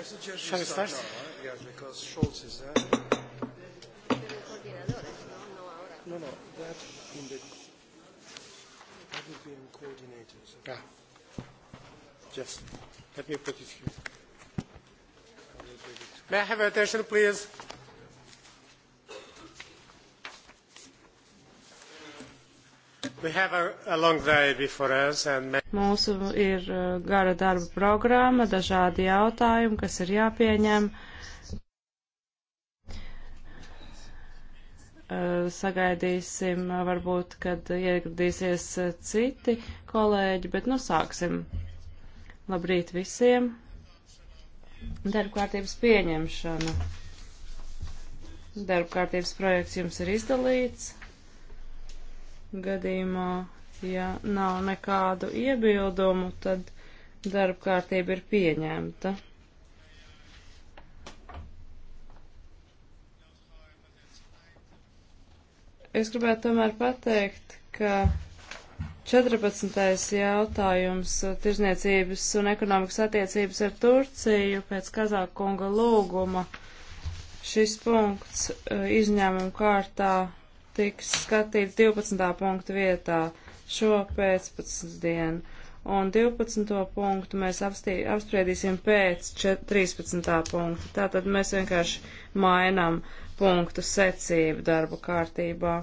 I suggest Shall we start? start? Now, eh? Yes, because Scholz is there. No, no, that in the that would be in coordinators. Yeah. Just let me put it here. May I have attention, please? And... Mūsu ir uh, gara darba programma, dažādi jautājumi, kas ir jāpieņem. Uh, sagaidīsim, uh, varbūt, kad ieradīsies citi kolēģi, bet nu sāksim. Labrīt visiem. Darba kārtības pieņemšana. Darba kārtības projekts jums ir izdalīts gadījumā, ja nav nekādu iebildumu, tad darba kārtība ir pieņemta. Es gribētu tomēr pateikt, ka 14. jautājums - tirzniecības un ekonomikas attiecības ar Turciju pēc Kazākunga lūguma. Šis punkts eh, izņēmuma kārtā tiks skatīts 12. punktu vietā šo pēcpusdienu. Un 12. punktu mēs apstī, apspriedīsim pēc 13. punkta. Tātad mēs vienkārši mainām punktu secību darba kārtībā.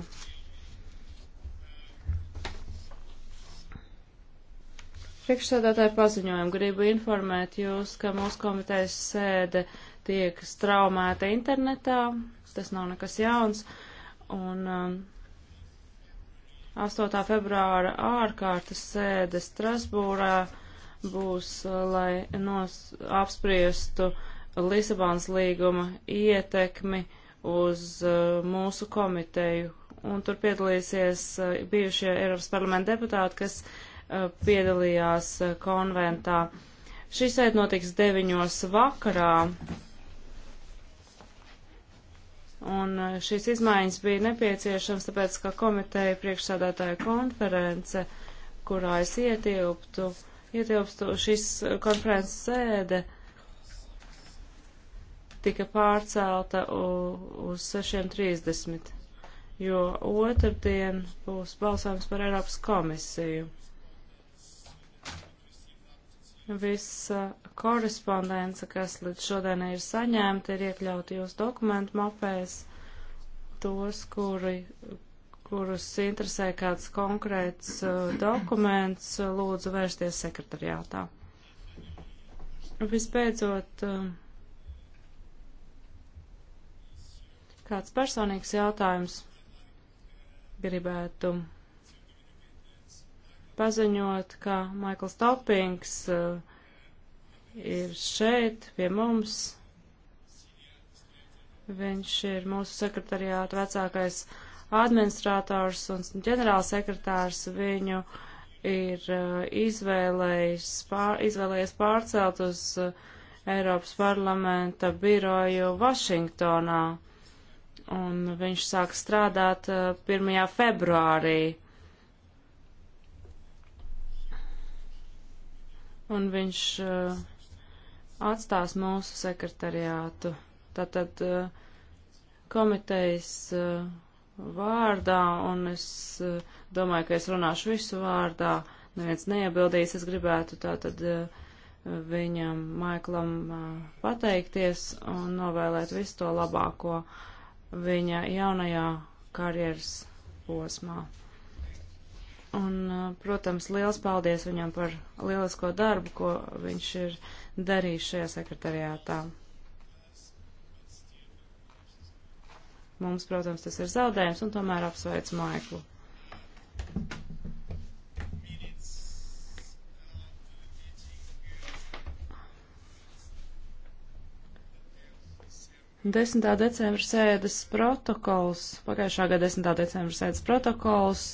Priekšsēdētāju paziņojumu gribu informēt jūs, ka mūsu komitejas sēde tiek straumēta internetā. Tas nav nekas jauns. Uh, un um, 8. februāra ārkārtas sēde Strasbūrā būs, uh, lai nos, apspriestu Lisabonas līguma ietekmi uz uh, mūsu komiteju. Un tur piedalīsies uh, bijušie Eiropas parlamenta deputāti, kas uh, piedalījās uh, konventā. Šī sēde notiks deviņos vakarā. Un e, šīs izmaiņas bija nepieciešams, tāpēc, ka komiteja priekšsādātāja konference, kurā es ietilptu, ietilpstu šīs konferences sēde, tika pārcelta uz 6.30, jo otrdien būs balsojums par Eiropas komisiju. Viss korespondence, kas līdz šodienai ir saņemta, ir iekļauti jūsu dokumentu mapēs, tos, kuri, kurus interesē kāds konkrēts uh, dokuments, lūdzu vērsties sekretariātā. Vispēcot, uh, kāds personīgs jautājums gribētu paziņot, ka Maikls Topings uh, ir šeit pie mums. Viņš ir mūsu sekretariāta vecākais administrators un ģenerālsekretārs. Viņu ir uh, izvēlējis, pār, izvēlējis pārcelt uz uh, Eiropas parlamenta biroju Vašingtonā. Un viņš sāk strādāt 1. Uh, februārī. Un viņš uh, atstās mūsu sekretariātu. Tātad eh, komitejas eh, vārdā, un es eh, domāju, ka es runāšu visu vārdā. Neviens neiebildīs, es gribētu tātad viņam, Maiklam, pateikties un novēlēt visu to labāko viņa jaunajā karjeras posmā. Un, uh, protams, liels paldies viņam par lielisko darbu, ko viņš ir darījis šajā sekretariātā. Mums, protams, tas ir zaudējums, un tomēr apsveic Maiklu. Desmitā decembra sēdes protokols, pagājušā gada 10. decembra sēdes protokols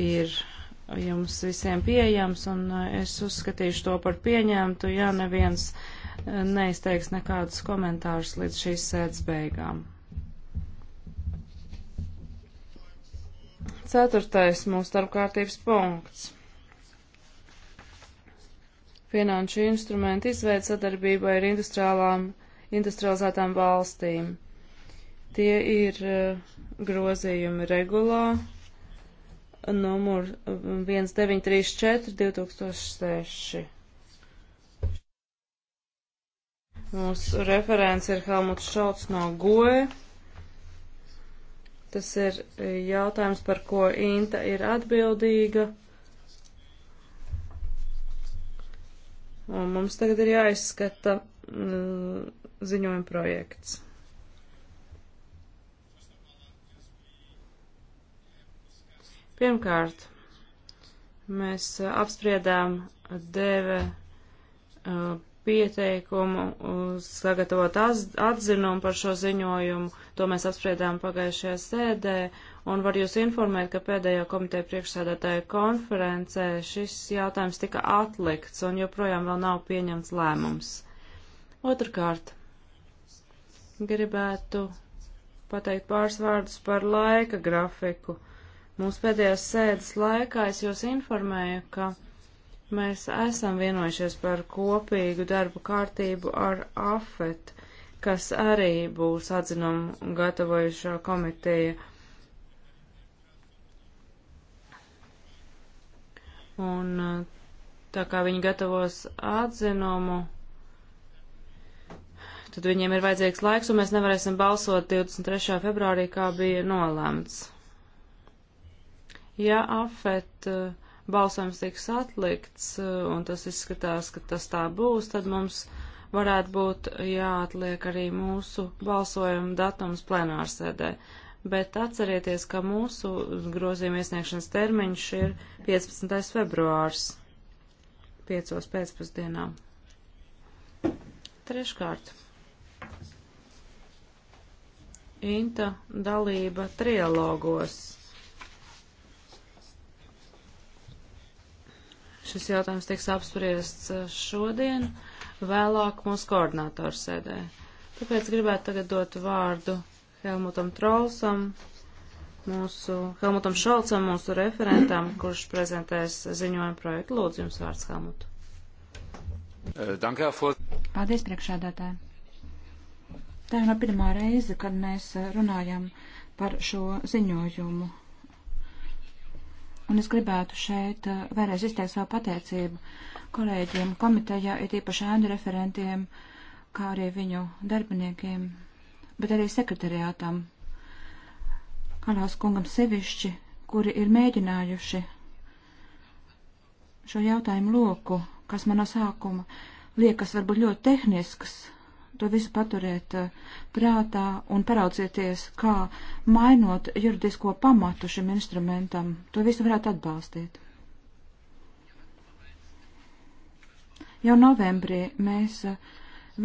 ir jums visiem pieejams, un uh, es uzskatīšu to par pieņemtu, ja neviens uh, neizteiks nekādus komentārus līdz šīs sēdes beigām. Ceturtais mūsu starpkārtības punkts. Finanšu instrumentu izveida sadarbībai ar industrializētām valstīm. Tie ir uh, grozījumi regulā numur 1934 um, 2006. Mūsu referents ir Helmuts Šalts no Goe. Tas ir e, jautājums, par ko Inta ir atbildīga. Un mums tagad ir jāizskata mm, ziņojuma projekts. Pirmkārt, mēs uh, apspriedām dēve uh, pieteikumu sagatavot atzinumu par šo ziņojumu. To mēs apspriedām pagājušajā sēdē. Un var jūs informēt, ka pēdējā komiteja priekšsēdētāja konferencē šis jautājums tika atlikts un joprojām vēl nav pieņemts lēmums. Otrakārt, gribētu pateikt pāris vārdus par laika grafiku. Uh, Mūsu pēdējās sēdes laikā es jūs informēju, ka mēs esam vienojušies par kopīgu darbu kārtību ar AFET, kas arī būs atzinumu gatavojušā komiteja. Un tā kā viņi gatavos atzinumu, tad viņiem ir vajadzīgs laiks, un mēs nevarēsim balsot 23. februārī, kā bija nolēmts. Ja afet eh, balsojums tiks atlikts, eh, un tas izskatās, ka tas tā būs, tad mums varētu būt jāatliek arī mūsu balsojuma datums plenārsēdē. Bet atcerieties, ka mūsu grozījuma iesniegšanas termiņš ir 15. februārs, 5. pēcpusdienā. Treškārt. Inta dalība trialogos Šis jautājums tiks apspriests uh, šodien, vēlāk mūsu koordinātoru sēdē. Tāpēc gribētu tagad dot vārdu Helmutam Trolsam, mūsu Helmutam Šolcam, mūsu referentam, kurš prezentēs ziņojumu projektu. Lūdzu, jums vārds Helmut. Eh, Paldies, priekšādātāji. Tā ir no pirmā reize, kad mēs eh, runājam par šo ziņojumu Un es gribētu šeit eh, vēlreiz izteikt savu pateicību kolēģiem komitejā, it īpaši ēnu referentiem, kā arī viņu darbiniekiem, bet arī sekretariātam, Kalās kungam sevišķi, kuri ir mēģinājuši šo jautājumu loku, kas man no sākuma liekas varbūt ļoti tehnisks, to visu paturēt eh, prātā un paraudzieties, kā mainot juridisko pamatu šim instrumentam, to visu varētu atbalstīt. Jau novembrī mēs eh,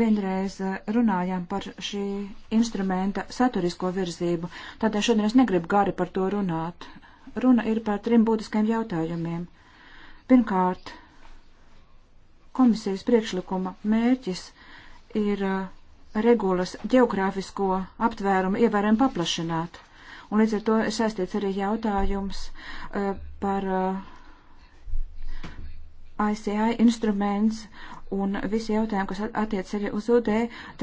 vienreiz eh, runājām par šī instrumenta saturisko virzību, tādēļ šodien es negribu gari par to runāt. Runa ir par trim būtiskiem jautājumiem. Pirmkārt, komisijas priekšlikuma mērķis ir eh, regulas geogrāfisko aptvērumu ievērēm paplašināt. Un līdz ar to ir saistīts arī jautājums eh, par ICI eh, instruments un visi jautājumi, kas attiec arī uz UD,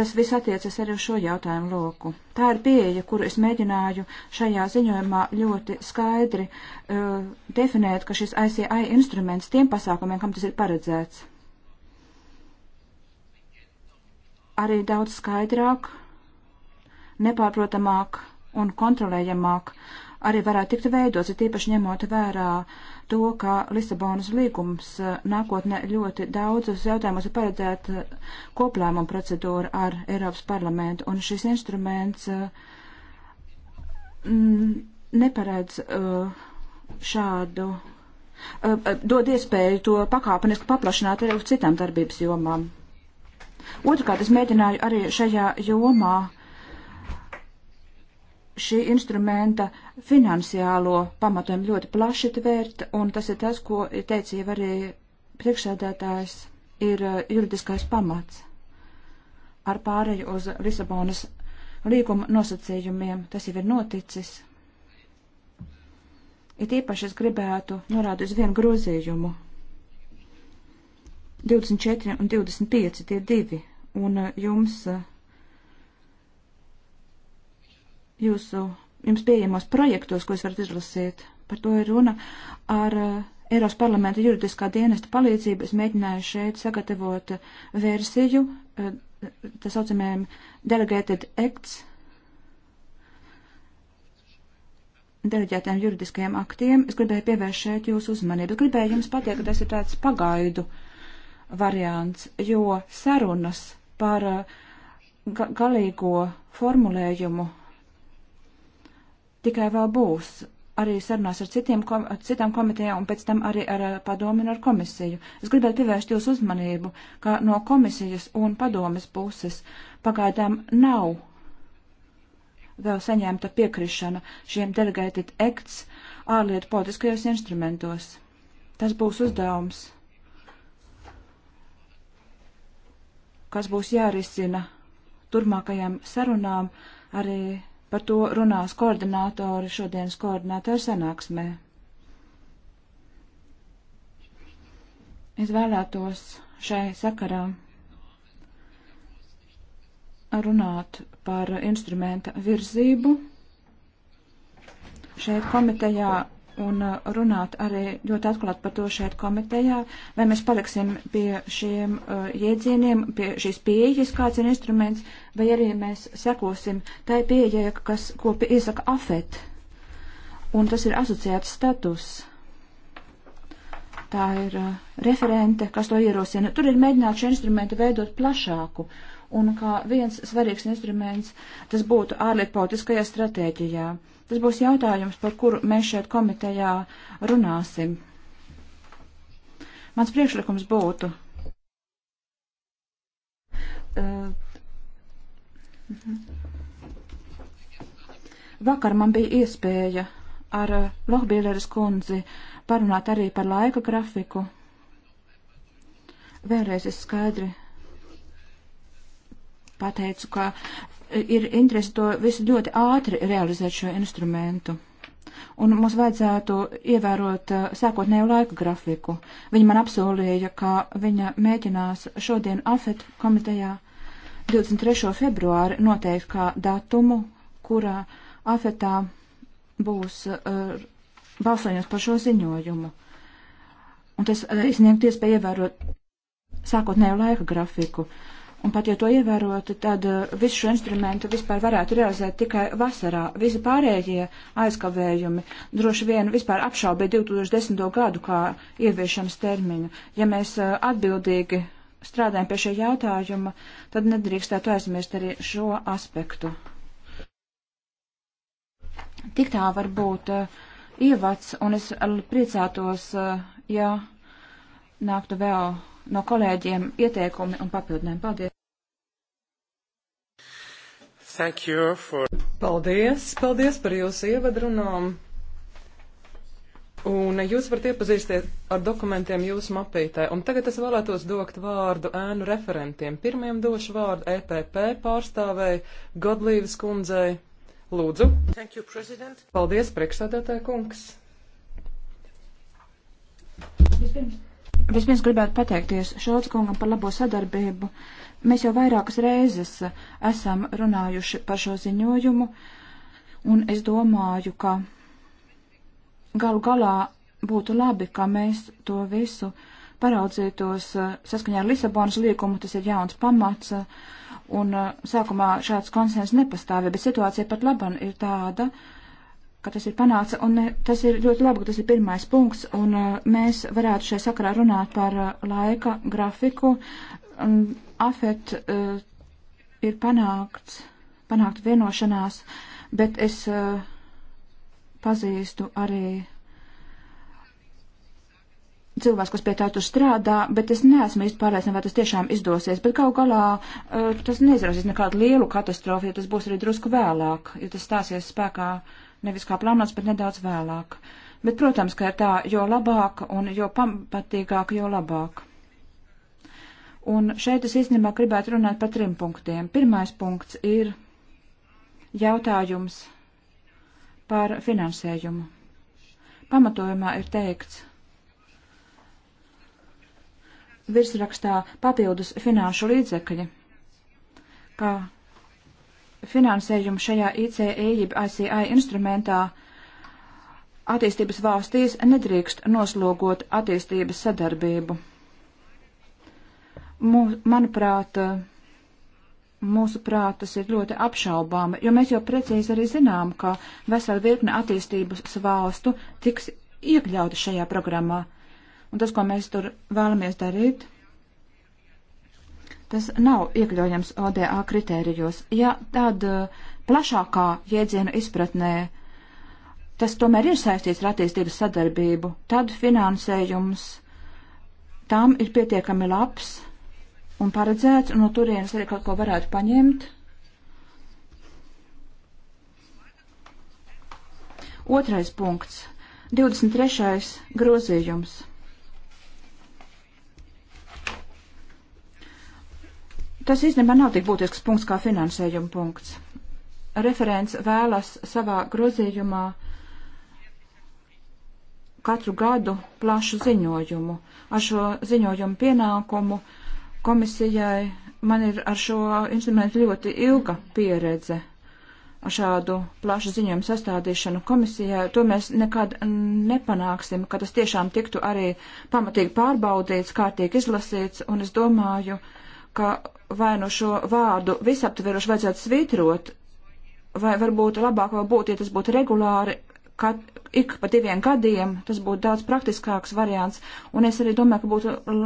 tas viss attiecas arī uz šo jautājumu loku. Tā ir pieeja, kuru es mēģināju šajā ziņojumā ļoti skaidri uh, definēt, ka šis ICI instruments tiem pasākumiem, kam tas ir paredzēts. arī daudz skaidrāk, nepārprotamāk un kontrolējamāk arī varētu tikt veidots, ir tīpaši ņemot vērā to, ka Lisabonas līgums eh, nākotnē ļoti daudzus jautājumus ir paredzēta eh, koplēmuma procedūra ar Eiropas parlamentu, un šis instruments eh, neparedz šādu, dod iespēju to pakāpeniski paplašināt arī uz citām darbības jomām. Otrkārt, es mēģināju arī šajā jomā šī instrumenta finansiālo pamatojumu ļoti plaši tvērt, un tas ir tas, ko teica jau arī priekšsēdētājs, ir eh, juridiskais pamats ar pāreju uz Lisabonas līguma nosacījumiem. Tas jau ir noticis. It īpaši es gribētu norādīt uz vienu grozījumu, 24 un 25 tie divi, un eh, jums, eh, jūsu, eh, jums pieejamos projektos, ko es varat izlasīt, par to ir runa, ar Eiros parlamenta juridiskā dienesta palīdzību es mēģināju šeit sagatavot versiju, tā saucamajiem delegated acts, deleģētiem juridiskajiem aktiem. Es gribēju pievērst šeit jūsu uzmanību. Es gribēju jums pateikt, ka tas ir tāds pagaidu uh, variants, jo sarunas par uh, ga galīgo formulējumu tikai vēl būs arī sarunās ar, citiem, kom ar citām komitejām un pēc tam arī ar, ar uh, padomi un ar komisiju. Es gribētu pievērst jūsu uzmanību, ka no komisijas un padomes puses pagaidām nav vēl saņemta piekrišana šiem delegated acts ārlietu politiskajos instrumentos. Tas būs uzdevums kas būs jārisina turmākajām sarunām, arī par to runās koordinātori šodienas koordinātoru sanāksmē. Es vēlētos šai sakarā runāt par instrumenta virzību. Šeit komitejā un uh, runāt arī ļoti atklāt par to šeit komitejā, vai mēs paliksim pie šiem uh, jēdzieniem, pie šīs pieejas, kāds ir instruments, vai arī mēs sekosim tai pieejai, kas kopi iesaka afet, un tas ir asociēts status. Tā ir uh, referente, kas to ierosina. Tur ir mēģināt šo instrumentu veidot plašāku, un kā viens svarīgs instruments tas būtu ārlietpolitiskajā stratēģijā. Uh, Tas būs jautājums, par kuru mēs šeit komitejā runāsim. Mans priekšlikums būtu. Uh, vakar man bija iespēja ar eh, Lohbīleres kundzi parunāt arī par laika grafiku. Vēlreiz es skaidri pateicu, ka ir interesi to visu ļoti ātri realizēt šo instrumentu. Un mums vajadzētu ievērot eh, sākotnēju laika grafiku. Viņa man apsolīja, ka viņa mēģinās šodien AFET komitejā 23. februāri noteikt kā datumu, kurā AFETā būs uh, balsojums par šo ziņojumu. Un tas uh, eh, izniegt iespēju ievērot sākotnēju laika grafiku. Uh, Un pat ja to ievērotu, tad eh, visu šo instrumentu vispār varētu realizēt tikai vasarā. Visi pārējie aizkavējumi droši vien vispār apšaubīja 2010. gadu kā ieviešanas termiņu. Ja mēs eh, atbildīgi strādājam pie šī jautājuma, tad nedrīkstētu aizmirst arī šo aspektu. Tik tā var būt uh, ievads, un es priecātos, uh, ja nāktu vēl no kolēģiem ieteikumi un papildinājumi. Paldies! Thank you for... Paldies! Paldies par jūsu ievadrunām! Un jūs varat iepazīties ar dokumentiem jūsu mapītē. Un tagad es vēlētos dot vārdu ēnu referentiem. Pirmajam došu vārdu EPP pārstāvēji Godlīvas kundzei. Lūdzu. Thank you, President. Paldies, priekšsādātāja kungs. Vispirms. Vispirms gribētu pateikties Šolts kungam par labo sadarbību. Mēs jau vairākas reizes esam runājuši par šo ziņojumu, un es domāju, ka galu galā būtu labi, ka mēs to visu paraudzītos saskaņā ar Lisabonas līkumu, tas ir jauns pamats, un sākumā šāds konsens nepastāvja, bet situācija pat laban ir tāda, uh, ka tas ir panāca, un eh, tas ir ļoti labi, ka tas ir pirmais punkts, un eh, mēs varētu šai sakarā runāt par eh, laika grafiku. Afet uh, ir panākts, panākt vienošanās, bet es uh, pazīstu arī cilvēks, kas pie tā tur strādā, bet es neesmu īsti pārliecināta, vai tas tiešām izdosies. Bet gal galā uh, tas neizrausīs nekādu lielu katastrofu, jo tas būs arī drusku vēlāk, jo tas stāsies spēkā uh, nevis kā plānots, bet nedaudz vēlāk. Bet, protams, ka ir tā, jo labāk un jo pamatīgāk, jo labāk. Un šeit es īstenībā gribētu runāt par trim punktiem. Pirmais punkts ir jautājums par finansējumu. Pamatojumā ir teikts virsrakstā papildus finanšu līdzekļi, kā finansējumu šajā ICE jeb ICI instrumentā attīstības valstīs nedrīkst noslogot attīstības sadarbību. Mūs, manuprāt, mūsuprāt, tas ir ļoti apšaubāmi, jo mēs jau precīzi arī zinām, ka vesela virkne attīstības valstu tiks iekļauta šajā programmā. Un tas, ko mēs tur vēlamies darīt, tas nav iekļaujams ODA kritērijos. Ja tad eh, plašākā jēdziena izpratnē tas tomēr ir saistīts ar attīstības sadarbību, tad finansējums tām ir pietiekami labs un paredzēts, un no turienes arī kaut ko varētu paņemt. Otrais punkts - 23. grozījums. Tas īstenībā nav tik būtisks punkts kā finansējuma punkts. Referents vēlas savā grozījumā katru gadu plašu ziņojumu. Ar šo ziņojumu pienākumu komisijai man ir ar šo instrumentu ļoti ilga pieredze ar šādu plašu ziņojumu sastādīšanu komisijai, to mēs nekad nepanāksim, ka tas tiešām tiktu arī pamatīgi pārbaudīts, kārtīgi izlasīts, un es domāju, ka ka vai no nu šo vārdu visaptveroši vajadzētu svītrot, vai varbūt labāk vēl būtu, ja tas būtu regulāri, kad ik pa diviem gadiem, tas būtu daudz praktiskāks variants, un es arī domāju, ka būtu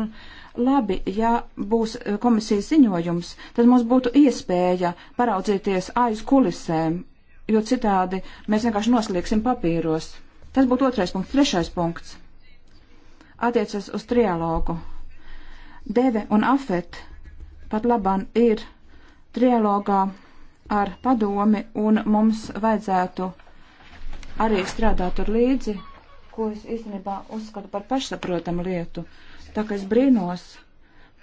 labi, ja būs e, komisijas ziņojums, tad mums būtu iespēja paraudzīties aiz kulisēm, jo citādi mēs vienkārši noslīgsim papīros. Tas būtu otrais punkts. Trešais punkts attiecas uz trialogu. Deve un afet pat labam ir trialogā ar padomi, un mums vajadzētu arī strādāt tur līdzi, ko es īstenībā uzskatu par pašsaprotamu lietu. Tā kā es brīnos,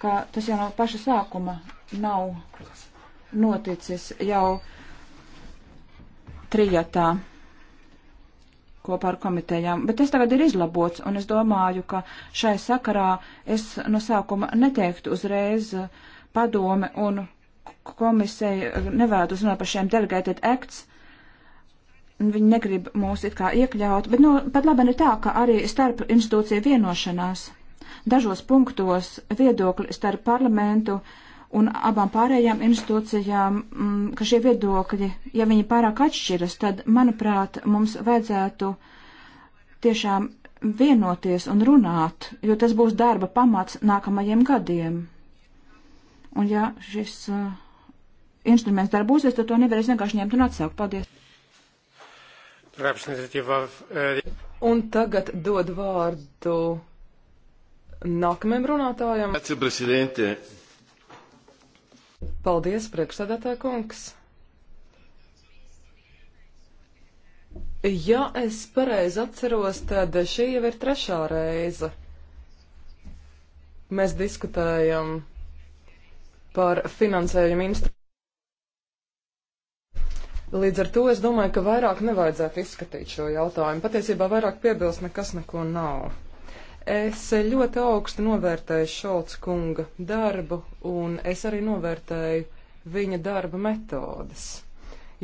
ka tas jau no paša sākuma nav noticis jau trijatā kopā ar komitejām, bet tas tagad ir izlabots, un es domāju, ka šai sakarā es no sākuma neteiktu uzreiz uh, padome un komisija nevēlas runāt par šiem delegated acts. Viņi negrib mūs it kā iekļaut, bet nu, pat labi ir nu tā, ka arī starp institūcija vienošanās dažos punktos viedokli starp parlamentu un abām pārējām institūcijām, mm, ka šie viedokļi, ja viņi pārāk atšķiras, tad, manuprāt, mums vajadzētu tiešām vienoties un runāt, jo tas būs darba pamats nākamajiem gadiem. Un ja šis uh, instruments darbosies, tad to nevarēs vienkārši ņemt un atsaukt. Paldies. Un tagad dod vārdu nākamajam runātājam. Paldies, priekšsēdētāja kungs. Ja es pareizi atceros, tad šī jau ir trešā reize. Mēs diskutējam par finansējumu instrumentu. Līdz ar to es domāju, ka vairāk nevajadzētu izskatīt šo jautājumu. Patiesībā vairāk piebilst nekas neko nav. Es ļoti augstu novērtēju Šolts kunga darbu, un es arī novērtēju viņa darba metodas,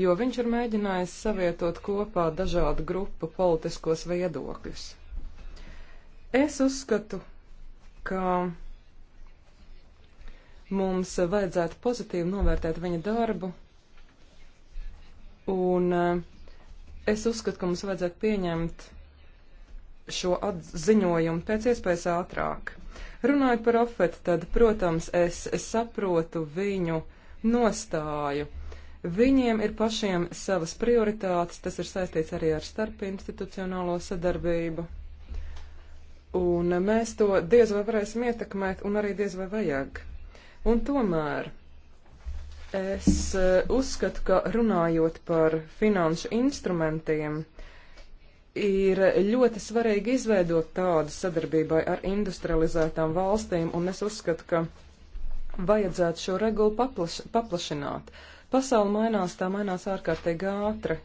jo viņš ir mēģinājis savietot kopā dažādu grupu politiskos viedokļus. Es uzskatu, ka Mums vajadzētu pozitīvi novērtēt viņa darbu, un eh, es uzskatu, ka mums vajadzētu pieņemt šo ziņojumu pēc iespējas ātrāk. Runājot par Ofetu, tad, protams, es, es saprotu viņu nostāju. Viņiem ir pašiem savas prioritātes, tas ir saistīts arī ar starpinstitucionālo sadarbību. Un eh, mēs to diez vai varēsim ietekmēt, un arī diez vai vajag. Un tomēr es eh, uzskatu, ka runājot par finanšu instrumentiem, ir ļoti svarīgi izveidot tādu sadarbībai ar industrializētām valstīm, un es uzskatu, ka vajadzētu šo regulu paplaš paplašināt. Pasaule mainās, tā mainās ārkārtīgi ātri,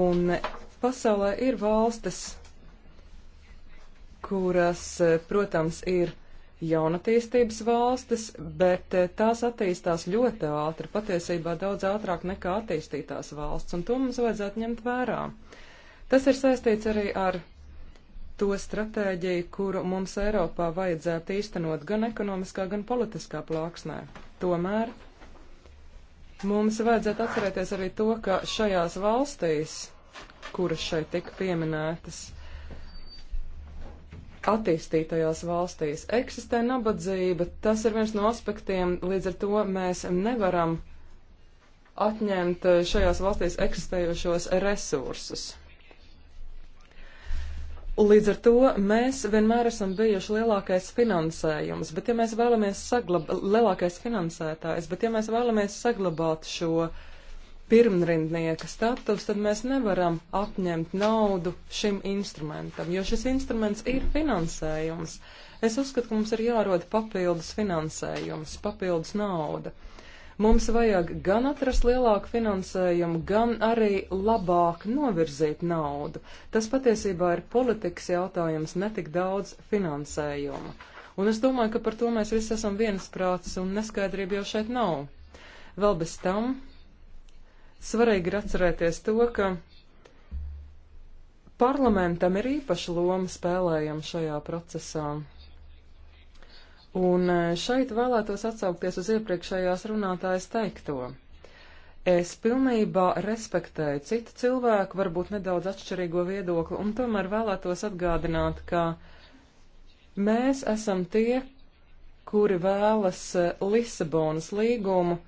un pasaulē ir valstis, kuras, eh, protams, ir jaunatīstības valstis, bet eh, tās attīstās ļoti ātri, patiesībā daudz ātrāk nekā attīstītās valsts, un to mums vajadzētu ņemt vērā. Tas ir saistīts arī ar to stratēģiju, kuru mums Eiropā vajadzētu īstenot gan ekonomiskā, gan politiskā plāksnē. Tomēr mums vajadzētu atcerēties arī to, ka šajās valstīs, kuras šeit tika pieminētas, attīstītajās valstīs. Eksistē nabadzība, tas ir viens no aspektiem, līdz ar to mēs nevaram atņemt šajās valstīs eksistējošos resursus. Līdz ar to mēs vienmēr esam bijuši lielākais finansējums, bet ja mēs vēlamies saglabāt, lielākais finansētājs, bet ja mēs vēlamies saglabāt šo uh, pirmrindnieka status, tad mēs nevaram atņemt naudu šim instrumentam, jo šis instruments ir finansējums. Es uzskatu, ka mums ir jārod papildus finansējums, papildus nauda. Mums vajag gan atrast lielāku finansējumu, gan arī labāk novirzīt naudu. Tas patiesībā ir politikas jautājums, netik daudz finansējuma. Un es domāju, ka par to mēs visi esam viensprāts un neskaidrība jau šeit nav. Vēl bez tam Svarīgi ir atcerēties to, ka parlamentam ir īpaša loma spēlējama šajā procesā. Un e, šeit vēlētos atsaukties uz iepriekšējās runātājas teikto. Es pilnībā respektēju citu cilvēku, varbūt nedaudz atšķirīgo viedokli, un tomēr vēlētos atgādināt, ka mēs esam tie, kuri vēlas e, Lisabonas līgumu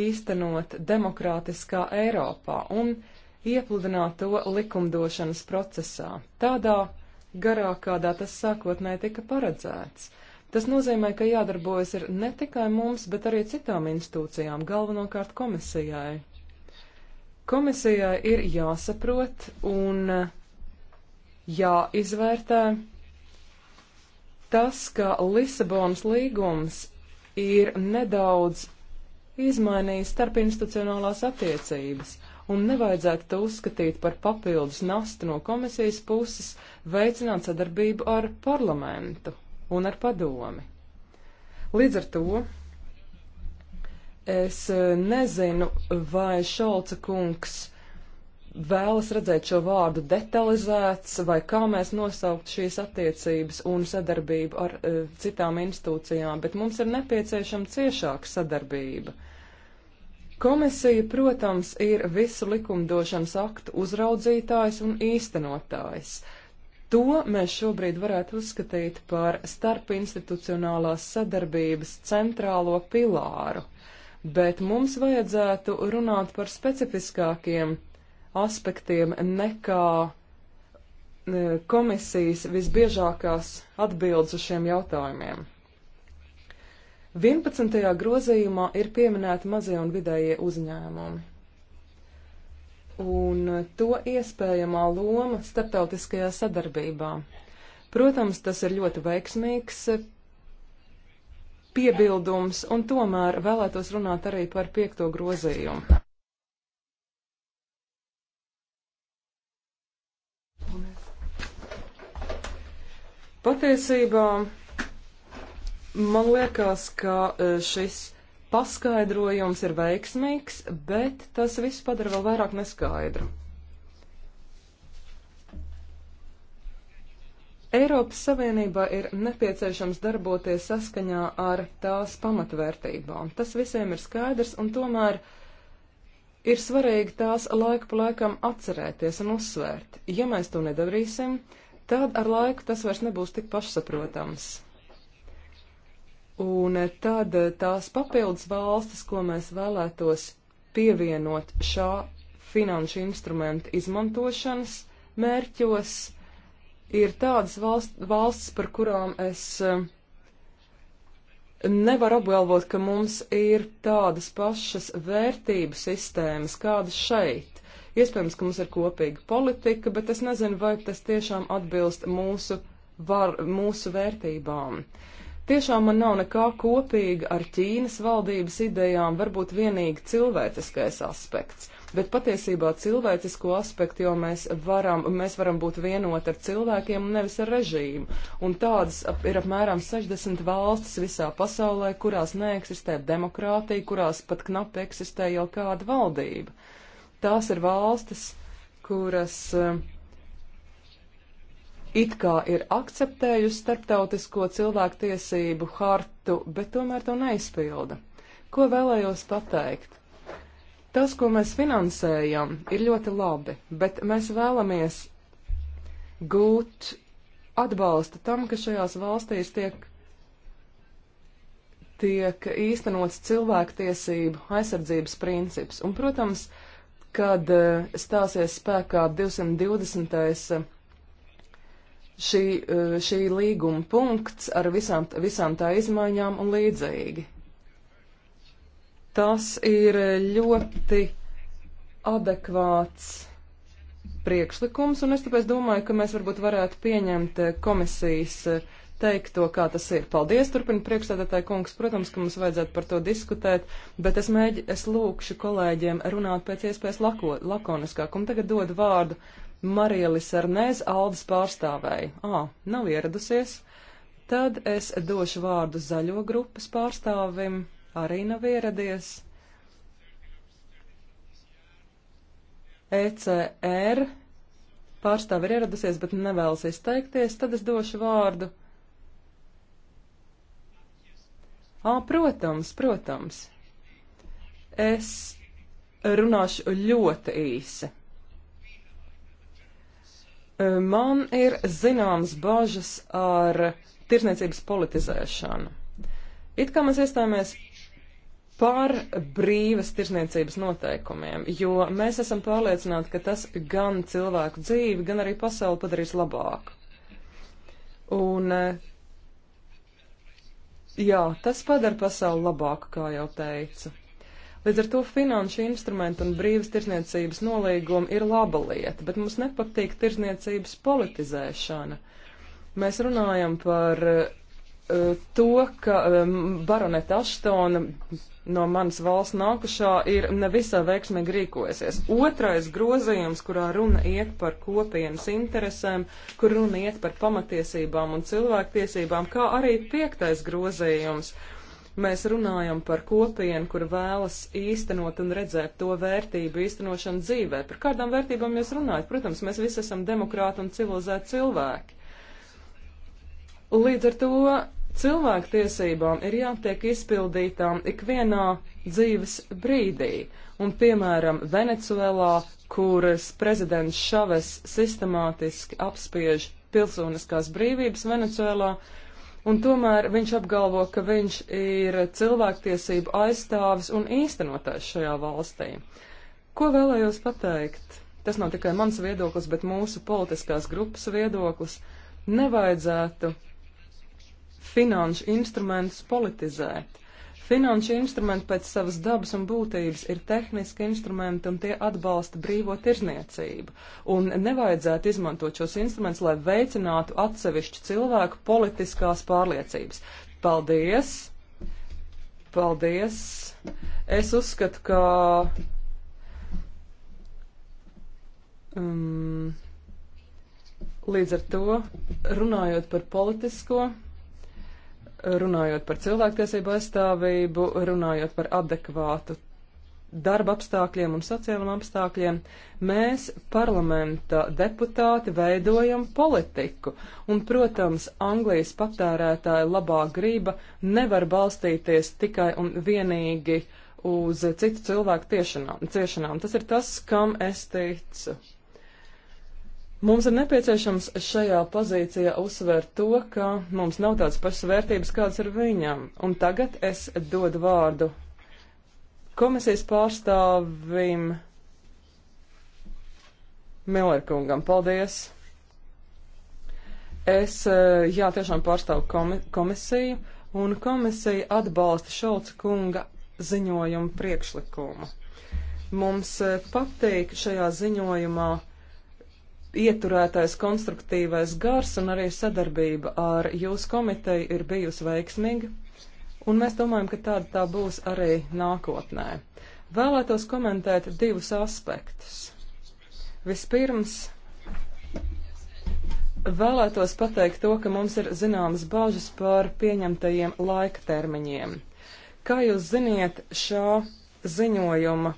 īstenot demokrātiskā Eiropā un iepludināt to likumdošanas procesā, tādā garā, kādā tas sākotnēji tika paredzēts. Tas nozīmē, ka jādarbojas ir ne tikai mums, bet arī citām institūcijām, galvenokārt komisijai. Komisijai ir jāsaprot un jāizvērtē tas, ka Lisabonas līgums ir nedaudz izmainīja starpinstitucionālās attiecības, un nevajadzētu to uzskatīt par papildus nastu no komisijas puses veicināt sadarbību ar parlamentu un ar padomi. Līdz ar to es eh, nezinu, vai Šolca kungs vēlas redzēt šo vārdu detalizēts, vai kā mēs nosaukt šīs attiecības un sadarbību ar uh, e, citām institūcijām, bet mums ir nepieciešama ciešāka sadarbība. Komisija, protams, ir visu likumdošanas aktu uzraudzītājs un īstenotājs. To mēs šobrīd varētu uzskatīt par starpinstitucionālās sadarbības centrālo pilāru, bet mums vajadzētu runāt par specifiskākiem aspektiem nekā e, komisijas visbiežākās atbildes uz šiem jautājumiem. 11. grozījumā ir pieminēti mazie un vidējie uzņēmumi un to iespējamā loma starptautiskajā sadarbībā. Protams, tas ir ļoti veiksmīgs e, piebildums, un tomēr vēlētos runāt arī par piekto grozījumu. Patiesībā man liekas, ka e, šis paskaidrojums ir veiksmīgs, bet tas viss padara vēl vairāk neskaidru. Eiropas Savienībā ir nepieciešams darboties saskaņā ar tās pamatvērtībām. Tas visiem ir skaidrs, un tomēr ir svarīgi tās laiku pa laikam atcerēties un uzsvērt. Ja mēs to nedarīsim, tad ar laiku tas vairs nebūs tik pašsaprotams. Un tad tās papildus valstis, ko mēs vēlētos pievienot šā finanšu instrumenta izmantošanas mērķos, ir tādas valsts, valsts par kurām es eh, nevaru apgalvot, ka mums ir tādas pašas vērtības sistēmas, kādas šeit. Iespējams, ka mums ir kopīga politika, bet es nezinu, vai tas tiešām atbilst mūsu, var, mūsu vērtībām. Tiešām man nav nekā kopīga ar Ķīnas valdības idejām, varbūt vienīgi cilvēciskais aspekts. Bet patiesībā cilvēcisko aspektu jau mēs varam, mēs varam būt vienoti ar cilvēkiem un nevis ar režīmu. Un tādas ir apmēram 60 valstis visā pasaulē, kurās neeksistē demokrātija, kurās pat knapi eksistē jau kāda valdība. Tās ir valstis, kuras eh, it kā ir akceptējusi starptautisko cilvēktiesību hartu, bet tomēr to neizpilda. Ko vēlējos pateikt? Tas, ko mēs finansējam, ir ļoti labi, bet mēs vēlamies gūt atbalstu tam, ka šajās valstīs tiek, tiek īstenots cilvēktiesību aizsardzības princips. Un, protams, uh, kad eh, stāsies spēkā 220. Eh, šī, eh, šī līguma punkts ar visām, visām tā izmaiņām un līdzīgi. Tas ir ļoti adekvāts priekšlikums, un es tāpēc domāju, ka mēs varbūt varētu pieņemt komisijas uh, teikt to, kā tas ir. Paldies, turpina priekšsēdētāji kungs. Protams, ka mums vajadzētu par to diskutēt, bet es mēģinu, es lūkšu kolēģiem runāt pēc iespējas lako, lakoniskāk. Un tagad dodu vārdu Marielis Arnēs Aldas pārstāvēji. Ā, nav ieradusies. Tad es došu vārdu zaļo grupas pārstāvim. Arī nav ieradies. ECR pārstāvi ir ieradusies, bet nevēlas izteikties, tad es došu vārdu Ā, protams, protams. Es runāšu ļoti īsi. Man ir zināmas bažas ar tirsniecības politizēšanu. It kā mēs iestājāmies par brīvas tirsniecības noteikumiem, jo mēs esam pārliecināti, ka tas gan cilvēku dzīvi, gan arī pasauli padarīs labāku. Un Jā, tas padara pasauli labāku, kā jau teicu. Līdz ar to finanšu instrumentu un brīvas tirzniecības nolīgumi ir laba lieta, bet mums nepatīk tirzniecības politizēšana. Mēs runājam par Eh, to, ka baroneta Aštona no manas valsts nākušā ir nevisā veiksmīgi rīkojusies. Otrais grozījums, kurā runa iet par kopienas interesēm, kur runa iet par pamatiesībām un cilvēktiesībām, kā arī piektais grozījums. Mēs runājam par kopienu, kur vēlas īstenot un redzēt to vērtību īstenošanu dzīvē. Par kādām vērtībām jūs runājat? Protams, mēs visi esam demokrāti un civilizēti cilvēki. Līdz ar to Cilvēktiesībām ir jātiek izpildītām ikvienā dzīves brīdī, un, piemēram, Venecuēlā, kuras prezidents Šaves sistemātiski apspiež pilsoniskās brīvības Venecuēlā, un tomēr viņš apgalvo, ka viņš ir cilvēktiesību aizstāvis un īstenotājs šajā valstī. Ko vēlējos pateikt? Tas nav tikai mans viedoklis, bet mūsu politiskās grupas viedoklis. Nevajadzētu finanšu instrumentus politizēt. Finanšu instrumenti pēc savas dabas un būtības ir tehniski instrumenti, un tie atbalsta brīvo tirzniecību. Un nevajadzētu izmantot šos instrumentus, lai veicinātu atsevišķu cilvēku politiskās pārliecības. Paldies! Paldies! Es uzskatu, ka. Um, līdz ar to runājot par politisko runājot par cilvēktiesību aizstāvību, runājot par adekvātu darba apstākļiem un sociālam apstākļiem, mēs, parlamenta deputāti, veidojam politiku. Un, protams, Anglijas patērētāja labā grība nevar balstīties tikai un vienīgi uz citu cilvēku tiešanām. ciešanām. Tas ir tas, kam es ticu. Mums ir nepieciešams šajā pozīcijā uzsvērt to, ka mums nav tādas pašas vērtības, kādas ir viņam. Un tagad es dodu vārdu komisijas pārstāvim Millerkungam. Paldies! Es, eh, jā, tiešām pārstāvu komi komisiju, un komisija atbalsta Šauca kunga ziņojumu priekšlikumu. Mums eh, patīk šajā ziņojumā ieturētais konstruktīvais gars un arī sadarbība ar jūsu komiteju ir bijusi veiksmīga, un mēs domājam, ka tāda tā būs arī nākotnē. Vēlētos komentēt divus aspektus. Vispirms vēlētos pateikt to, ka mums ir zināmas bažas par pieņemtajiem laika termiņiem. Kā jūs ziniet, šā ziņojuma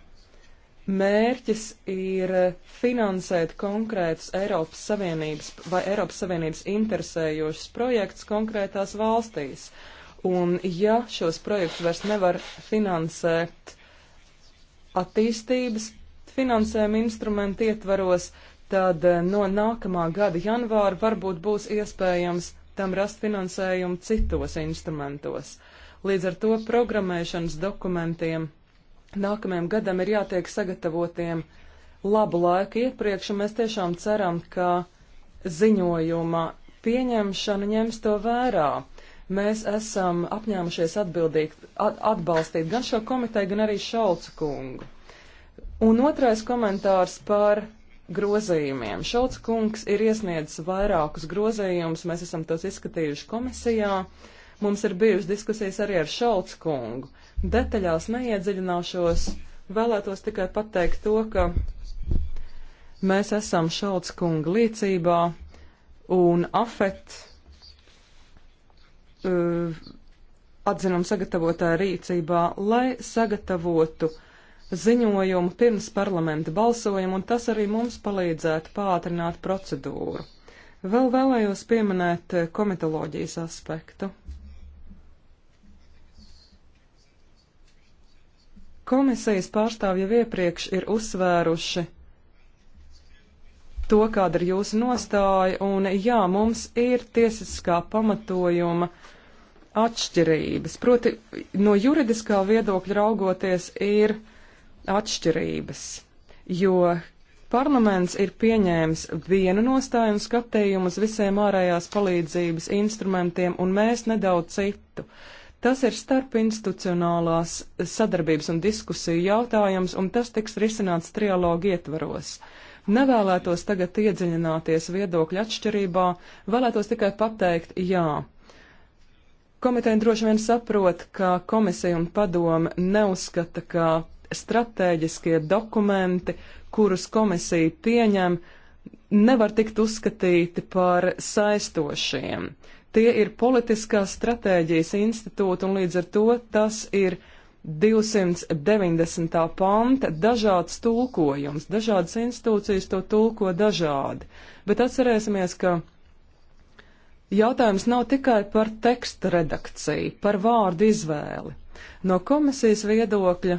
Mērķis ir finansēt konkrētus Eiropas Savienības vai Eiropas Savienības interesējošus projektus konkrētās valstīs. Un ja šos projektus vairs nevar finansēt attīstības finansējuma instrumentu ietvaros, tad eh, no nākamā gada janvāra varbūt būs iespējams tam rast finansējumu citos instrumentos. Līdz ar to programmēšanas dokumentiem nākamajam gadam ir jātiek sagatavotiem labu laiku iepriekš, un mēs tiešām ceram, ka ziņojuma pieņemšana ņems to vērā. Mēs esam apņēmušies atbildīt, at, atbalstīt gan šo komiteju, gan arī Šaucu kungu. Un otrais komentārs par grozījumiem. Šaucu kungs ir iesniedzis vairākus grozījumus, mēs esam tos izskatījuši komisijā. Mums ir bijušas diskusijas arī ar Šaucu kungu. Detaļās neiedziļināšos, vēlētos tikai pateikt to, ka mēs esam šauts kunga līdzībā un afet uh, atzinam sagatavotāja rīcībā, lai sagatavotu ziņojumu pirms parlamenta balsojuma, un tas arī mums palīdzētu pātrināt procedūru. Vēl vēlējos pieminēt komitoloģijas aspektu. Komisijas pārstāvji jau iepriekš ir uzsvēruši to, kāda ir jūsu nostāja, un jā, mums ir tiesiskā pamatojuma atšķirības. Proti, no juridiskā viedokļa raugoties ir atšķirības, jo parlaments ir pieņēmis vienu nostāju un skatījumu uz visiem ārējās palīdzības instrumentiem, un mēs nedaudz citu. Uh, Tas ir starpinstitucionālās sadarbības un diskusiju jautājums, un tas tiks risināts trialogu ietvaros. Nevēlētos tagad iedziļināties viedokļu atšķirībā, vēlētos tikai pateikt jā. Komiteja droši vien saprot, ka komisija un padome neuzskata, ka stratēģiskie dokumenti, kurus komisija pieņem, nevar tikt uzskatīti par saistošiem. Tie ir politiskās stratēģijas institūti, un līdz ar to tas ir 290. panta dažāds tulkojums. Dažādas institūcijas to tulko dažādi. Bet atcerēsimies, ka jautājums nav tikai par teksta redakciju, par vārdu izvēli. No komisijas viedokļa,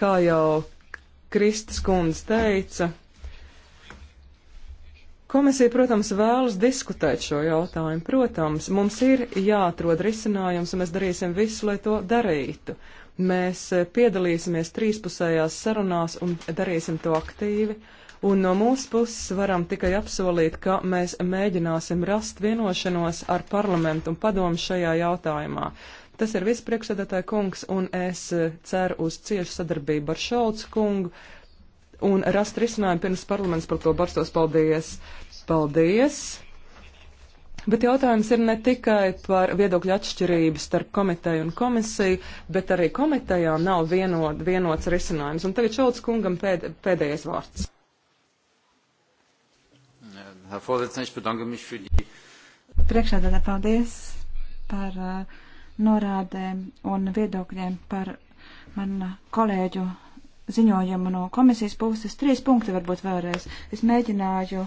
kā jau Kristas kundze teica, Komisija, protams, vēlas diskutēt šo jautājumu. Protams, mums ir jāatrod risinājums, un mēs darīsim visu, lai to darītu. Mēs eh, piedalīsimies trīspusējās sarunās un darīsim to aktīvi. Un no mūsu puses varam tikai apsolīt, ka mēs mēģināsim rast vienošanos ar parlamentu un padomu šajā jautājumā. Tas ir viss priekšsēdētāja kungs, un es eh, ceru uz ciešu sadarbību ar Šaucu kungu un rast risinājumu pirms parlaments par to barstos. Paldies! Paldies! Bet jautājums ir ne tikai par viedokļu atšķirību starp komiteju un komisiju, bet arī komitejā nav vienot, vienots risinājums. Un tagad Šauts kungam pēd, pēdējais vārds. Priekšādādā paldies par uh, norādēm un viedokļiem par manu kolēģu ziņojumu no komisijas puses. Trīs punkti varbūt vēlreiz. Es mēģināju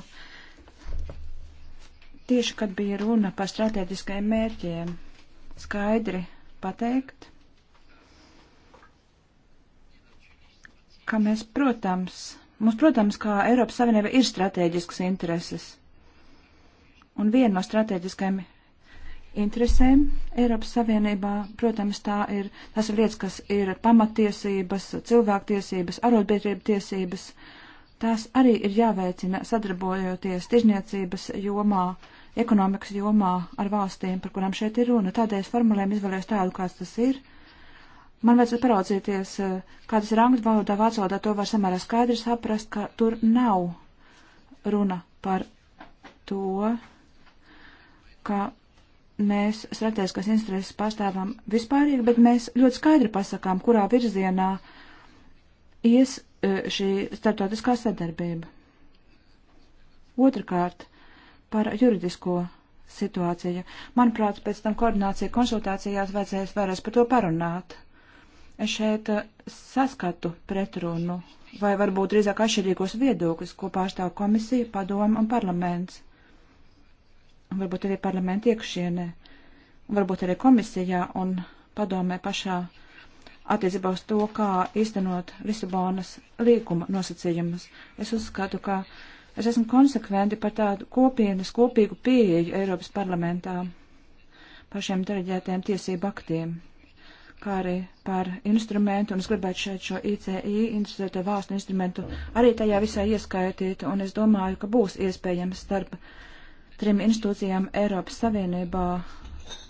tieši, kad bija runa par strateģiskajiem mērķiem, skaidri pateikt, ka mēs, protams, mums, protams, kā Eiropas Savienība ir strateģiskas intereses. Un viena no strateģiskajiem interesēm Eiropas Savienībā. Protams, tā ir, tas ir lietas, kas ir pamatiesības, cilvēktiesības, arotbiedrība tiesības. Tās arī ir jāveicina sadarbojoties tirzniecības jomā, ekonomikas jomā ar valstīm, par kurām šeit ir runa. Tādēļ es formulēm izvēlējos tādu, kāds tas ir. Man vajadzētu paraudzīties, kādas ir angļu valodā, vācu valodā, to var samērā skaidri saprast, ka tur nav runa par to, ka mēs strateģiskās intereses pārstāvam vispārīgi, bet mēs ļoti skaidri pasakām, kurā virzienā ies e, šī starptautiskā sadarbība. Otrakārt, par juridisko situāciju. Manuprāt, pēc tam koordinācija konsultācijās vajadzēs vairāk par to parunāt. Es šeit e, saskatu pretrunu, vai varbūt drīzāk atšķirīgos viedokļus, ko pārstāv komisija, padoma un parlaments un varbūt arī parlamenta iekšienē, un varbūt arī komisijā un padomē pašā attiecībā uz to, kā iztenot Lisabonas līkuma nosacījumus. Es uzskatu, ka es esmu konsekventi par tādu kopienas, kopīgu pieeju Eiropas parlamentā par šiem deleģētiem tiesību aktiem, kā arī par instrumentu, un es gribētu šeit šo ICI, instrumentēto valstu instrumentu, arī tajā visā ieskaitīt, un es domāju, ka būs iespējams starp trim institūcijām Eiropas Savienībā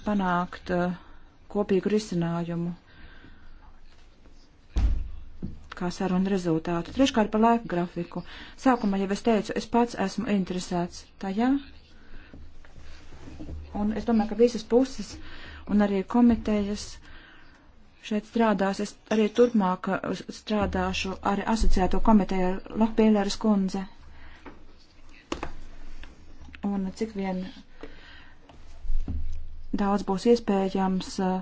panākt uh, kopīgu risinājumu kā sarunu rezultātu. Treškārt par laika grafiku. Sākumā jau es teicu, es pats esmu interesēts tajā. Un es domāju, ka visas puses un arī komitejas šeit strādās. Es arī turpmāk eh, strādāšu arī asociēto komiteju ar Lakpīlēras kundze un cik vien daudz būs iespējams uh,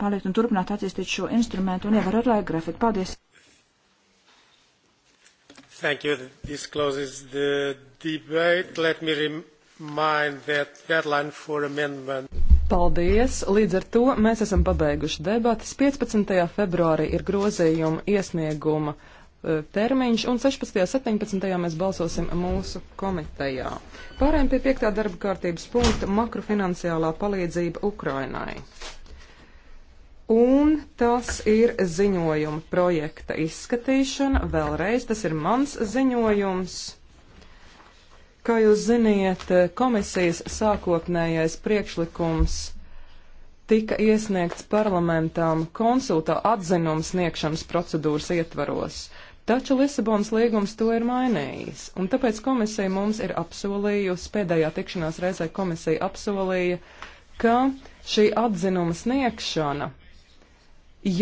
palikt un turpināt attīstīt šo instrumentu un ievērot laika grafiku. Paldies! Thank you. This closes the debate. Let me remind that deadline for amendment. Paldies! Līdz ar to mēs esam pabeiguši debatas. 15. februārī ir grozījuma iesnieguma Eh, termiņš, un 16. un 17. mēs balsosim mūsu komitejā. Pārējiem pie 5. darba kārtības punkta - makrofinanciālā palīdzība Ukrainai. Un tas ir ziņojuma projekta izskatīšana. Vēlreiz tas ir mans ziņojums. Kā jūs ziniet, eh, komisijas sākotnējais priekšlikums tika iesniegts parlamentām konsultā atzinuma sniegšanas procedūras ietvaros. Taču Lisabonas līgums to ir mainījis, un tāpēc komisija mums ir apsolījusi, pēdējā tikšanās reizē komisija apsolīja, ka šī atzinuma sniegšana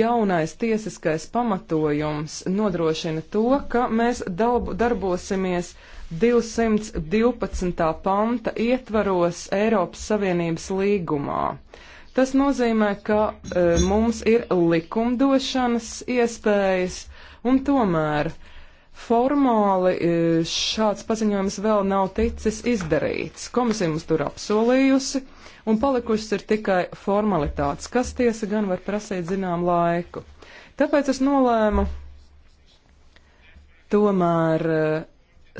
jaunais tiesiskais pamatojums nodrošina to, ka mēs darbosimies 212. panta ietvaros Eiropas Savienības līgumā. Tas nozīmē, ka e, mums ir likumdošanas iespējas Un tomēr formāli e, šāds paziņojums vēl nav ticis izdarīts. Komisija mums tur apsolījusi, un palikušas ir tikai formalitātes, kas tiesa gan var prasīt zinām laiku. Tāpēc es nolēmu tomēr e,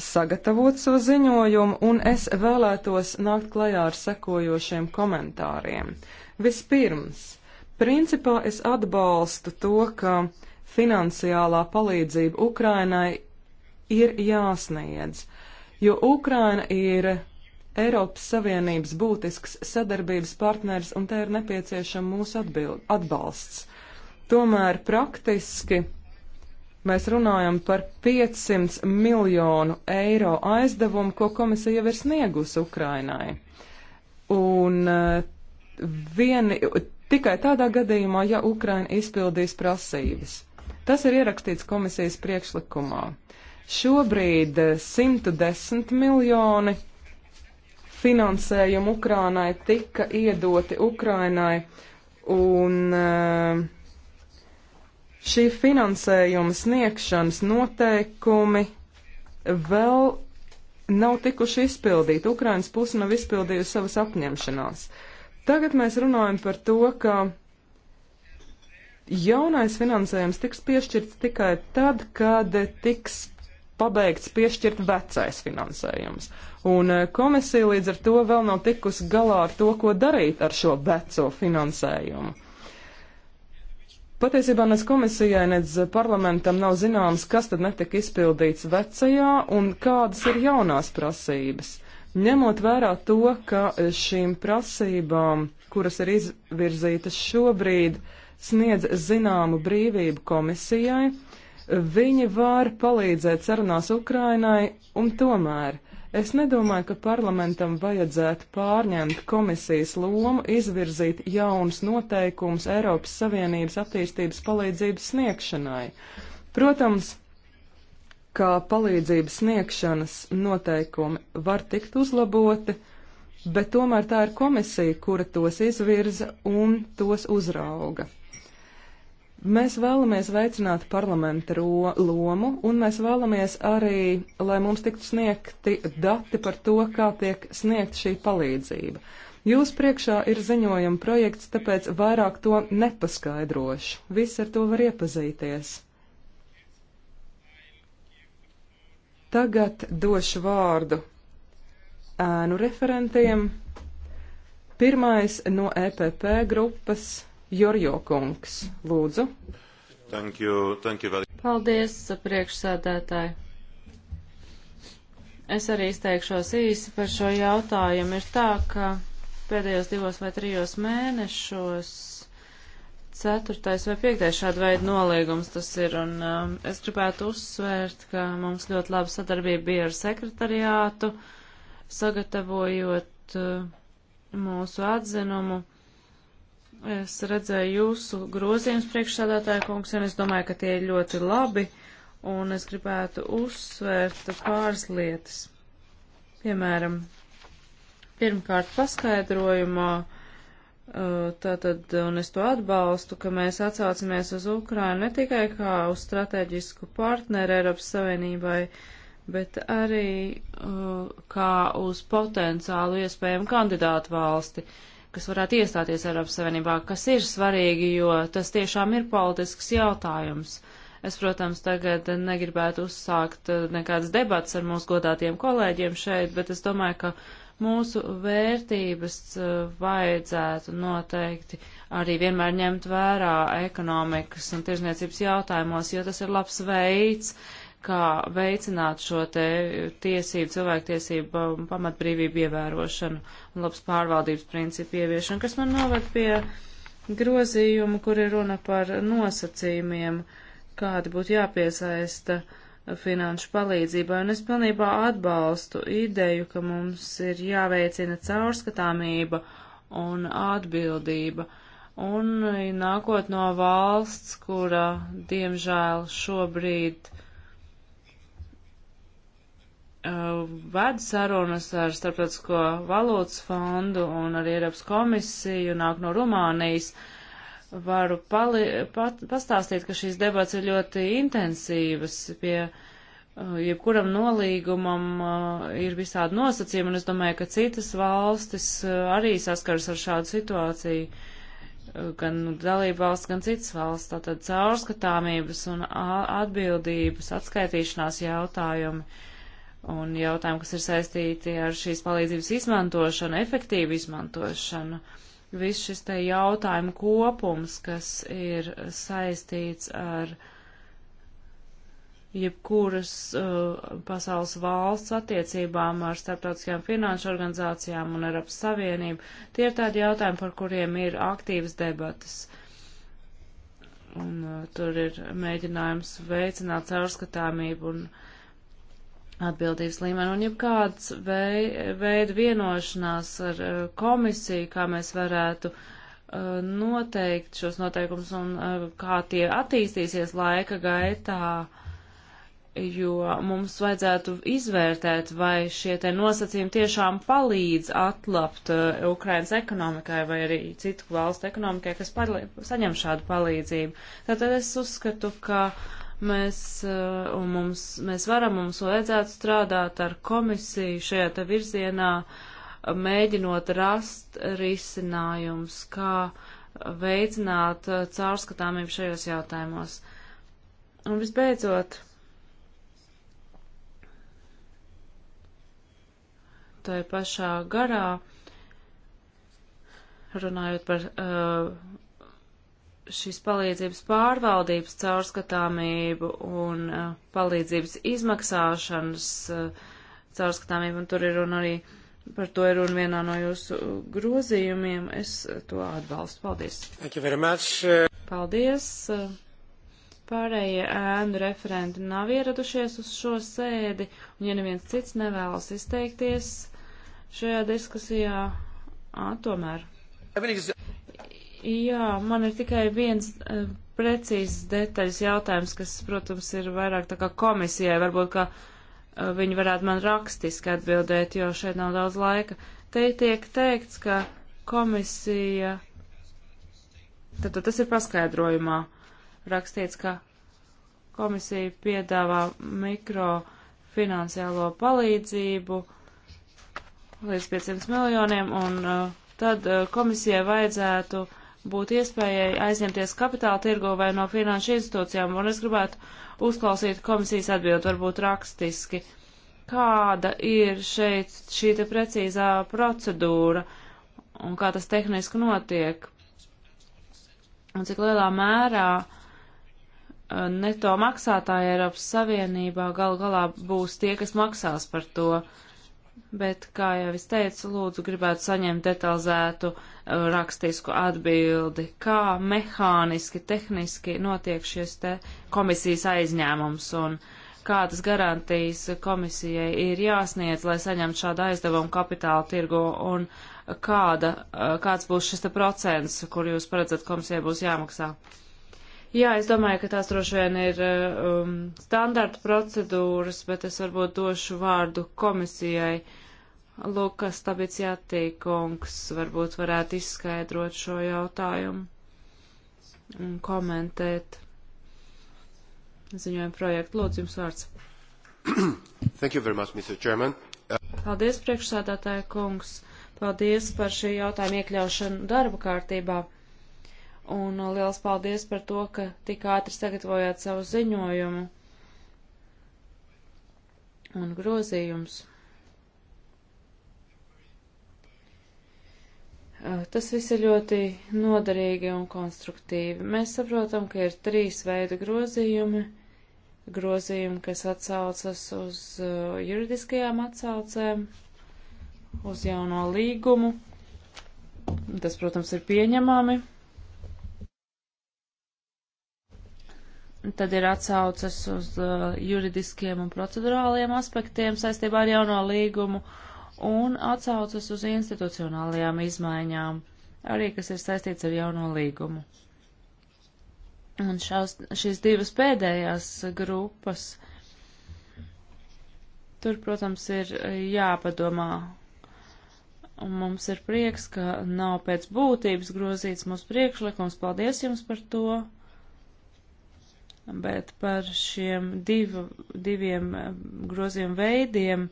sagatavot šo so ziņojumu, un es vēlētos nākt klajā ar sekojošiem komentāriem. Vispirms, principā es atbalstu to, ka uh, finansiālā palīdzība Ukrainai ir jāsniedz, jo Ukraina ir Eiropas Savienības būtisks sadarbības partners un te ir nepieciešama mūsu atbild, atbalsts. Tomēr praktiski mēs runājam par 500 miljonu eiro aizdevumu, ko komisija jau ir sniegusi Ukrainai. Un eh, vieni, tikai tādā gadījumā, ja Ukraina izpildīs prasības. Tas ir ierakstīts komisijas priekšlikumā. Šobrīd 110 eh, miljoni finansējumu Ukrainai tika iedoti Ukrainai, un eh, šī finansējuma sniegšanas noteikumi vēl nav tikuši izpildīti. Ukrainas puse nav izpildījusi savas apņemšanās. Tagad mēs runājam par to, ka Jaunais finansējums tiks piešķirts tikai tad, kad tiks pabeigts piešķirt vecais finansējums. Un eh, komisija līdz ar to vēl nav tikusi galā ar to, ko darīt ar šo veco finansējumu. Patiesībā nec komisijai, nec parlamentam nav zināms, kas tad netika izpildīts vecajā un kādas ir jaunās prasības. Ņemot vērā to, ka šīm prasībām, kuras ir izvirzītas šobrīd, uh, sniedz zināmu brīvību komisijai. Viņi var palīdzēt sarunās Ukrainai, un tomēr es nedomāju, ka parlamentam vajadzētu pārņemt komisijas lomu, izvirzīt jaunus noteikumus Eiropas Savienības attīstības palīdzības sniegšanai. Protams, kā palīdzības sniegšanas noteikumi var tikt uzlaboti, bet tomēr tā ir komisija, kura tos izvirza un tos uzrauga. Mēs vēlamies veicināt parlamenta lomu, un mēs vēlamies arī, lai mums tiktu sniegti dati par to, kā tiek sniegt šī palīdzība. Jūs priekšā ir ziņojuma projekts, tāpēc vairāk to nepaskaidrošu. Viss ar to var iepazīties. Tagad došu vārdu ēnu referentiem. Pirmais no EPP grupas Jorjo kungs, lūdzu. Thank you, thank you very... Paldies, priekšsēdētāji. Es arī izteikšos īsi par šo jautājumu. Ir tā, ka pēdējos divos vai trijos mēnešos ceturtais vai piektais šāda veida noliegums tas ir, un um, es gribētu uzsvērt, ka mums ļoti laba sadarbība bija ar sekretariātu, sagatavojot uh, mūsu atzinumu. Uh, Es redzēju jūsu grozījumus priekšsādātāja kungs, un es domāju, ka tie ir ļoti labi, un es gribētu uzsvērt pāris lietas. Piemēram, pirmkārt paskaidrojumā, uh, tātad, un es to atbalstu, ka mēs atsaucamies uz Ukrainu ne tikai kā uz strateģisku partneru Eiropas Savienībai, bet arī uh, kā uz potenciālu iespējumu kandidātu valsti. Uh, kas varētu iestāties Eiropas Savienībā, kas ir svarīgi, jo tas tiešām ir politisks jautājums. Es, protams, tagad negribētu uzsākt eh, nekādas debatas ar mūsu godātiem kolēģiem šeit, bet es domāju, ka mūsu vērtības eh, vajadzētu noteikti arī vienmēr ņemt vērā ekonomikas un tirzniecības jautājumos, jo tas ir labs veids, uh, kā veicināt šo te tiesību, cilvēktiesību um, pamatbrīvību ievērošanu un labs pārvaldības principu ieviešanu, kas man noved pie grozījumu, kur ir runa par nosacījumiem, kādi būtu jāpiesaista finanšu palīdzībai, un es pilnībā atbalstu ideju, ka mums ir jāveicina caurskatāmība un atbildība. Un nākot no valsts, kura, diemžēl, šobrīd Uh, ved sarunas ar Starptautisko valūtas fondu un arī Eiropas komisiju, nāk no Rumānijas, varu pali, pat, pastāstīt, ka šīs debats ir ļoti intensīvas. Pie uh, jebkuram nolīgumam uh, ir visādi nosacījumi, un es domāju, ka citas valstis arī saskaras ar šādu situāciju gan dalība valsts, gan citas valsts, tātad caurskatāmības un atbildības atskaitīšanās jautājumi un jautājumi, kas ir saistīti ar šīs palīdzības izmantošanu, efektīvu izmantošanu. Viss šis te jautājumu kopums, kas ir saistīts ar jebkuras uh, pasaules valsts attiecībām ar starptautiskajām finanšu organizācijām un Eiropas Savienību, tie ir tādi jautājumi, par kuriem ir aktīvas debatas. Un uh, tur ir mēģinājums veicināt caurskatāmību un uh, atbildības līmeni un jebkāds vei, veida vienošanās ar eh, komisiju, kā mēs varētu eh, noteikt šos noteikumus un eh, kā tie attīstīsies laika gaitā, jo mums vajadzētu izvērtēt, vai šie te nosacījumi tiešām palīdz atlapt Ukrainas ekonomikai vai arī citu valstu ekonomikai, kas saņem šādu palīdzību. Tātad es uzskatu, ka uh, Mēs, eh, un mums, mēs varam, mums vajadzētu strādāt ar komisiju šajā te virzienā, mēģinot rast risinājums, kā veicināt eh, caurskatāmību šajos jautājumos. Un visbeidzot, tai pašā garā, runājot par uh, šīs palīdzības pārvaldības caurskatāmību un uh, palīdzības izmaksāšanas uh, caurskatāmību, un tur ir un arī par to ir un vienā no jūsu grozījumiem. Es uh, to atbalstu. Paldies. Thank you very much. Paldies. Pārējie ēnu referenti nav ieradušies uz šo sēdi, un ja neviens cits nevēlas izteikties šajā diskusijā, ā, tomēr. Jā, man ir tikai viens uh, precīzs detaļas jautājums, kas, protams, ir vairāk tā kā komisijai, varbūt, ka uh, viņi varētu man rakstiski atbildēt, jo šeit nav daudz laika. Te tiek teikts, ka komisija, tad, tad tas ir paskaidrojumā rakstīts, ka komisija piedāvā mikrofinanciālo palīdzību līdz 500 miljoniem, un uh, tad uh, komisijai vajadzētu uh, būtu iespējai aizņemties kapitāla tirgo vai no finanšu institūcijām, un es gribētu uzklausīt komisijas atbildi, varbūt rakstiski. Kāda ir šeit šī te precīzā procedūra un kā tas tehniski notiek? Un cik lielā mērā eh, neto maksātāji Eiropas Savienībā gal galā būs tie, kas maksās par to? Uh, bet, kā jau es teicu, lūdzu gribētu saņemt detalizētu e, rakstisku atbildi, kā mehāniski, tehniski notiek šis te komisijas aizņēmums un kādas garantijas komisijai ir jāsniedz, lai saņemtu šādu aizdevumu kapitāla tirgo un kāda, e, kāds būs šis te procents, kur jūs paredzat komisijai būs jāmaksā. Jā, es domāju, ka tās droši vien ir um, standarta procedūras, bet es varbūt došu vārdu komisijai. Lukas Tabicijātī kungs varbūt varētu izskaidrot šo jautājumu un komentēt ziņojumu projektu. Lūdzu, jums vārds. Thank you very much, Mr. Chairman. Paldies, priekšsādātāja kungs. Paldies par šī jautājuma iekļaušanu darba kārtībā un liels paldies par to, ka tik ātri sagatavojāt savu ziņojumu un grozījums. Tas viss ir ļoti noderīgi un konstruktīvi. Mēs saprotam, ka ir trīs veidi grozījumi. Grozījumi, kas atsaucas uz juridiskajām atsaucēm, uz jauno līgumu. Tas, protams, ir pieņemami. Tad ir atsaucas uz uh, juridiskiem un procedurāliem aspektiem saistībā ar jauno līgumu un atsaucas uz institucionālajām izmaiņām, arī kas ir saistīts ar jauno līgumu. Un šās, šīs divas pēdējās grupas, tur, protams, ir uh, jāpadomā un mums ir prieks, ka nav pēc būtības grozīts mūsu priekšlikums. Paldies jums par to! bet par šiem divu, diviem eh, groziem veidiem,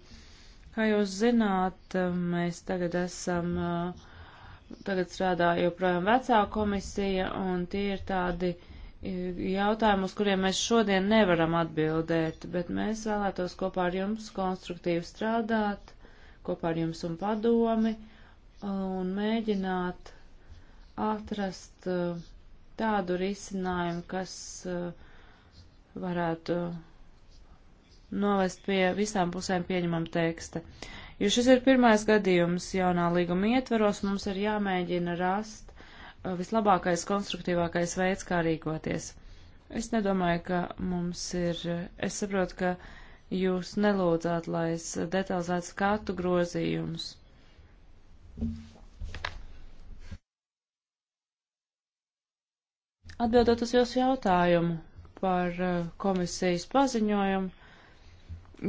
kā jūs zināt, eh, mēs tagad esam, eh, tagad strādā joprojām vecā komisija, un tie ir tādi jautājumi, uz kuriem mēs šodien nevaram atbildēt, bet mēs vēlētos kopā ar jums konstruktīvi strādāt, kopā ar jums un padomi, un mēģināt atrast tādu risinājumu, kas uh, varētu novest pie visām pusēm pieņemam teksta. Jo šis ir pirmais gadījums jaunā līguma ietveros, mums ir jāmēģina rast uh, vislabākais, konstruktīvākais veids, kā rīkoties. Es nedomāju, ka mums ir, es saprotu, ka jūs nelūdzāt, lai es detalizētu skatu grozījumus. Atbildot uz jūsu jautājumu, par eh, komisijas paziņojumu.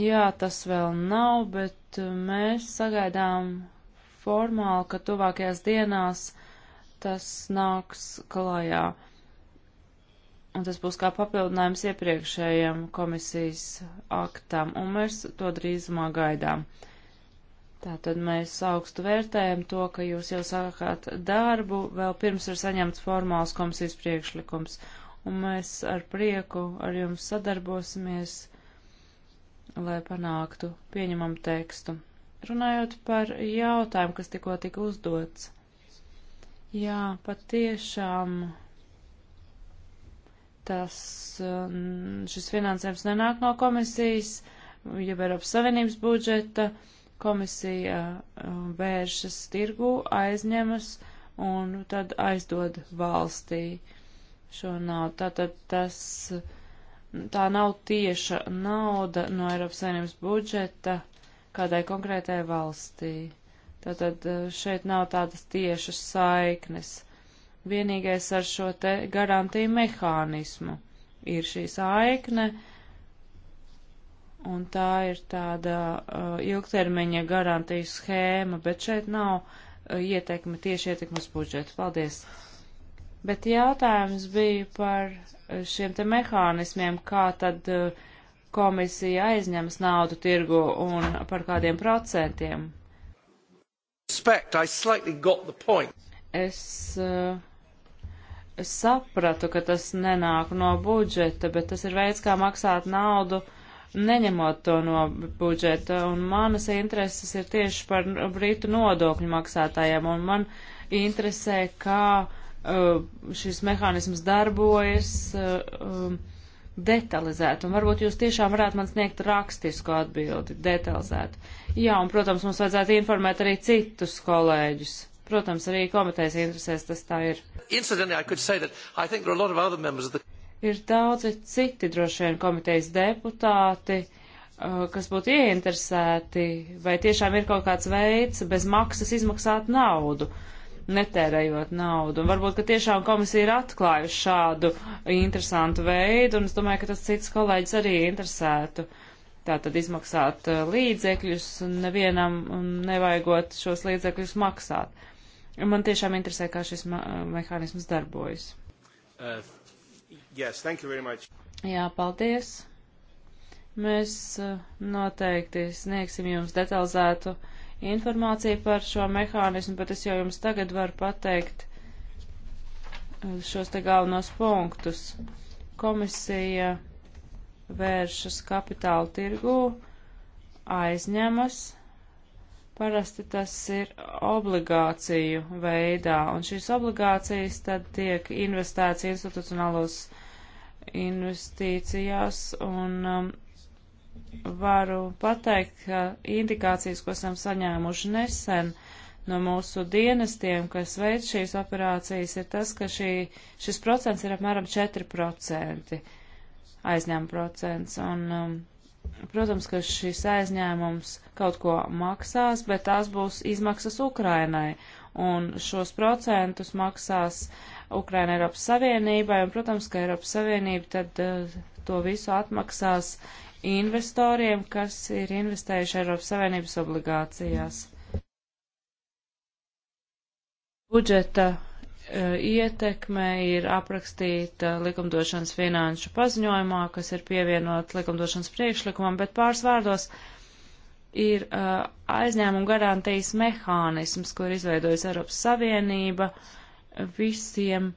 Jā, tas vēl nav, bet eh, mēs sagaidām formāli, ka tuvākajās dienās tas nāks klajā. Un tas būs kā papildinājums iepriekšējiem komisijas aktam, un mēs to drīzumā gaidām. Tātad mēs augstu vērtējam to, ka jūs jau sākāt darbu, vēl pirms ir saņemts formāls komisijas priekšlikums. Uh, un mēs ar prieku ar jums sadarbosimies, lai panāktu pieņemam tekstu. Runājot par jautājumu, kas tikko tika uzdots. Jā, patiešām tas, šis finansējums nenāk no komisijas, jeb Eiropas Savienības budžeta. Komisija uh, vēršas tirgu, aizņemas un tad aizdod valstī. Uh, šo naudu. Tātad tas, tā nav tieša nauda no Eiropas Savienības budžeta kādai konkrētai valstī. Tātad eh, šeit nav tādas tiešas saiknes. Vienīgais ar šo te garantiju mehānismu ir šī saikne, un tā ir tāda uh, ilgtermiņa garantiju schēma, bet šeit nav uh, ietekme, tieši ietekme uz budžetu. Paldies! Bet jautājums bija par eh, šiem te mehānismiem, kā tad eh, komisija aizņems naudu tirgu un par kādiem procentiem. Es eh, Es sapratu, ka tas nenāk no budžeta, bet tas ir veids, kā maksāt naudu, neņemot to no budžeta. Un manas intereses ir tieši par brītu nodokļu maksātājiem, un man interesē, kā uh, Uh, šis mehānisms darbojas uh, um, detalizēt, un varbūt jūs tiešām varētu man sniegt rakstisku atbildi detalizēt. Jā, un, protams, mums vajadzētu informēt arī citus kolēģus. Protams, arī komitejas interesēs tas tā ir. The... Ir daudzi citi droši vien komitejas deputāti, uh, kas būtu ieinteresēti, vai tiešām ir kaut kāds veids bez maksas izmaksāt naudu. Uh, netērējot naudu. Un varbūt, ka tiešām komisija ir atklājusi šādu interesantu veidu, un es domāju, ka tas cits kolēģis arī interesētu. Tātad izmaksāt uh, līdzekļus, nevienam nevajagot šos līdzekļus maksāt. Man tiešām interesē, kā šis mehānisms darbojas. Uh, yes, Jā, paldies. Mēs uh, noteikti sniegsim jums detalizētu uh, informāciju par šo mehānismu, bet es jau jums tagad varu pateikt eh, šos te galvenos punktus. Komisija vēršas kapitāla tirgū, aizņemas. Parasti tas ir obligāciju veidā, un šīs obligācijas tad tiek investēts institucionālos investīcijās, un um, varu pateikt, ka indikācijas, ko esam saņēmuši nesen no mūsu dienestiem, kas veic šīs operācijas, ir tas, ka šī, šis procents ir apmēram 4% aizņēmuma procents. Un, um, protams, ka šis aizņēmums kaut ko maksās, bet tās būs izmaksas Ukrainai. Un šos procentus maksās Ukraina Eiropas Savienībai, un, protams, ka Eiropas Savienība tad uh, to visu atmaksās investoriem, kas ir investējuši Eiropas Savienības obligācijās. Budžeta e, ietekme ir aprakstīta likumdošanas finanšu paziņojumā, kas ir pievienot likumdošanas priekšlikumam, bet pāris vārdos ir uh, e, aizņēmuma garantijas mehānisms, kur izveidojas Eiropas Savienība visiem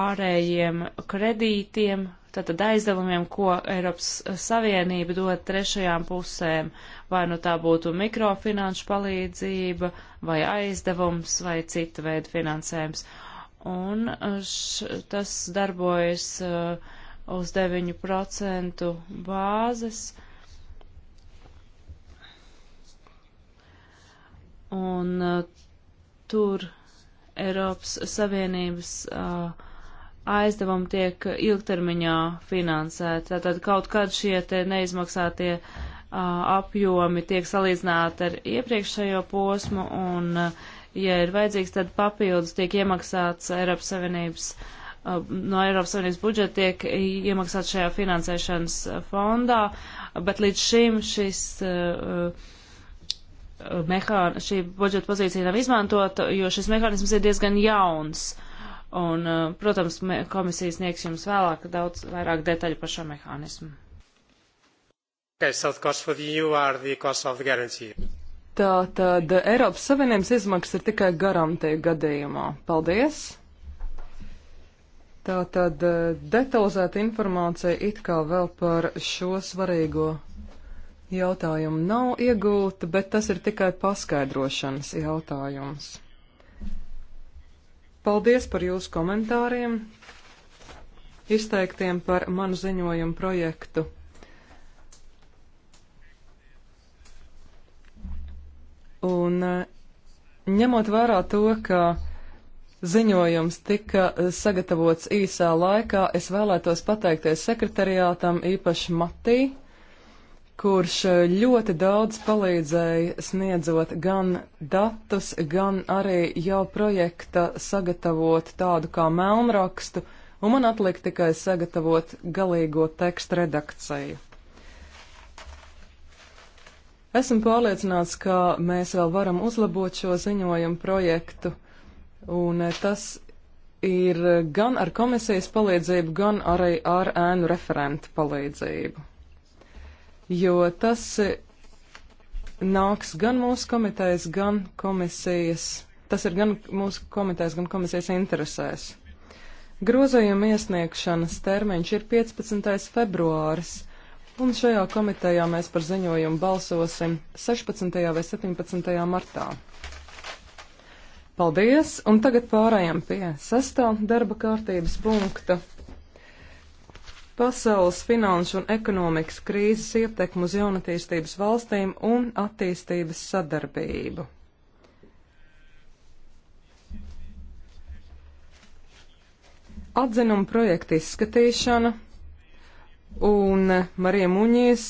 ārējiem kredītiem, tātad aizdevumiem, ko Eiropas Savienība dod trešajām pusēm, vai nu tā būtu mikrofinanšu palīdzība, vai aizdevums, vai cita veida finansējums. Un uh, š, tas darbojas uh, uz 9% bāzes. Un uh, tur Eiropas Savienības uh, aizdevumi tiek ilgtermiņā finansēti. Tātad kaut kad šie te neizmaksātie a, apjomi tiek salīdzināti ar iepriekšējo posmu un, a, ja ir vajadzīgs, tad papildus tiek iemaksāts Eiropas Savienības, a, no Eiropas Savienības budžeta tiek iemaksāts šajā finansēšanas fondā, bet līdz šim šis mehān, šī budžeta pozīcija nav izmantota, jo šis mehānisms ir diezgan jauns. Uh, Un, uh, protams, komisija sniegs jums vēlāk daudz vairāk detaļu par šo mehānismu. Okay, so e Tātad Eiropas Savienības izmaksas ir tikai garantija gadījumā. Paldies! Tātad uh, detalizēta informācija it kā vēl par šo svarīgo jautājumu nav iegūta, bet tas ir tikai paskaidrošanas jautājums. Paldies par jūsu komentāriem, izteiktiem par manu ziņojumu projektu. Un eh, ņemot vērā to, ka ziņojums tika eh, sagatavots īsā laikā, es vēlētos pateikties sekretariātam īpaši Matī kurš e, ļoti daudz palīdzēja sniedzot gan datus, gan arī jau projekta sagatavot tādu kā melnrakstu, un man atlika tikai sagatavot galīgo tekstu redakciju. Esmu pārliecināts, ka mēs vēl varam uzlabot šo ziņojumu projektu, un e, tas ir gan ar komisijas palīdzību, gan arī ar ēnu referentu palīdzību jo tas nāks gan mūsu komitejas, gan komisijas. Tas ir gan mūsu komitejas, gan komisijas interesēs. Grozījuma iesniegšanas termiņš ir 15. februāris. Un šajā komitejā mēs par ziņojumu balsosim 16. vai 17. martā. Paldies, un tagad pārējām pie sestā darba kārtības punkta pasaules finanšu un ekonomikas krīzes ietekmu uz jaunatīstības valstīm un attīstības sadarbību. Atzinuma projekta izskatīšana un Marija Muņies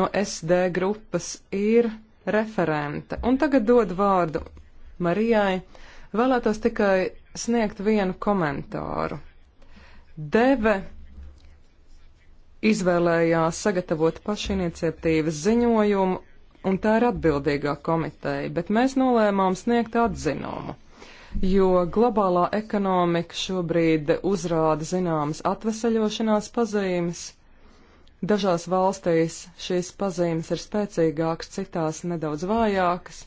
no SD grupas ir referente. Un tagad dod vārdu Marijai. Vēlētos tikai sniegt vienu komentāru. Deve izvēlējās sagatavot pašiniciatīvas ziņojumu, un tā ir atbildīgā komiteja, bet mēs nolēmām sniegt atzinumu jo globālā ekonomika šobrīd uzrāda zināmas atvesaļošanās pazīmes. Dažās valstīs šīs pazīmes ir spēcīgākas, citās nedaudz vājākas,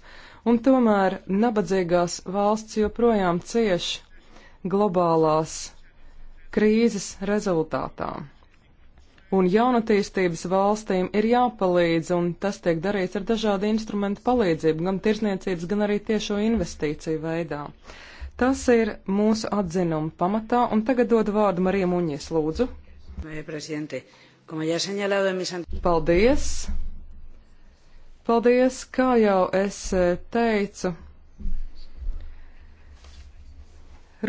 un tomēr nabadzīgās valsts joprojām cieš globālās krīzes rezultātām un jaunatīstības valstīm ir jāpalīdz, un tas tiek darīts ar dažādu instrumentu palīdzību, gan tirsniecības, gan arī tiešo investīciju veidā. Tas ir mūsu atzinuma pamatā, un tagad dod vārdu Marija Muņies, lūdzu. Paldies! Paldies, kā jau es eh, teicu,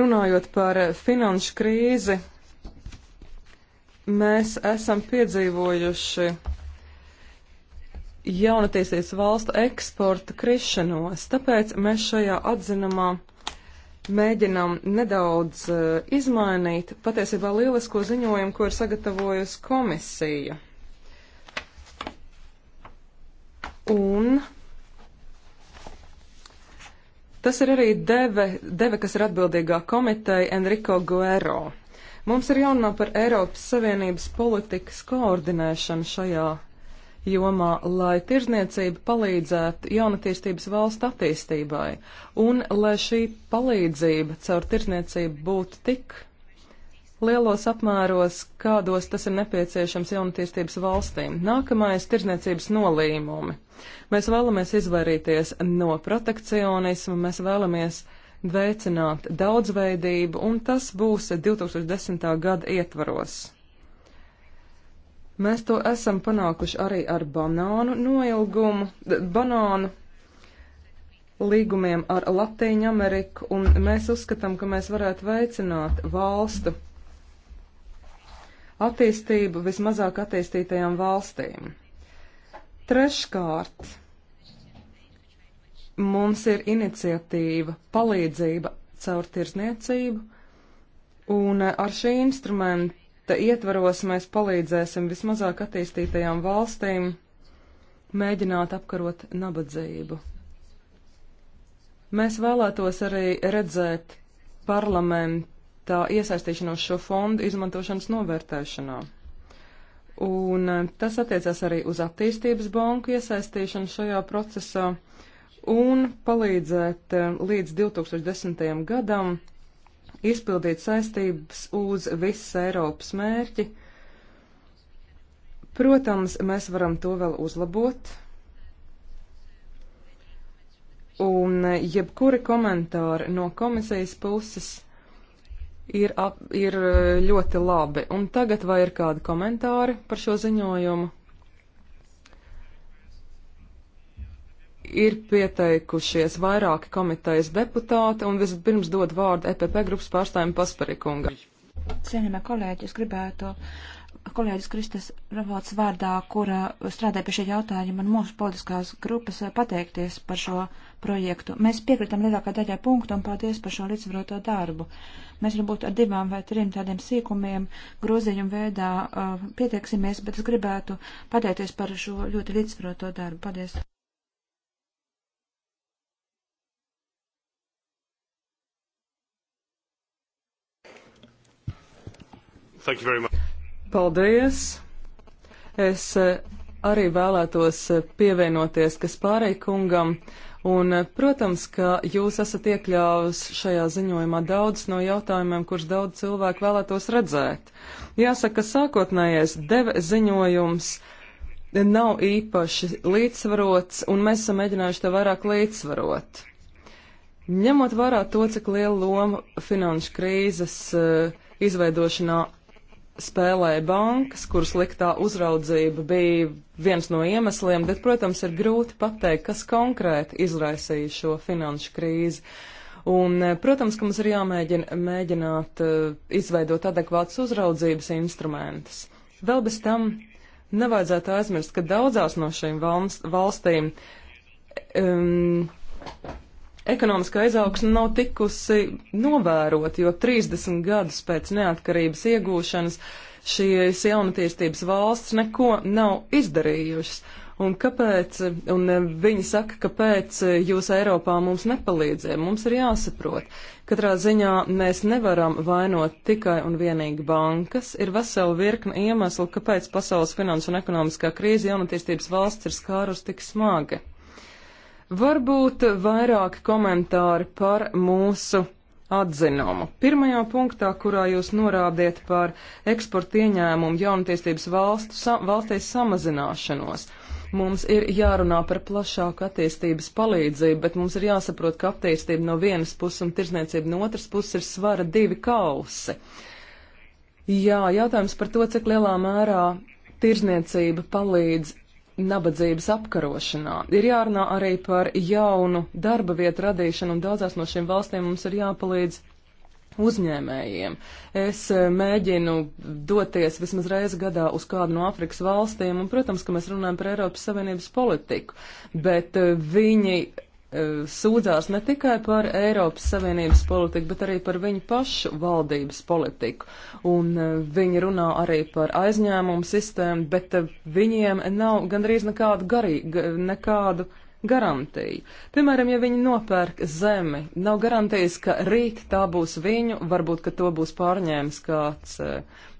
runājot par eh, finanšu krīzi, mēs esam piedzīvojuši jaunatīstības valstu eksporta krišanos, tāpēc mēs šajā atzinumā mēģinām nedaudz uh, izmainīt patiesībā lielisko ziņojumu, ko ir sagatavojusi komisija. Un tas ir arī deve, deve kas ir atbildīgā komiteja Enrico Guerrero. Mums ir jārunā par Eiropas Savienības politikas koordinēšanu šajā jomā, lai tirzniecība palīdzētu jaunatīstības valstu attīstībai un lai šī palīdzība caur tirzniecību būtu tik lielos apmēros, kādos tas ir nepieciešams jaunatīstības valstīm. Nākamais - tirzniecības nolīmumi. Mēs vēlamies izvairīties no protekcionismu, mēs vēlamies veicināt daudzveidību, un tas būs 2010. gada ietvaros. Mēs to esam panākuši arī ar banānu noilgumu, banānu līgumiem ar Latīņu Ameriku, un mēs uzskatām, ka mēs varētu veicināt valstu attīstību vismazāk attīstītajām valstīm. Treškārt, Mums ir iniciatīva, palīdzība caur tirsniecību, un ar šī instrumenta ietvaros mēs palīdzēsim vismazāk attīstītajām valstīm mēģināt apkarot nabadzību. Mēs vēlētos arī redzēt parlamentā iesaistīšanos šo fondu izmantošanas novērtēšanā. Un tas attiecās arī uz attīstības banku iesaistīšanu šajā procesā un palīdzēt eh, līdz 2010. gadam izpildīt saistības uz visas Eiropas mērķi. Protams, mēs varam to vēl uzlabot. Un eh, jebkuri komentāri no komisijas puses ir, ap, ir eh, ļoti labi. Un tagad vai ir kādi komentāri par šo ziņojumu? ir pieteikušies vairāki komitejas deputāti, un vispirms dod vārdu EPP grupas pārstāvjiem Pasparikungam. Cienījamie kolēģi, es gribētu kolēģis Kristis Ravots vārdā, kura strādāja pie šī jautājuma un mūsu politiskās grupas pateikties par šo projektu. Mēs piekritam lielākā daļā punktu un paldies par šo līdzsvaroto darbu. Mēs varbūt ar divām vai trim tādiem sīkumiem grozījumu veidā uh, pieteiksimies, bet es gribētu pateikties par šo ļoti līdzsvaroto darbu. Paldies! Thank you very much. Paldies! Es eh, arī vēlētos eh, pievienoties Kaspārei kungam. Un, eh, protams, ka jūs esat iekļāvis šajā ziņojumā daudz no jautājumiem, kurus daudz cilvēku vēlētos redzēt. Jāsaka, sākotnējais deve ziņojums nav īpaši līdzsvarots, un mēs esam mēģinājuši to vairāk līdzsvarot. Ņemot vērā to, cik lielu lomu finanšu krīzes uh, izveidošanā spēlēja bankas, kuras liktā uzraudzība bija viens no iemesliem, bet, protams, ir grūti pateikt, kas konkrēti izraisīja šo finanšu krīzi. Un, eh, protams, ka mums ir jāmēģina mēģināt uh, izveidot adekvātus uzraudzības instrumentus. Vēl bez tam nevajadzētu aizmirst, ka daudzās no šīm valstīm um, ekonomiskā izaugsme nav tikusi novērota, jo 30 gadus pēc neatkarības iegūšanas šīs jaunatīstības valsts neko nav izdarījušas. Un kāpēc, un e, viņi saka, kāpēc e, jūs Eiropā mums nepalīdzē, mums ir jāsaprot. Katrā ziņā mēs nevaram vainot tikai un vienīgi bankas, ir vesela virkna iemeslu, kāpēc pasaules finanses un ekonomiskā krīze jaunatīstības valsts ir skārus tik smagi. Varbūt vairāki komentāri par mūsu atzinumu. Pirmajā punktā, kurā jūs norādiet par eksporta ieņēmumu jaunatīstības valstu, sa, valstīs samazināšanos. Mums ir jārunā par plašāku attīstības palīdzību, bet mums ir jāsaprot, ka attīstība no vienas puses un tirzniecība no otras puses ir svara divi kausi. Jā, jautājums par to, cik lielā mērā tirzniecība palīdz nabadzības apkarošanā. Ir jārunā arī par jaunu darba vietu radīšanu, un daudzās no šīm valstīm mums ir jāpalīdz uzņēmējiem. Es eh, mēģinu doties vismaz reizi gadā uz kādu no Afrikas valstīm, un, protams, ka mēs runājam par Eiropas Savienības politiku, bet eh, viņi E, sūdzās ne tikai par Eiropas Savienības politiku, bet arī par viņu pašu valdības politiku. Un e, viņi runā arī par aizņēmumu sistēmu, bet e, viņiem nav gandrīz nekādu, garī, nekādu garantiju. Piemēram, ja viņi nopērk zemi, nav garantijas, ka rīt tā būs viņu, varbūt, ka to būs pārņēmis kāds uh,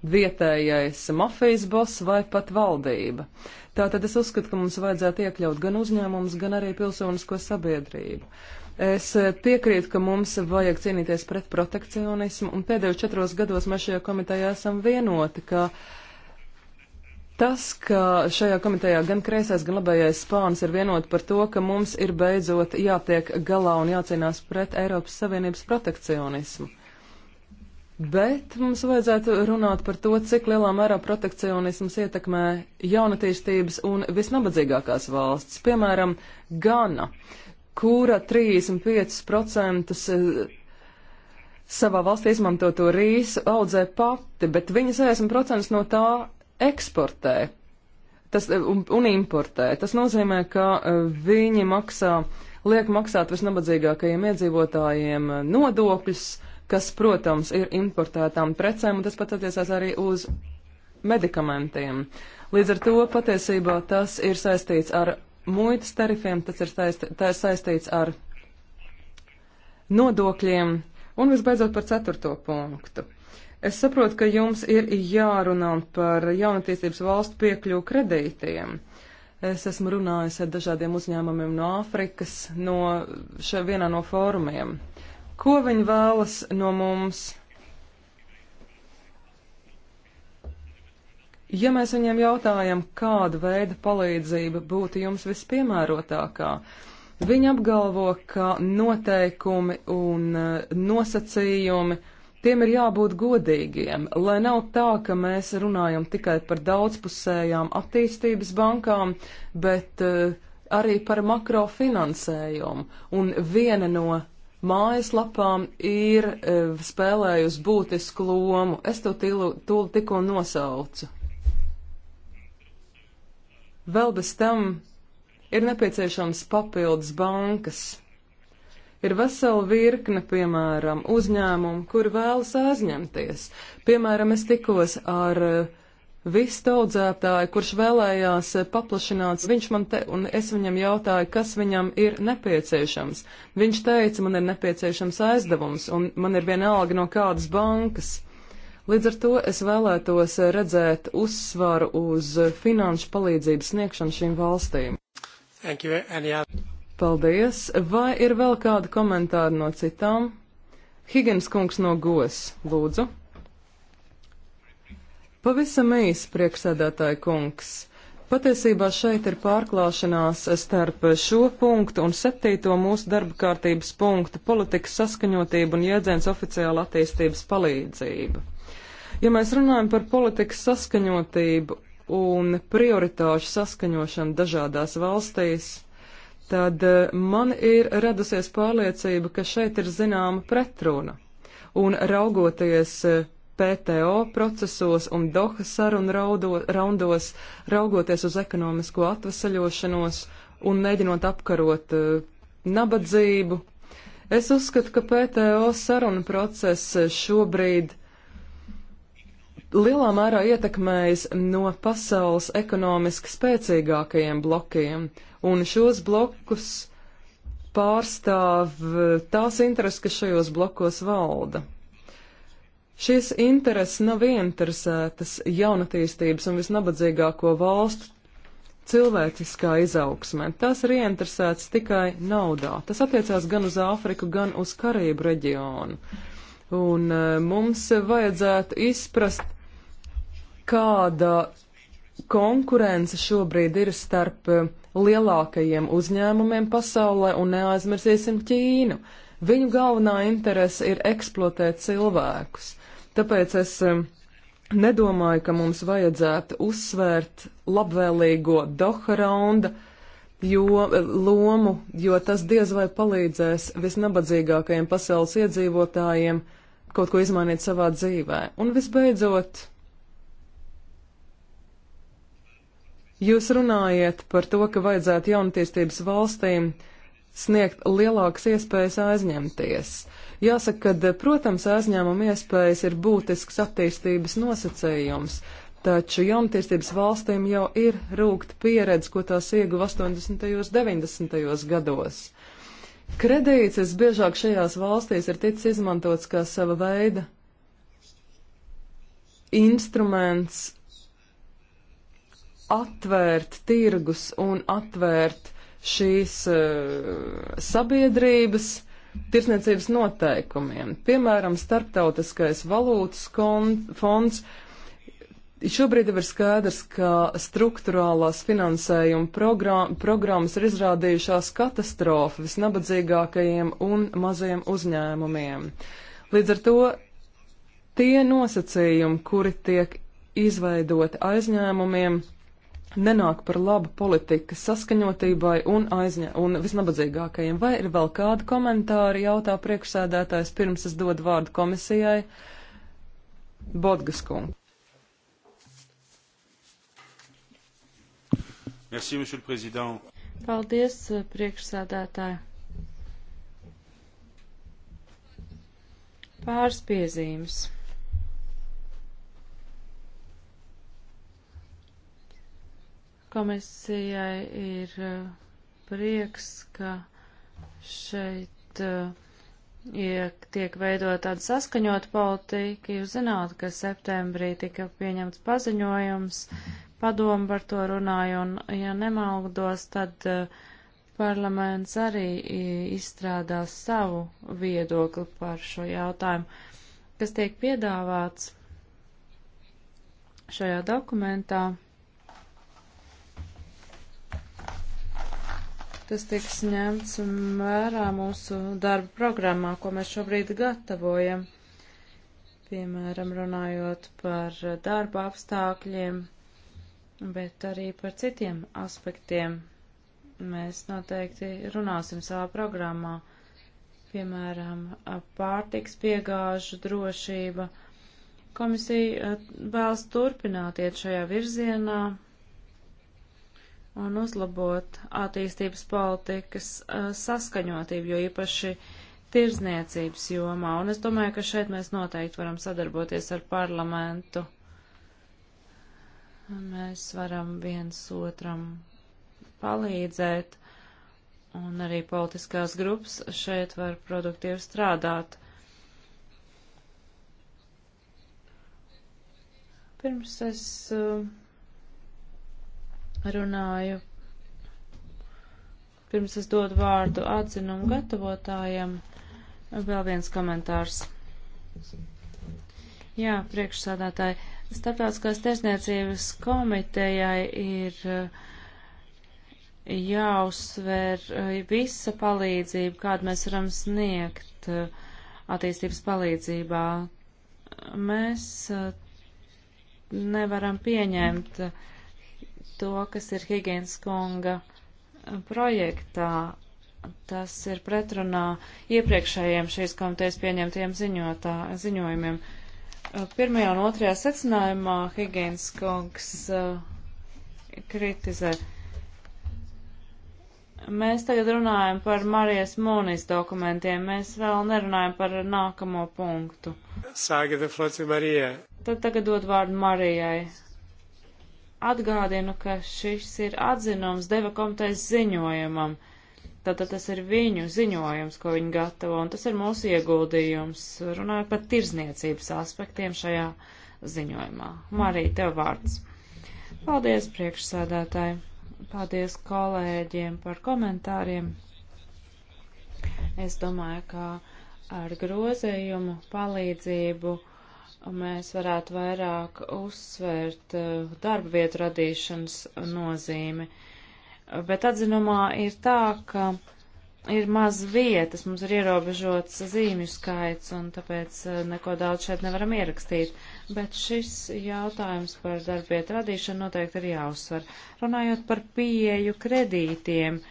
vietējais mafijas boss vai pat valdība. Tātad es uzskatu, ka mums vajadzētu iekļaut gan uzņēmumus, gan arī pilsonisko sabiedrību. Es eh, piekrītu, ka mums vajag cīnīties pret protekcionismu, un pēdējos četros gados mēs šajā komitejā esam vienoti, ka tas, ka šajā komitejā gan kreisais, gan labējais spāns ir vienoti par to, ka mums ir beidzot jātiek galā un jācīnās pret Eiropas Savienības protekcionismu. Bet mums vajadzētu runāt par to, cik lielā mērā protekcionisms ietekmē jaunatīstības un visnabadzīgākās valsts, piemēram, Gana, kura 35% eh, savā valstī izmantoto rīsu audzē pati, bet viņa 60% no tā eksportē tas, eh, un, un importē. Tas nozīmē, ka eh, viņi maksā, liek maksāt visnabadzīgākajiem iedzīvotājiem nodokļus kas, protams, ir importētām precēm, un tas pat attiecās arī uz medikamentiem. Līdz ar to patiesībā tas ir saistīts ar muitas tarifiem, tas ir saist, tā ir saistīts ar nodokļiem, un visbeidzot par ceturto punktu. Es saprotu, ka jums ir jārunā par jaunatīstības valstu piekļuvu kredītiem. Es esmu runājis ar dažādiem uzņēmumiem no Āfrikas, no še, vienā no fórumiem. Ko viņi vēlas no mums? Ja mēs viņiem jautājam, kāda veida palīdzība būtu jums vispiemērotākā, viņi apgalvo, ka noteikumi un eh, nosacījumi tiem ir jābūt godīgiem, lai nav tā, ka mēs runājam tikai par daudzpusējām attīstības bankām, bet eh, arī par makrofinansējumu. Un viena no mājaslapām ir e, spēlējusi būtisku lomu. Es to tūlu tikko nosaucu. Vēl bez tam ir nepieciešams papildus bankas. Ir vesela virkne, piemēram, uzņēmumu, kuri vēlas aizņemties. Piemēram, es tikos ar uh, Viss audzētāji, kurš vēlējās paplašināt, viņš man te, un es viņam jautāju, kas viņam ir nepieciešams. Viņš teica, man ir nepieciešams aizdevums, un man ir vienalga no kādas bankas. Līdz ar to es vēlētos redzēt uzsvaru uz finanšu palīdzības sniegšanu šīm valstīm. Thank you, Anjā. Paldies. Vai ir vēl kādi komentāri no citām? Higgins kungs no Gos, lūdzu. Pavisam īsi, priekšsēdētāji kungs. Patiesībā šeit ir pārklāšanās starp šo punktu un septīto mūsu darba kārtības punktu - politikas saskaņotību un jēdziens oficiāla attīstības palīdzība. Ja mēs runājam par politikas saskaņotību un prioritāšu saskaņošanu dažādās valstīs, tad eh, man ir radusies pārliecība, ka šeit ir zināma pretruna. Un raugoties eh, PTO procesos un Doha sarunu raundos, raugoties uz ekonomisko atvesaļošanos un mēģinot apkarot uh, nabadzību. Es uzskatu, ka PTO sarunu process šobrīd lielā mērā ietekmējas no pasaules ekonomiski spēcīgākajiem blokiem, un šos blokus pārstāv eh, tās intereses, kas šajos blokos valda. Šīs intereses nav ieinteresētas jaunatīstības un visnabadzīgāko valstu cilvēciskā izaugsmē. Tas ir ieinteresēts tikai naudā. Tas attiecās gan uz Āfriku, gan uz Karību reģionu. Un e, mums vajadzētu izprast, kāda konkurence šobrīd ir starp e, lielākajiem uzņēmumiem pasaulē un neaizmirsīsim Ķīnu. Viņu galvenā interese ir eksploatēt cilvēkus. Tāpēc es nedomāju, ka mums vajadzētu uzsvērt labvēlīgo Doha raunda jo, e, lomu, jo tas diez vai palīdzēs visnabadzīgākajiem pasaules iedzīvotājiem kaut ko izmainīt savā dzīvē. Un visbeidzot, jūs runājat par to, ka vajadzētu jaunatīstības valstīm sniegt lielākas iespējas aizņemties. Uh, Jāsaka, ka, eh, protams, aizņēmuma iespējas ir būtisks attīstības nosacījums, taču jaunatīstības valstīm jau ir rūgt pieredze, ko tās ieguva 80. un 90. gados. Kredīts visbiežāk šajās valstīs ir ticis izmantots kā sava veida instruments atvērt tirgus un atvērt šīs uh, sabiedrības uh, tirsniecības noteikumiem. Piemēram, starptautiskais valūtas fonds. Šobrīd jau ir skaidrs, ka struktūrālās finansējuma program, programmas ir izrādījušās katastrofa visnabadzīgākajiem un maziem uzņēmumiem. Līdz ar to tie nosacījumi, kuri tiek izveidoti aizņēmumiem, nenāk par labu politikas saskaņotībai un, aizņa, un visnabadzīgākajiem. Vai ir vēl kādi komentāri, jautā priekšsēdētājs, pirms es dodu vārdu komisijai? Bodgas kungs. Merci, monsieur le président. Paldies, priekšsēdētāji. Pāris piezīmes. Komisijai ir uh, prieks, ka šeit ja uh, tiek veidot tāda saskaņota politika. Jūs zināt, ka septembrī tika pieņemts paziņojums, padomu par to runāju, un, ja nemaldos, tad uh, parlaments arī izstrādās savu viedokli par šo jautājumu, kas tiek piedāvāts šajā dokumentā. Tas tiks ņemts vērā mūsu darba programmā, ko mēs šobrīd gatavojam. Piemēram, runājot par darba apstākļiem, bet arī par citiem aspektiem. Mēs noteikti runāsim savā programmā. Piemēram, pārtiks piegāžu drošība. Komisija eh, vēlas turpināt iet šajā virzienā, un uzlabot attīstības politikas eh, saskaņotību, jo īpaši tirzniecības jomā. Un es domāju, ka šeit mēs noteikti varam sadarboties ar parlamentu. Mēs varam viens otram palīdzēt, un arī politiskās grupas šeit var produktīvi strādāt. Pirms es uh, runāju. Pirms es dodu vārdu atzinumu gatavotājiem, vēl viens komentārs. Jā, priekšsādātāji, starptautiskās tiesniecības komitejai ir eh, jāuzsver eh, visa palīdzība, kādu mēs varam sniegt eh, attīstības palīdzībā. Mēs nevaram pieņemt uh, to, kas ir Higienas kunga projektā. Tas ir pretrunā iepriekšējiem šīs komitejas pieņemtiem ziņotā, ziņojumiem. Pirmajā un otrajā secinājumā Higienas kungs uh, kritizē. Mēs tagad runājam par Marijas Mūnijas dokumentiem, mēs vēl nerunājam par nākamo punktu. Sāga de Floci Marija. Tad tagad dod vārdu Marijai atgādinu, ka šis ir atzinums deva komitejas ziņojumam. Tātad tas ir viņu ziņojums, ko viņi gatavo, un tas ir mūsu ieguldījums, runājot par tirzniecības aspektiem šajā ziņojumā. Marija, tev vārds. Paldies, priekšsēdētāji. Paldies kolēģiem par komentāriem. Es domāju, ka ar grozējumu palīdzību mēs varētu vairāk uzsvērt uh, darba vietu radīšanas nozīmi. Bet atzinumā ir tā, ka ir maz vietas, mums ir ierobežots zīmju skaits, un tāpēc uh, neko daudz šeit nevaram ierakstīt. Bet šis jautājums par darba vietu radīšanu noteikti ir jāuzsver. Runājot par pieeju kredītiem,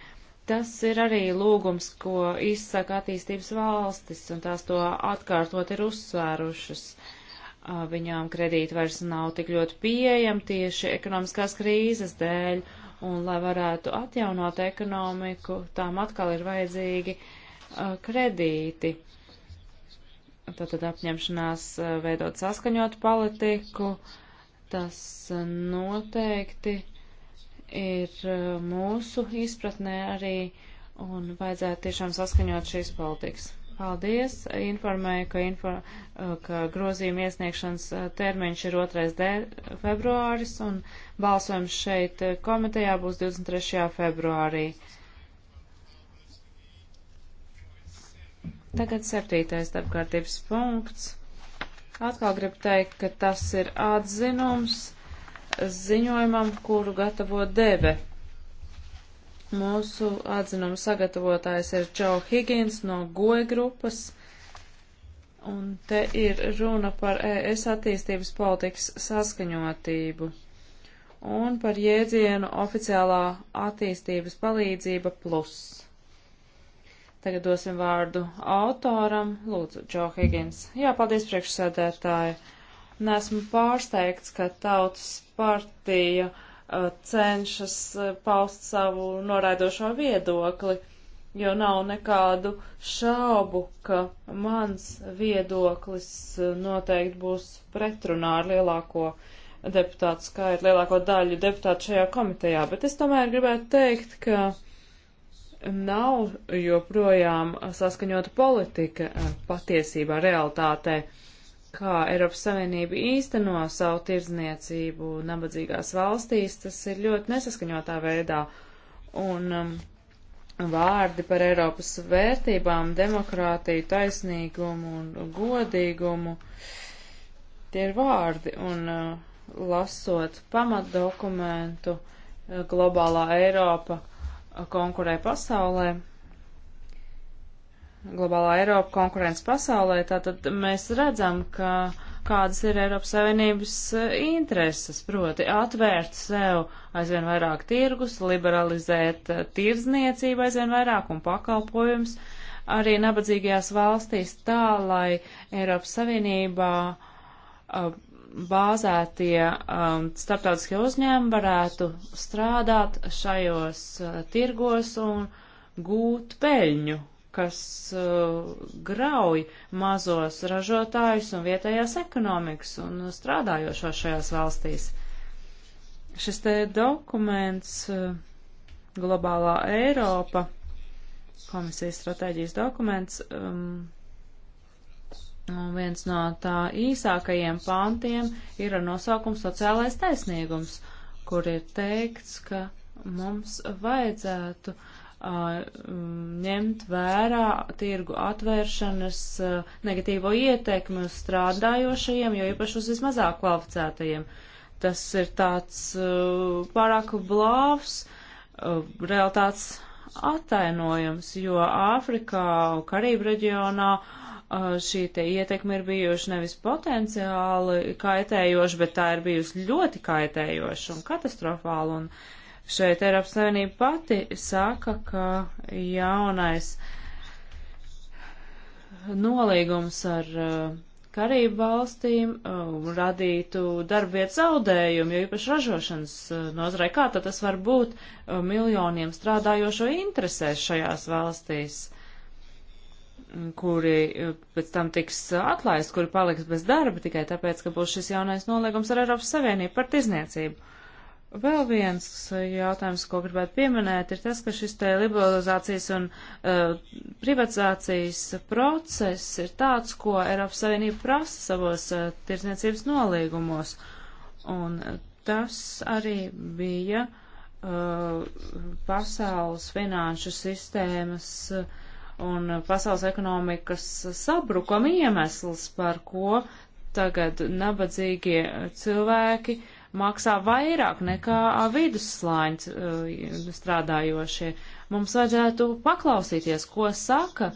tas ir arī lūgums, ko izsaka attīstības valstis, un tās to atkārtot ir uzsvērušas. Uh, viņām kredīti vairs nav tik ļoti pieejami tieši ekonomiskās krīzes dēļ, un lai varētu atjaunot ekonomiku, tām atkal ir vajadzīgi kredīti. Tātad apņemšanās veidot saskaņot politiku, tas noteikti ir mūsu izpratnē arī, un vajadzētu tiešām saskaņot šīs politikas. Paldies! Informēju, ka, info, uh, ka grozījuma iesniegšanas uh, termiņš ir 2. februāris un balsojums šeit uh, komitejā būs 23. februārī. Tagad septītais darbkārtības punkts. Atkal gribu teikt, ka tas ir atzinums ziņojumam, kuru gatavo deve Mūsu atzinuma sagatavotājs ir Džo Higgins no GOE grupas, un te ir runa par ES attīstības politikas saskaņotību un par jēdzienu oficiālā attīstības palīdzība plus. Tagad dosim vārdu autoram, lūdzu, Džo Higgins. Jā, paldies priekšsēdētāji. Nesmu pārsteigts, ka tautas partija uh, Uh, cenšas uh, paust savu noraidošo viedokli, jo nav nekādu šaubu, ka mans viedoklis uh, noteikti būs pretrunā ar lielāko deputātu skaitu, lielāko daļu deputātu šajā komitejā, bet es tomēr gribētu teikt, ka nav joprojām saskaņota politika patiesībā, realitātē. Uh, kā Eiropas Savienība īsteno savu tirdzniecību nabadzīgās valstīs, tas ir ļoti nesaskaņotā veidā. Un um, vārdi par Eiropas vērtībām, demokrātiju, taisnīgumu un godīgumu, tie ir vārdi. Un uh, lasot pamatdokumentu, uh, globālā Eiropa uh, konkurē pasaulē globālā Eiropa konkurence pasaulē, tātad mēs redzam, ka kādas ir Eiropas Savienības eh, intereses, proti atvērt sev aizvien vairāk tirgus, liberalizēt eh, tirdzniecību aizvien vairāk un pakalpojums arī nabadzīgajās valstīs tā, lai Eiropas Savienībā eh, bāzētie um, starptautiskie uzņēmumi varētu strādāt šajos uh, tirgos un gūt peļņu kas uh, grauj mazos ražotājus un vietējās ekonomikas un strādājošo šajās valstīs. Šis te dokuments uh, Globālā Eiropa, komisijas stratēģijas dokuments, um, un viens no tā īsākajiem pāntiem ir ar nosaukumu sociālais taisnīgums, kur ir teikts, ka mums vajadzētu uh, ņemt vērā tirgu atvēršanas negatīvo ietekmi uz strādājošajiem, jo īpaši uz vismazāk kvalificētajiem. Tas ir tāds pārāk blāvs realitātes attainojums, jo Āfrikā, Karību reģionā šī te ietekme ir bijuši nevis potenciāli kaitējoši, bet tā ir bijusi ļoti kaitējoša un katastrofāla. Un, uh, Šeit Eiropas Savienība pati saka, ka jaunais nolīgums ar uh, Karību valstīm uh, radītu darbvietu zaudējumu, jo īpaši ražošanas uh, nozarē, kā tad tas var būt uh, miljoniem strādājošo interesēs šajās valstīs, kuri uh, pēc tam tiks atlaist, kuri paliks bez darba tikai tāpēc, ka būs šis jaunais noliegums ar Eiropas Savienību par tirzniecību. Vēl viens eh, jautājums, ko gribētu pieminēt, ir tas, ka šis te liberalizācijas un uh, privatizācijas process ir tāds, ko Eiropas Savienība prasa savos uh, eh, tirsniecības nolīgumos. Un tas arī bija uh, pasaules finanšu sistēmas un pasaules ekonomikas sabrukuma iemesls, par ko tagad nabadzīgie cilvēki uh, maksā vairāk nekā vidusslāņas uh, eh, strādājošie. Mums vajadzētu paklausīties, ko saka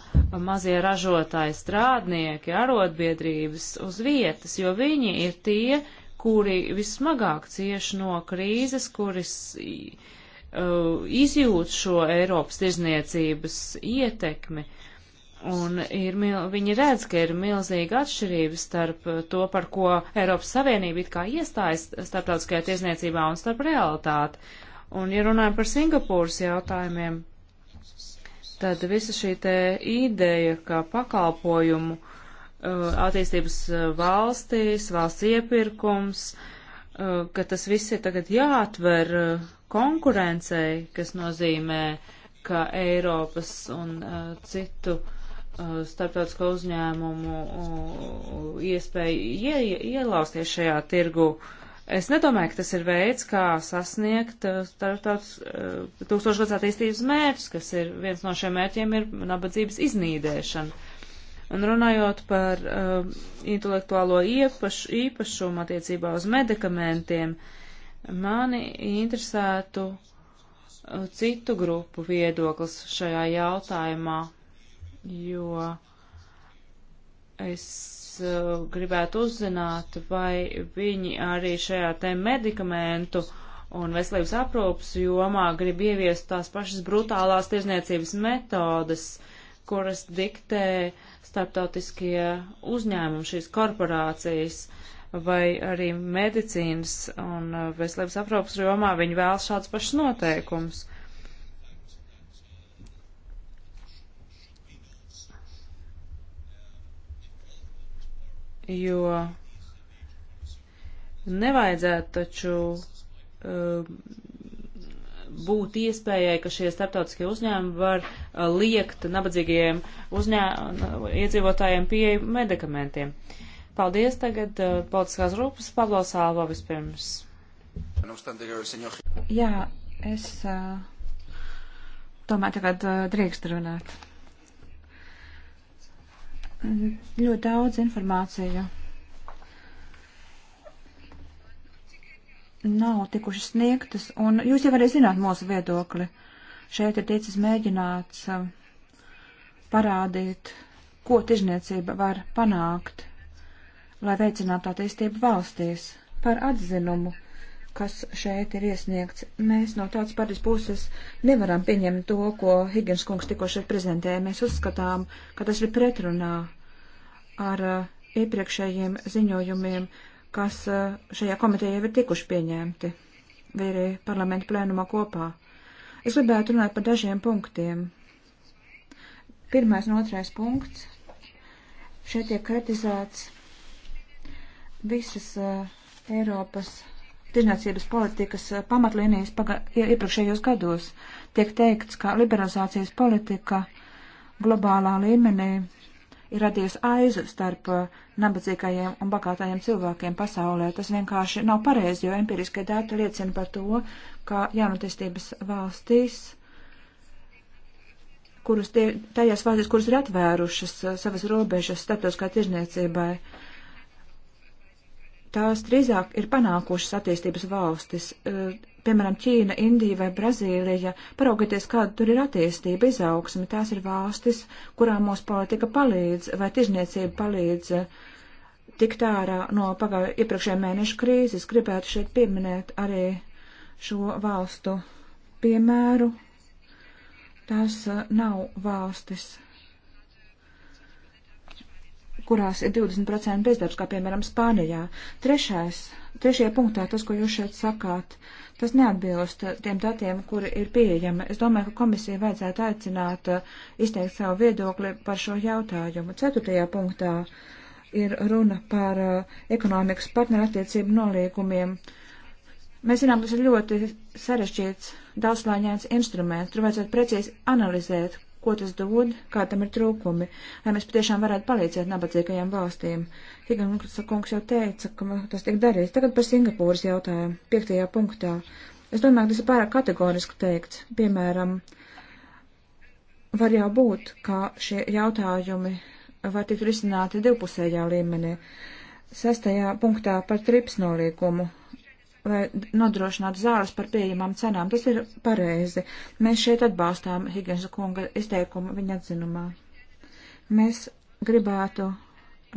mazie ražotāji, strādnieki, arotbiedrības uz vietas, jo viņi ir tie, kuri vismagāk cieši no krīzes, kuris uh, izjūt šo Eiropas tirzniecības ietekmi. Uh, Un ir, viņi redz, ka ir milzīga atšķirība starp eh, to, par ko Eiropas Savienība it kā iestājas starptautiskajā tiesniecībā un starp realitāti. Un, ja runājam par Singapūras jautājumiem, tad visa šī te ideja, kā pakalpojumu eh, attīstības eh, valstīs, valsts iepirkums, ka tas viss ir tagad jāatver konkurencei, kas nozīmē, ka Eiropas un citu uh, Uh, starptautisko uzņēmumu uh, iespēju ie, ielausties šajā tirgu. Es nedomāju, ka tas ir veids, kā sasniegt uh, starptautis tūkstošgads attīstības mērķus, kas ir viens no šiem mērķiem ir nabadzības iznīdēšana. Un runājot par uh, intelektuālo iepaš, īpašumu attiecībā uz medikamentiem, mani interesētu uh, citu grupu viedoklis šajā jautājumā jo es eh, gribētu uzzināt, vai viņi arī šajā te medikamentu un veselības aprūpas jomā grib ieviest tās pašas brutālās tirzniecības metodas, kuras diktē starptautiskie uzņēmumi, šīs korporācijas, vai arī medicīnas un eh, veselības aprūpas jomā viņi vēl šāds pašs noteikums. jo nevajadzētu taču uh, būt iespējai, ka šie starptautiskie uzņēmumi var uh, liekt nabadzīgajiem uzņē... iedzīvotājiem pieeju medikamentiem. Paldies tagad uh, politiskās rūpas Pablo Sālvo vispirms. Jā, es domāju uh, tagad uh, drīkst runāt ļoti daudz informāciju nav tikuši sniegtas, un jūs jau arī zināt mūsu viedokli. Šeit ir ticis mēģināts uh, parādīt, ko tirzniecība var panākt, lai veicinātu attīstību valstīs par atzinumu kas šeit ir iesniegts. Mēs no tādas partijas puses nevaram pieņemt to, ko Higgins kungs tikko šeit prezentēja. Mēs uzskatām, ka tas ir pretrunā ar uh, iepriekšējiem ziņojumiem, kas uh, šajā komitejā jau ir tikuši pieņemti, vai arī parlamenta plēnumā kopā. Es gribētu runāt par dažiem punktiem. Pirmais un otrais punkts. Šeit tiek kritizēts visas uh, Eiropas tirzniecības politikas eh, pamatlīnijas paga, iepriekšējos gados. Tiek teikts, ka liberalizācijas politika globālā līmenī ir radies aizu starp eh, nabadzīgajiem un bagātajiem cilvēkiem pasaulē. Tas vienkārši nav pareizi, jo empiriskie dati liecina par to, ka jaunatistības valstīs, kuras tie, tajās valstīs, kuras ir atvērušas eh, savas robežas starptautiskā tirzniecībai, uh, tās drīzāk ir panākušas attīstības valstis, e, piemēram, Ķīna, Indija vai Brazīlija. Paraugieties, kāda tur ir attīstība, izaugsme. Tās ir valstis, kurām mūsu politika palīdz vai tirzniecība palīdz e, tikt ārā no pagāju iepriekšējā mēneša krīzes. Gribētu šeit pieminēt arī šo valstu piemēru. Tās e, nav valstis, kurās ir 20% bezdarbs, kā piemēram Spānijā. Trešais, trešajā punktā, tas, ko jūs šeit sakāt, tas neatbilst tiem datiem, kuri ir pieejami. Es domāju, ka komisija vajadzētu aicināt uh, izteikt savu viedokli par šo jautājumu. Ceturtajā punktā ir runa par uh, ekonomikas partnerattiecību nolīgumiem. Mēs zinām, tas ir ļoti sarežģīts, daudzslāņains instruments. Tur vajadzētu precīzi analizēt, ko tas dod, kā tam ir trūkumi, lai mēs patiešām varētu palīdzēt nabadzīgajām valstīm. Tikai kungs jau teica, ka tas tiek darīts. Tagad par Singapūras jautājumu, piektajā punktā. Es domāju, ka tas ir pārāk kategoriski teikts. Piemēram, var jau būt, ka šie jautājumi var tikt risināti divpusējā līmenī. Sestajā punktā par trips nolīkumu lai nodrošinātu zāles par pieejamām cenām. Tas ir pareizi. Mēs šeit atbalstām Higienza kunga izteikumu viņa atzinumā. Mēs gribētu,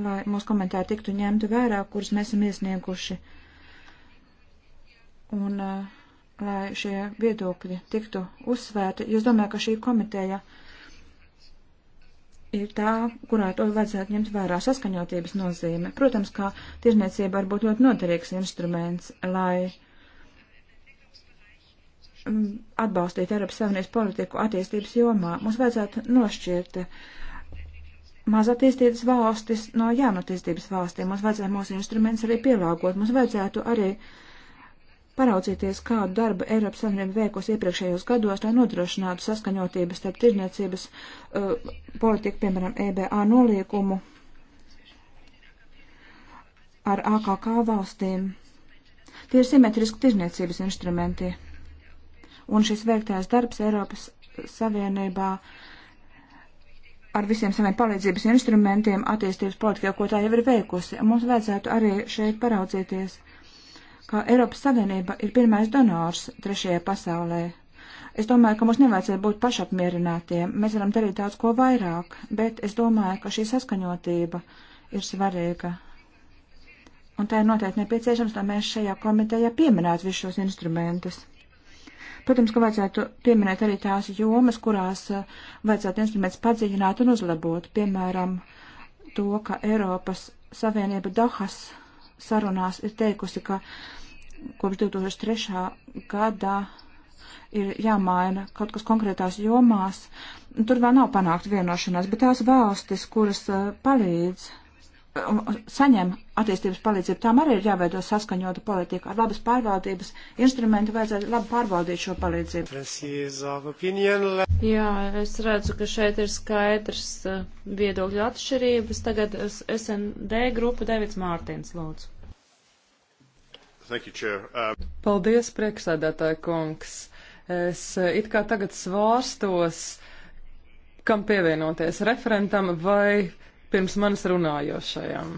lai mūsu komentāri tiktu ņemti vērā, kurus mēs esam iesnieguši. Un uh, lai šie viedokļi tiktu uzsvērti, es domāju, ka šī komiteja uh, ir tā, kurā to vajadzētu ņemt vērā saskaņotības nozīme. Protams, kā tirzniecība var būt ļoti noderīgs instruments, lai mm, atbalstītu Eiropas Savienības politiku attīstības jomā. Mums vajadzētu nošķirt mazattīstības valstis no jaunatīstības valstīm. Mums vajadzētu mūsu instruments arī pielāgot. Mums vajadzētu arī uh, paraudzīties, kādu darbu Eiropas Savienība veikusi iepriekšējos gados, lai nodrošinātu saskaņotības starp tirniecības uh, politiku, piemēram, EBA noliekumu ar AKK valstīm. Tie ir simetriski tirniecības instrumenti. Un šis veiktais darbs Eiropas Savienībā ar visiem saviem palīdzības instrumentiem attīstības politikā, ko tā jau ir veikusi. Mums vajadzētu arī šeit paraudzīties ka Eiropas Savienība ir pirmais donors trešajā pasaulē. Es domāju, ka mums nevajadzētu būt pašapmierinātiem. Mēs varam darīt daudz ko vairāk, bet es domāju, ka šī saskaņotība ir svarīga. Un tā ir noteikti nepieciešams, lai mēs šajā komitejā pieminētu visus šos instrumentus. Protams, ka vajadzētu pieminēt arī tās jomas, kurās uh, vajadzētu instruments padziļināt un uzlabot. Piemēram, to, ka Eiropas Savienība Dahas sarunās ir teikusi, ka kopš 2003. gada ir jāmaina kaut kas konkrētās jomās. Tur vēl nav panākt vienošanās, bet tās valstis, kuras eh, palīdz Um, saņem attīstības palīdzību, tām arī ir jāveido saskaņota politika. Ar labas pārvaldības instrumentu vajadzētu labi pārvaldīt šo palīdzību. Jā, es redzu, ka šeit ir skaidrs uh, viedokļu atšķirības. Tagad SND grupa Devits Mārtiņs lūdzu. Thank you, Chair. Um... Paldies, prieksēdētāja kungs. Es uh, it kā tagad svārstos, kam pievienoties referentam vai pirms manis runājošajam.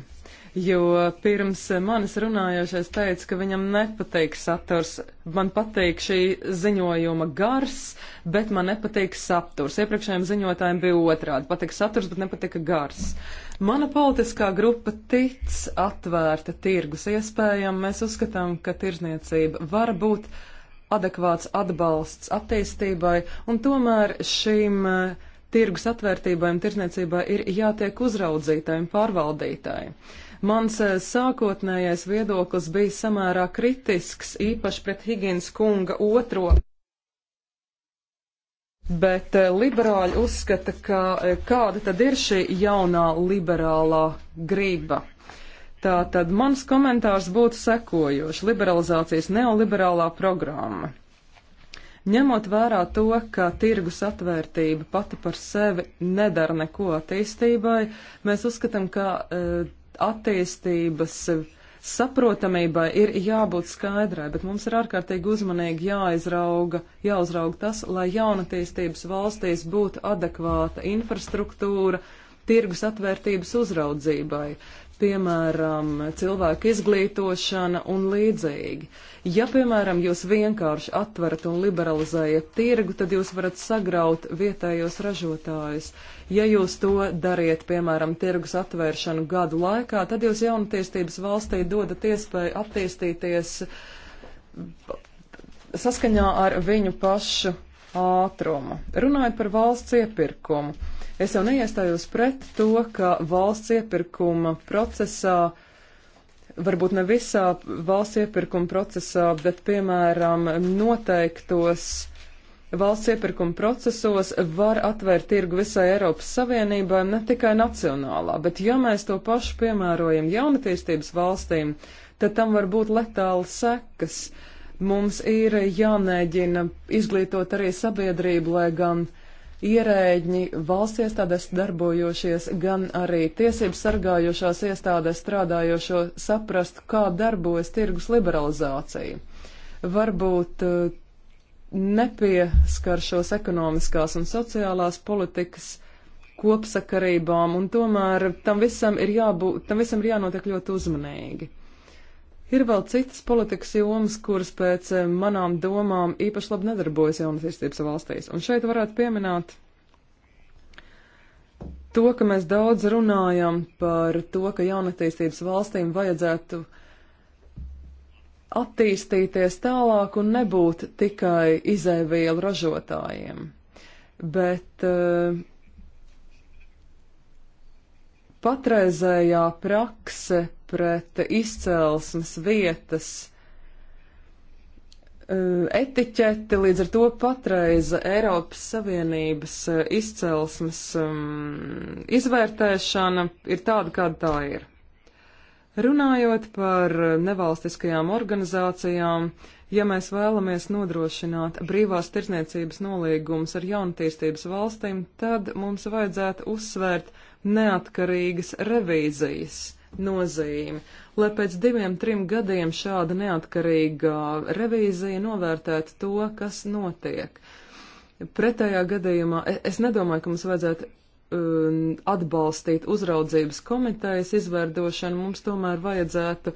Jo pirms manis runājošais teica, ka viņam nepatīk saturs. Man patīk šī ziņojuma gars, bet man nepatīk saturs. Iepriekšējiem ziņotājiem bija otrādi. Patīk saturs, bet nepatika gars. Mana politiskā grupa tic atvērta tirgus iespējām. Mēs uzskatām, ka tirzniecība var būt adekvāts atbalsts attīstībai, un tomēr šīm uh, tirgus atvērtībai un tirzniecībai ir jātiek uzraudzītai un pārvaldītai. Mans eh, sākotnējais viedoklis bija samērā kritisks, īpaši pret Higgins kunga otro. Bet eh, liberāļi uzskata, ka eh, kāda tad ir šī jaunā liberālā griba. Tā tad mans komentārs būtu sekojoši - liberalizācijas neoliberālā programma. Ņemot vērā to, ka tirgus atvērtība pati par sevi nedara neko attīstībai, mēs uzskatām, ka eh, attīstības saprotamībai ir jābūt skaidrai, bet mums ir ārkārtīgi uzmanīgi jāizrauga, jāuzrauga tas, lai jaunatīstības valstīs būtu adekvāta infrastruktūra tirgus atvērtības uzraudzībai piemēram, cilvēku izglītošana un līdzīgi. Ja, piemēram, jūs vienkārši atverat un liberalizējat tirgu, tad jūs varat sagraut vietējos ražotājus. Ja jūs to dariet, piemēram, tirgus atvēršanu gadu laikā, tad jūs jaunatīstības valstī dodat iespēju attīstīties saskaņā ar viņu pašu ātrumu. Runājot par valsts iepirkumu Es jau neiestājos pret to, ka valsts iepirkuma procesā varbūt ne visā valsts iepirkuma procesā, bet, piemēram, noteiktos valsts iepirkuma procesos var atvērt tirgu visai Eiropas Savienībai, ne tikai nacionālā, bet ja mēs to pašu piemērojam jaunatīstības valstīm, tad tam var būt letāli sekas. Mums ir jāmēģina izglītot arī sabiedrību, lai gan ierēģi valsts iestādēs darbojošies, gan arī tiesību sargājošās iestādēs strādājošo saprast, kā darbojas tirgus liberalizācija. Varbūt eh, nepieskaršos ekonomiskās un sociālās politikas kopsakarībām, un tomēr tam visam ir jābūt, tam visam ir jānotiek ļoti uzmanīgi. Ir vēl citas politikas jomas, kuras pēc eh, manām domām īpaši labi nedarbojas jaunatīstības valstīs. Un šeit varētu pieminēt to, ka mēs daudz runājam par to, ka jaunatīstības valstīm vajadzētu attīstīties tālāk un nebūt tikai izēvielu ražotājiem. Bet uh, patreizējā prakse pret izcelsmes vietas e, etiķeti, līdz ar to patreiz Eiropas Savienības e, izcelsmes um, izvērtēšana ir tāda, kāda tā ir. Runājot par nevalstiskajām organizācijām, ja mēs vēlamies nodrošināt brīvās tirsniecības nolīgumus ar jaunatīstības valstīm, tad mums vajadzētu uzsvērt neatkarīgas revīzijas nozīmi, lai pēc diviem, trim gadiem šāda neatkarīga revīzija novērtētu to, kas notiek. Pretējā gadījumā e, es nedomāju, ka mums vajadzētu um, atbalstīt uzraudzības komitejas izvērdošanu, mums tomēr vajadzētu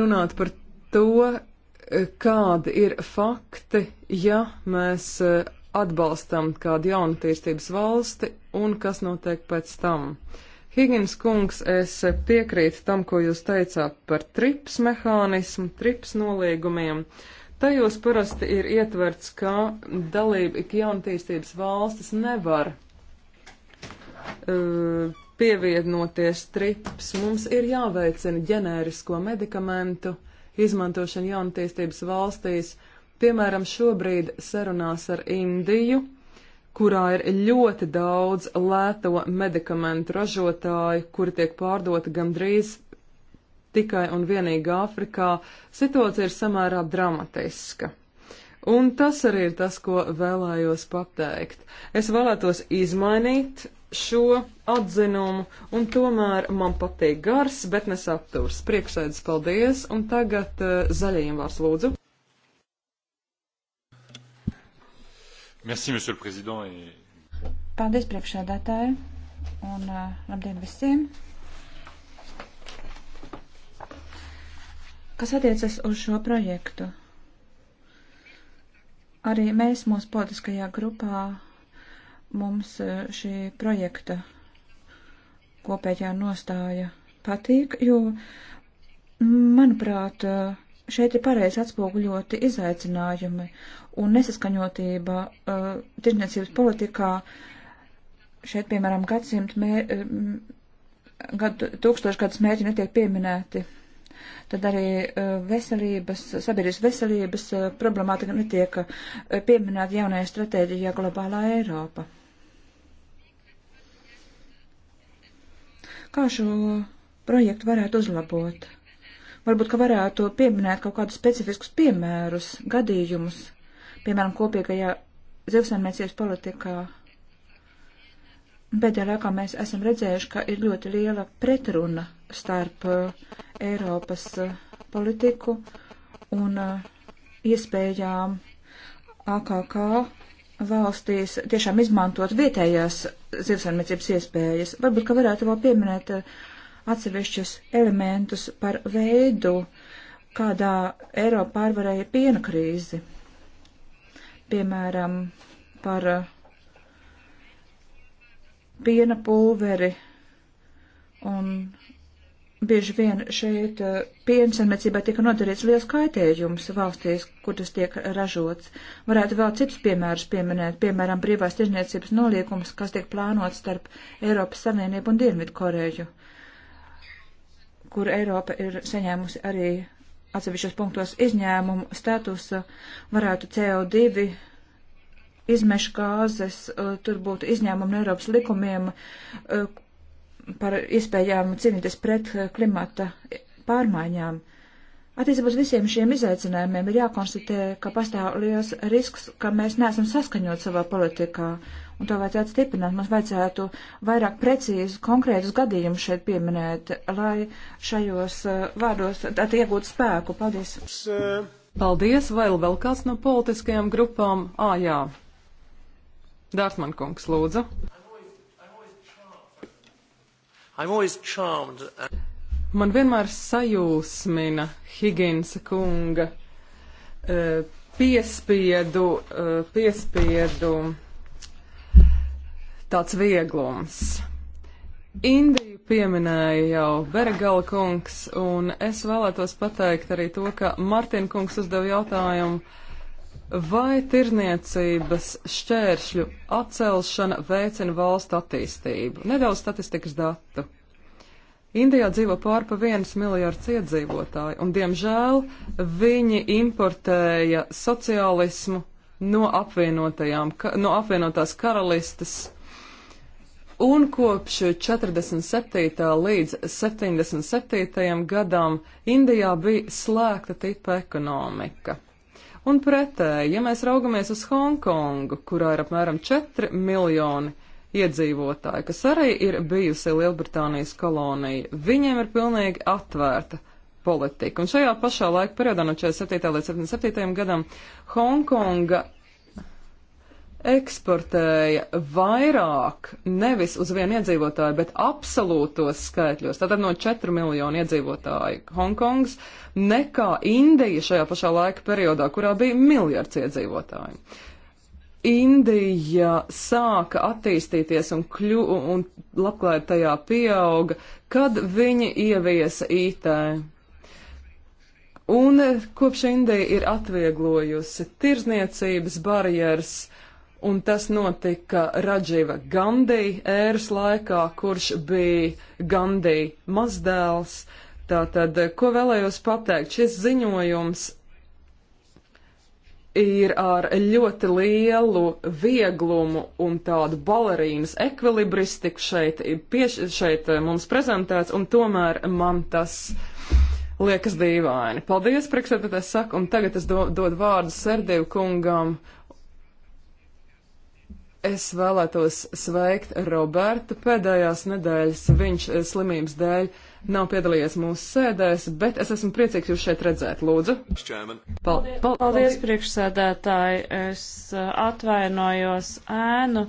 runāt par to, e, kādi ir fakti, ja mēs e, atbalstam kādu jaunatīstības valsti un kas notiek pēc tam. Uh, Higgins kungs, es piekrītu tam, ko jūs teicāt par trips mehānismu, trips nolīgumiem. Tajos parasti ir ietverts, ka dalība ik jaunatīstības valstis nevar uh, pievienoties trips. Mums ir jāveicina ģenērisko medikamentu izmantošana jaunatīstības valstīs. Piemēram, šobrīd sarunās ar Indiju kurā ir ļoti daudz lēto medikamentu ražotāju, kuri tiek pārdoti gandrīz tikai un vienīgi Āfrikā, situācija ir samērā dramatiska. Un tas arī ir tas, ko vēlējos pateikt. Es vēlētos izmainīt šo atzinumu, un tomēr man patīk gars, bet nesaturs. Priekšsēdus paldies, un tagad uh, zaļajiem vārds lūdzu. Merci, monsieur le président. Et... Paldies priekšsēdētāji un uh, labdien visiem. Kas attiecas uz šo projektu? Arī mēs mūsu politiskajā grupā mums uh, šī projekta kopējā nostāja patīk, jo, manuprāt, uh, Šeit ir pareizi atspoguļoti izaicinājumi un nesaskaņotība uh, tirdzniecības politikā. Šeit, piemēram, gadsimt mē, um, gadu, tūkstošgadus mērķi netiek pieminēti. Tad arī uh, veselības, sabiedrības veselības uh, problemātika netiek uh, pieminēta jaunajā stratēģijā globālā Eiropa. Kā šo projektu varētu uzlabot? Varbūt, ka varētu pieminēt kaut kādus specifiskus piemērus, gadījumus, piemēram, kopīgajā zivsaimniecības politikā. Pēdējā laikā mēs esam redzējuši, ka ir ļoti liela pretruna starp uh, Eiropas uh, politiku un uh, iespējām AKK valstīs tiešām izmantot vietējās zivsaimniecības iespējas. Varbūt, ka varētu vēl pieminēt uh, atsevišķus elementus par veidu, kādā Eiropa pārvarēja piena krīzi. Piemēram, par uh, piena pulveri un bieži vien šeit uh, piensaimniecībā tika nodarīts liels kaitējums valstīs, kur tas tiek ražots. Varētu vēl citus piemērus pieminēt, piemēram, brīvās tirzniecības noliekums, kas tiek plānots starp Eiropas Savienību un Dienvidkoreju. Koreju kur Eiropa ir saņēmusi arī atsevišķos punktos izņēmumu statusu, varētu CO2 izmešu gāzes, e, tur būtu izņēmumi no Eiropas likumiem e, par iespējām cīnīties pret e, klimata pārmaiņām. Attiecībā uz visiem šiem izaicinājumiem ir jākonstatē, ka pastāv liels risks, ka mēs neesam saskaņot savā politikā, un to vajadzētu stiprināt. Mums vajadzētu vairāk precīzi, konkrētus gadījumus šeit pieminēt, lai šajos uh, vārdos iegūtu spēku. Paldies! Paldies! Vai vēl kāds no politiskajām grupām? Ā, jā. Dārtman kungs, lūdzu. I'm always, I'm always charmed. I'm always charmed. Man vienmēr sajūsmina Higinsa kunga eh, piespiedu, eh, piespiedu tāds vieglums. Indiju pieminēja jau Beregala kungs, un es vēlētos pateikt arī to, ka Martina kungs uzdev jautājumu, vai tirniecības šķēršļu atcelšana veicina valstu attīstību. Nedaudz statistikas datu. Indijā dzīvo pārpa viens miljards iedzīvotāji, un diemžēl viņi importēja sociālismu no, no apvienotās karalistes Un kopš 47. līdz 77. gadam Indijā bija slēgta tipa ekonomika. Un pretēji, ja mēs raugamies uz Hongkongu, kurā ir apmēram 4 miljoni iedzīvotāji, kas arī ir bijusi Lielbritānijas kolonija, viņiem ir pilnīgi atvērta politika. Un šajā pašā laika periodā, no 47. līdz 77. gadam, Hongkonga eksportēja vairāk nevis uz vienu iedzīvotāju, bet absolūtos skaitļos. Tātad no 4 miljonu iedzīvotāju Hongkongs nekā Indija šajā pašā laika periodā, kurā bija miljards iedzīvotāju. Indija sāka attīstīties un, kļu, un labklājība tajā pieauga, kad viņi ieviesa IT. Un kopš Indija ir atvieglojusi tirzniecības barjeras, un tas notika Radživa Gandī ēras laikā, kurš bija Gandī mazdēls. Tātad, ko vēlējos pateikt, šis ziņojums ir ar ļoti lielu vieglumu un tādu balerīnas ekvilibristiku šeit, pieš, šeit eh, mums prezentēts, un tomēr man tas liekas dīvaini. Paldies, priekšsēdētājs saka, un tagad es do, dodu vārdu Serdievu kungam. Es vēlētos sveikt Robertu pēdējās nedēļas viņš eh, slimības dēļ nav piedalījies mūsu sēdēs, bet es esmu priecīgs jūs šeit redzēt. Lūdzu. Pal pal paldies, priekšsēdētāji. Es uh, atvainojos ēnu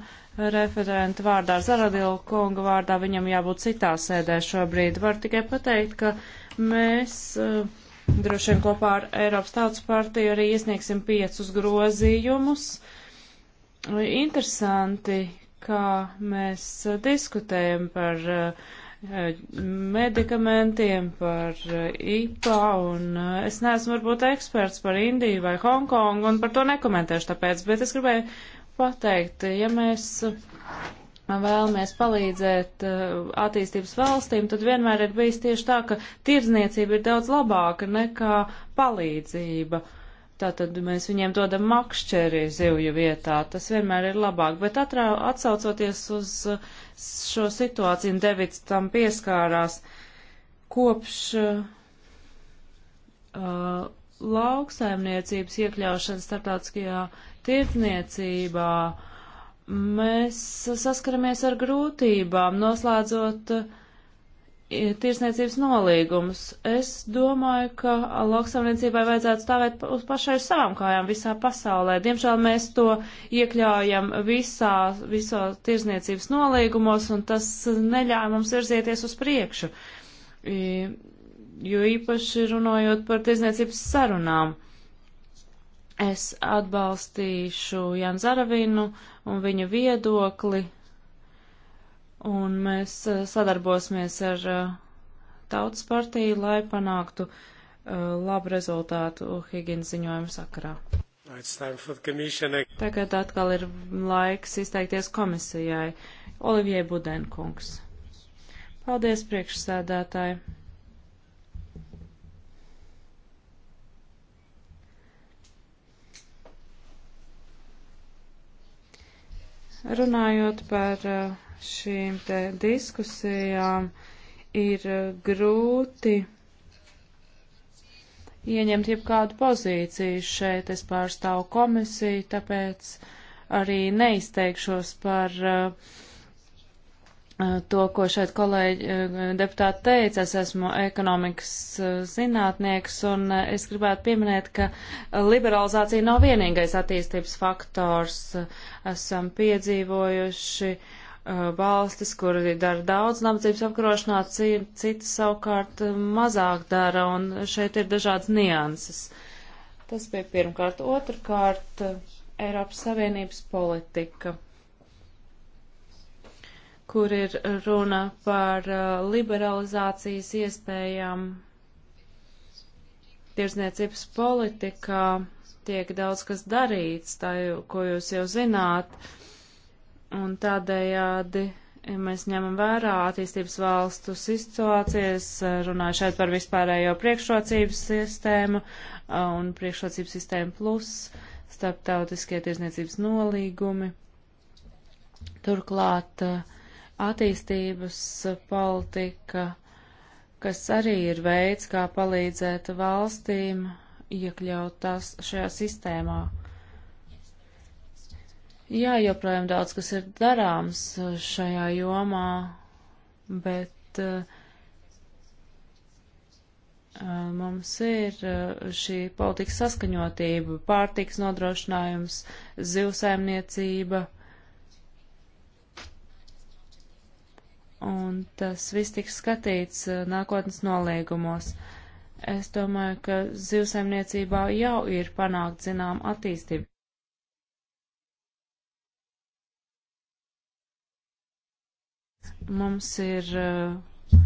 referentu vārdā, Zaradilu kungu vārdā, viņam jābūt citā sēdē šobrīd. Var tikai pateikt, ka mēs uh, droši vien kopā ar Eiropas Tautas partiju arī iesniegsim piecus grozījumus. Interesanti, kā mēs uh, diskutējam par uh, medikamentiem, par eh, IPA, un eh, es neesmu varbūt eksperts par Indiju vai Hongkongu, un par to nekomentēšu tāpēc, bet es gribēju pateikt, ja mēs vēlamies palīdzēt eh, attīstības valstīm, tad vienmēr ir bijis tieši tā, ka tirdzniecība ir daudz labāka nekā palīdzība. Uh, Tātad mēs viņiem dodam makšķeri zivju vietā, tas vienmēr ir labāk, bet atrā, atsaucoties uz šo situāciju, un Devits tam pieskārās, kopš uh, lauksaimniecības iekļaušanas starptautiskajā tirdzniecībā mēs saskaramies ar grūtībām, noslēdzot uh, tirsniecības nolīgumus. Es domāju, ka lauksaimniecībai vajadzētu stāvēt uz pašai savām kājām visā pasaulē. Diemžēl mēs to iekļaujam visā, viso tirsniecības nolīgumos, un tas neļāja mums virzieties uz priekšu, jo īpaši runājot par tirsniecības sarunām. Es atbalstīšu Jan Zaravinu un viņa viedokli un mēs eh, sadarbosimies ar eh, Tautas partiju, lai panāktu eh, labu rezultātu Higgins ziņojuma sakarā. Tagad atkal ir laiks izteikties komisijai. Olivijai Budenkungs. Paldies, priekšsēdētāji. Runājot par uh, šīm te diskusijām ir eh, grūti ieņemt jebkādu pozīciju. Šeit es pārstāvu komisiju, tāpēc arī neizteikšos par uh, to, ko šeit kolēģi deputāti teica, es esmu ekonomikas zinātnieks un es gribētu pieminēt, ka liberalizācija nav vienīgais attīstības faktors. Esam piedzīvojuši uh, Uh, valstis, kur dara daudz nabadzības apkarošanā, citas savukārt uh, mazāk dara, un šeit ir dažādas nianses. Tas bija pirmkārt. Otrkārt, uh, Eiropas Savienības politika, kur ir runa par liberalizācijas iespējām tirzniecības politikā, tiek daudz kas darīts, tā, ko jūs jau zināt. Uh, Un tādējādi mēs ņemam vērā attīstības valstu situācijas, runāju šeit par vispārējo priekšrocības sistēmu un priekšrocības sistēmu plus starptautiskie tiesniecības nolīgumi. Turklāt attīstības politika, kas arī ir veids, kā palīdzēt valstīm iekļaut tās šajā sistēmā. Jā, joprojām daudz kas ir darāms uh, šajā jomā, bet uh, uh, mums ir uh, šī politikas saskaņotība, pārtiks nodrošinājums, zivsaimniecība. Un tas viss tiks skatīts uh, nākotnes noliegumos. Es domāju, ka zivsaimniecībā jau ir panākt zinām attīstību. Mums ir uh,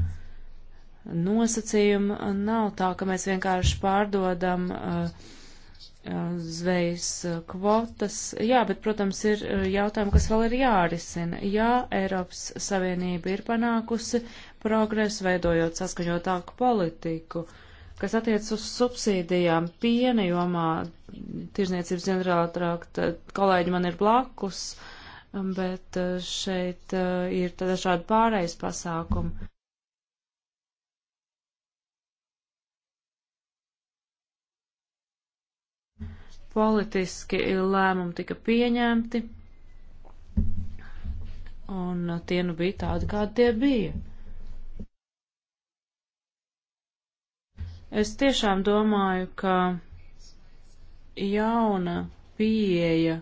nosacījumi, nav tā, ka mēs vienkārši pārdodam uh, uh, zvejas kvotas. Jā, bet, protams, ir jautājumi, kas vēl ir jārisina. Jā, Eiropas Savienība ir panākusi progresu, veidojot saskaņotāku politiku. Uh, kas attiec uz subsīdijām piena jomā, tirzniecības ģenerāla trakta kolēģi man ir blakus, bet eh, šeit eh, ir dažādi pārējais pasākumi. Politiski lēmumi tika pieņemti, un tie nu bija tādi, kādi tie bija. Es tiešām domāju, ka jauna pieeja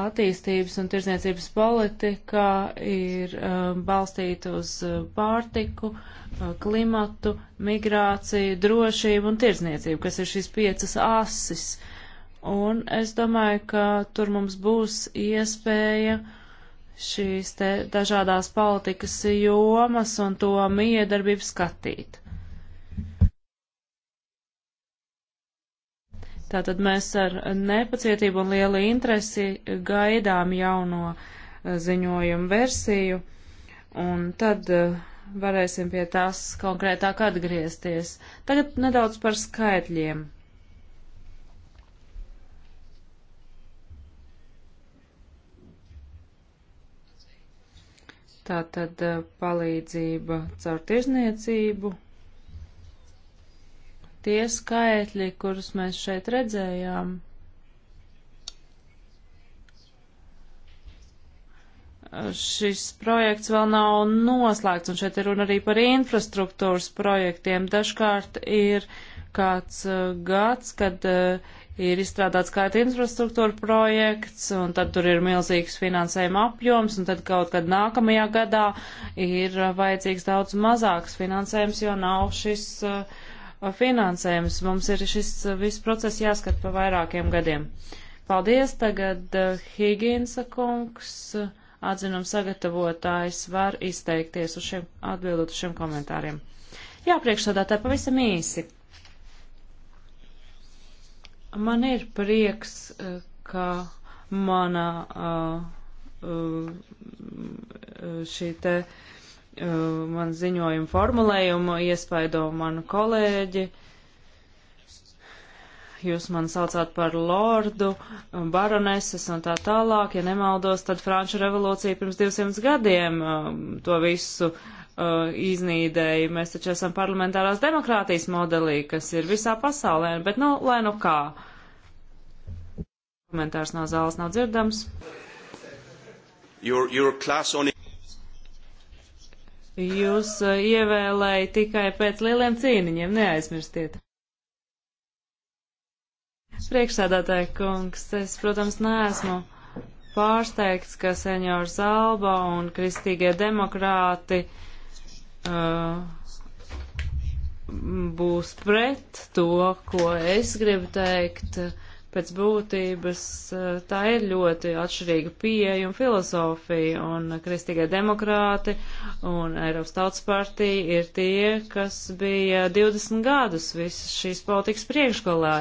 attīstības un tirzniecības politika ir um, balstīta uz uh, pārtiku, uh, klimatu, migrāciju, drošību un tirzniecību, kas ir šīs piecas asis. Un es domāju, ka tur mums būs iespēja šīs te dažādās politikas jomas un to miedarbību skatīt. Tātad mēs ar nepacietību un lielu interesi gaidām jauno eh, ziņojumu versiju, un tad eh, varēsim pie tās konkrētāk atgriezties. Tagad nedaudz par skaitļiem. Tātad eh, palīdzība caur tirzniecību tie skaitļi, kurus mēs šeit redzējām, šis projekts vēl nav noslēgts, un šeit ir runa arī par infrastruktūras projektiem. Dažkārt ir kāds uh, gads, kad uh, ir izstrādāts kāda infrastruktūra projekts, un tad tur ir milzīgs finansējuma apjoms, un tad kaut kad nākamajā gadā ir uh, vajadzīgs daudz mazāks finansējums, jo nav šis uh, finansējums. Mums ir šis eh, viss process jāskat pa vairākiem gadiem. Paldies, tagad eh, Higīnsa kungs, atzinums sagatavotājs, var izteikties uz šiem, atbildot uz šiem komentāriem. Jā, priekšsādātāji, pavisam īsi. Man ir prieks, eh, ka mana uh, šī te uh, Uh, man ziņojumu formulējumu iespaido manu kolēģi. Jūs man saucāt par lordu, um, baroneses un tā tālāk. Ja nemaldos, tad Franču revolūcija pirms 200 gadiem um, to visu uh, iznīdēja. Mēs taču esam parlamentārās demokrātijas modelī, kas ir visā pasaulē, bet nu, lai nu kā. Komentārs no zāles nav dzirdams. Your, your on... Jūs eh, ievēlēja tikai pēc lieliem cīniņiem, neaizmirstiet. Priekšsēdētāji kungs, es, protams, neesmu pārsteigts, ka senjors Zalba un kristīgie demokrāti uh, būs pret to, ko es gribu teikt. Uh, pēc būtības eh, tā ir ļoti atšķirīga pieeja un filozofija, un kristīgie demokrāti un Eiropas tautas partija ir tie, kas bija 20 gadus visas šīs politikas priekšgalē,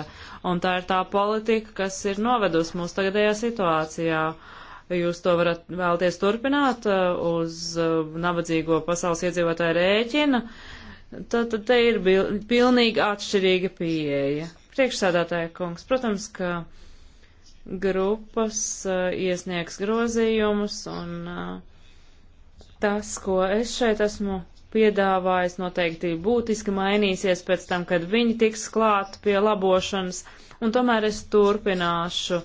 un tā ir tā politika, kas ir novedusi mūs tagadējā situācijā. Jūs to varat vēlties turpināt eh, uz eh, nabadzīgo pasaules iedzīvotāju rēķina, tad, tad te ir pilnīgi atšķirīga pieeja. Priekšsādātāja kungs, protams, ka grupas uh, iesniegs grozījumus un uh, tas, ko es šeit esmu piedāvājis, noteikti būtiski mainīsies pēc tam, kad viņi tiks klāt pie labošanas, un tomēr es turpināšu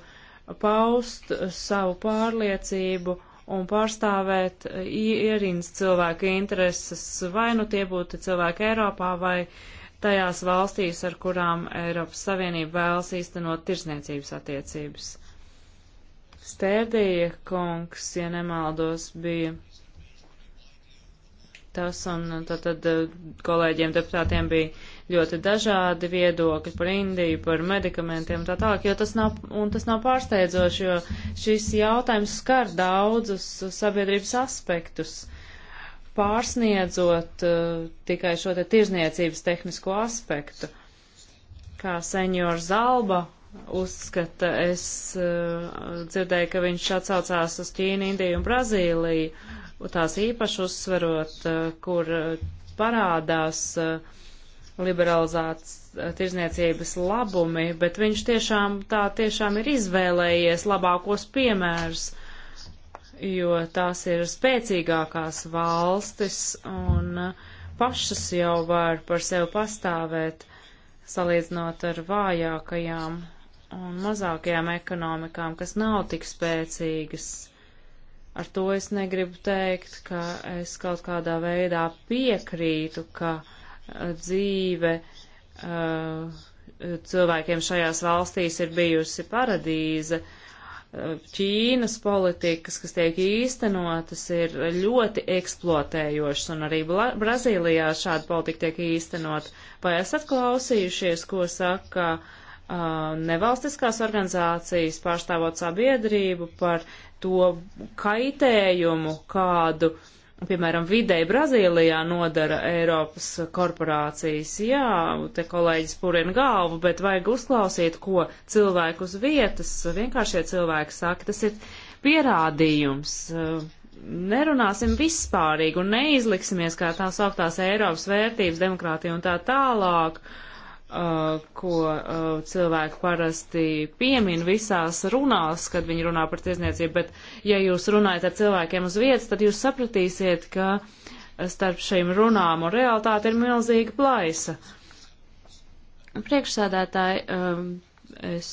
paust savu pārliecību un pārstāvēt uh, ierīnas cilvēku intereses, vai nu tie būtu cilvēki Eiropā vai uh, tajās valstīs, ar kurām Eiropas Savienība vēlas īstenot tirsniecības attiecības. Stērdīja kungs, ja nemaldos, bija tas, un tad, tad eh, kolēģiem deputātiem bija ļoti dažādi viedokļi par Indiju, par medikamentiem un tā tālāk, jo tas nav, un tas nav pārsteidzoši, jo šis jautājums skar daudzus sabiedrības aspektus pārsniedzot uh, tikai šo te tirzniecības tehnisko aspektu. Kā senjor Zalba uzskata, es uh, dzirdēju, ka viņš atsaucās uz Ķīnu, Indiju un Brazīliju, tās īpaši uzsverot, uh, kur uh, parādās uh, liberalizēts uh, tirzniecības labumi, bet viņš tiešām tā tiešām ir izvēlējies labākos piemērus. Uh, jo tās ir spēcīgākās valstis un pašas jau var par sevi pastāvēt, salīdzinot ar vājākajām un mazākajām ekonomikām, kas nav tik spēcīgas. Ar to es negribu teikt, ka es kaut kādā veidā piekrītu, ka uh, dzīve uh, cilvēkiem šajās valstīs ir bijusi paradīze. Uh, Ķīnas politikas, kas tiek īstenotas, ir ļoti eksploatējošas, un arī Bla Brazīlijā šāda politika tiek īstenot. Vai esat klausījušies, ko saka uh, nevalstiskās organizācijas pārstāvot sabiedrību par to kaitējumu, kādu uh, piemēram, videi Brazīlijā nodara Eiropas korporācijas. Jā, te kolēģis purina galvu, bet vajag uzklausīt, ko cilvēku uz vietas, vienkāršie cilvēki saka, tas ir pierādījums. Nerunāsim vispārīgi un neizliksimies kā tā sauktās Eiropas vērtības, demokrātija un tā tālāk. Uh, Uh, ko uh, cilvēki parasti piemin visās runās, kad viņi runā par tiesniecību, bet ja jūs runājat ar cilvēkiem uz vietas, tad jūs sapratīsiet, ka starp šīm runām un realitāti ir milzīga plaisa. Priekšsēdētāji, um, es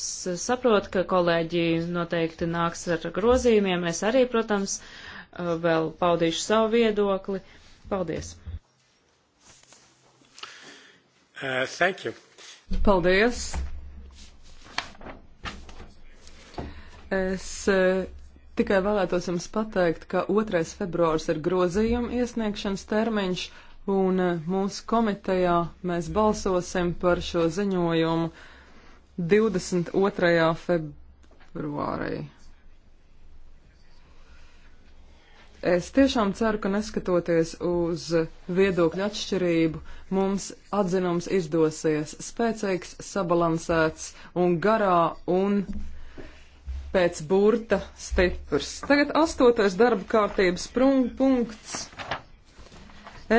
saprotu, ka kolēģi noteikti nāks ar grozījumiem, es arī, protams, uh, vēl paudīšu savu viedokli. Paldies! Uh, thank you. Paldies. Es uh, tikai vēlētos jums pateikt, ka 2. februārs ir grozījuma iesniegšanas termiņš, un uh, mūsu komitejā mēs balsosim par šo ziņojumu 22. februārī. Es tiešām ceru, ka neskatoties uz viedokļu atšķirību, mums atzinums izdosies spēcīgs, sabalansēts un garā un pēc burta stiprs. Tagad astotais darba kārtības prung, punkts.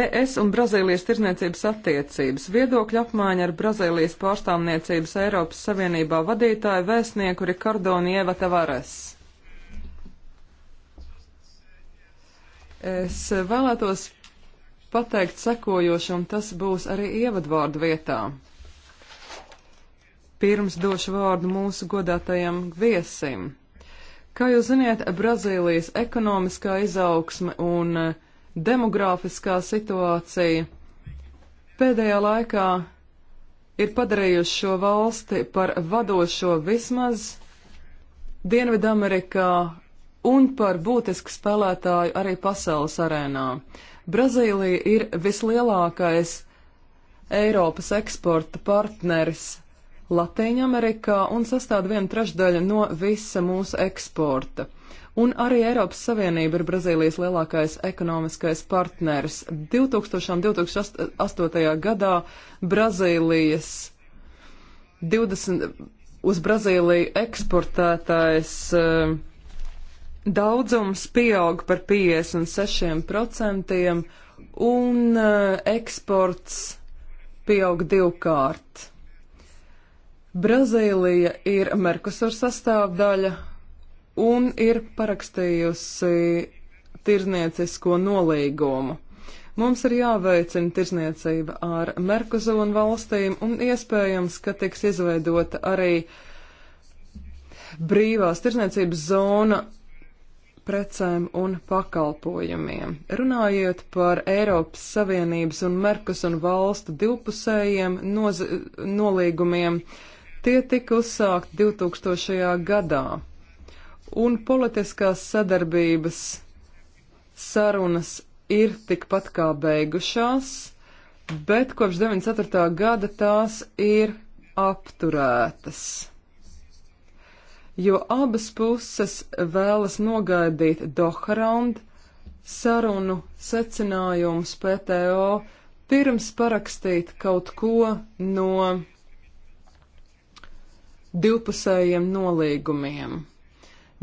ES un Brazīlijas tirzniecības attiecības, viedokļa apmaiņa ar Brazīlijas pārstāvniecības Eiropas Savienībā vadītāju vēstnieku Rikardo Nieva Tavares. Es vēlētos pateikt sekojošu, un tas būs arī ievadvārdu vietā. Pirms došu vārdu mūsu godātajam viesim. Kā jūs ziniet, Brazīlijas ekonomiskā izaugsme un eh, demogrāfiskā situācija pēdējā laikā ir padarījuši šo valsti par vadošo vismaz Dienvidamerikā un par būtisku spēlētāju arī pasaules arēnā. Brazīlija ir vislielākais Eiropas eksporta partneris Latīņamerikā un sastāv viena trešdaļa no visa mūsu eksporta. Un arī Eiropas Savienība ir Brazīlijas lielākais ekonomiskais partners. 2000. un 2008. gadā Brazīlijas 20, uz Brazīliju eksportētais uh, daudzums pieaug par 56% un eh, eksports pieaug divkārt. Brazīlija ir Merkusur sastāvdaļa un ir parakstījusi tirzniecisko nolīgumu. Mums ir jāveicina tirzniecība ar Merkuzonu valstīm un iespējams, ka tiks izveidota arī brīvās tirzniecības zona precēm un pakalpojumiem. Runājiet par Eiropas Savienības un Merkusunu valstu divpusējiem nolīgumiem. Tie tika uzsākti 2000. gadā, un politiskās sadarbības sarunas ir tikpat kā beigušās, bet kopš 94. gada tās ir apturētas jo abas puses vēlas nogaidīt Doharand sarunu secinājumus PTO pirms parakstīt kaut ko no divpusējiem nolīgumiem.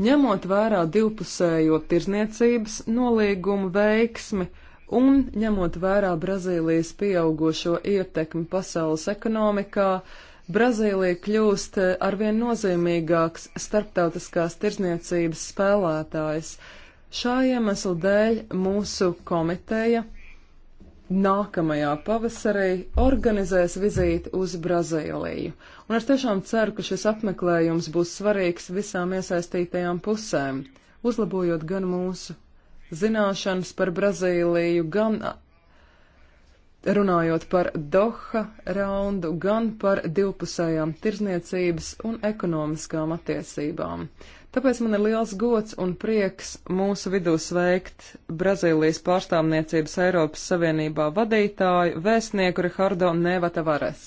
Ņemot vērā divpusējo tirzniecības nolīgumu veiksmi, un ņemot vērā Brazīlijas pieaugušo ietekmi pasaules ekonomikā, Brazīlija kļūst eh, arvien nozīmīgāks starptautiskās tirzniecības spēlētājs. Šā iemesla dēļ mūsu komiteja nākamajā pavasarī organizēs vizīti uz Brazīliju. Un es tiešām ceru, ka šis apmeklējums būs svarīgs visām iesaistītajām pusēm, uzlabojot gan mūsu zināšanas par Brazīliju, gan runājot par Doha raundu, gan par divpusējām tirzniecības un ekonomiskām attiecībām. Tāpēc man ir liels gods un prieks mūsu vidū sveikt Brazīlijas pārstāvniecības Eiropas Savienībā vadītāju vēstnieku Rihardo Nevata Vares.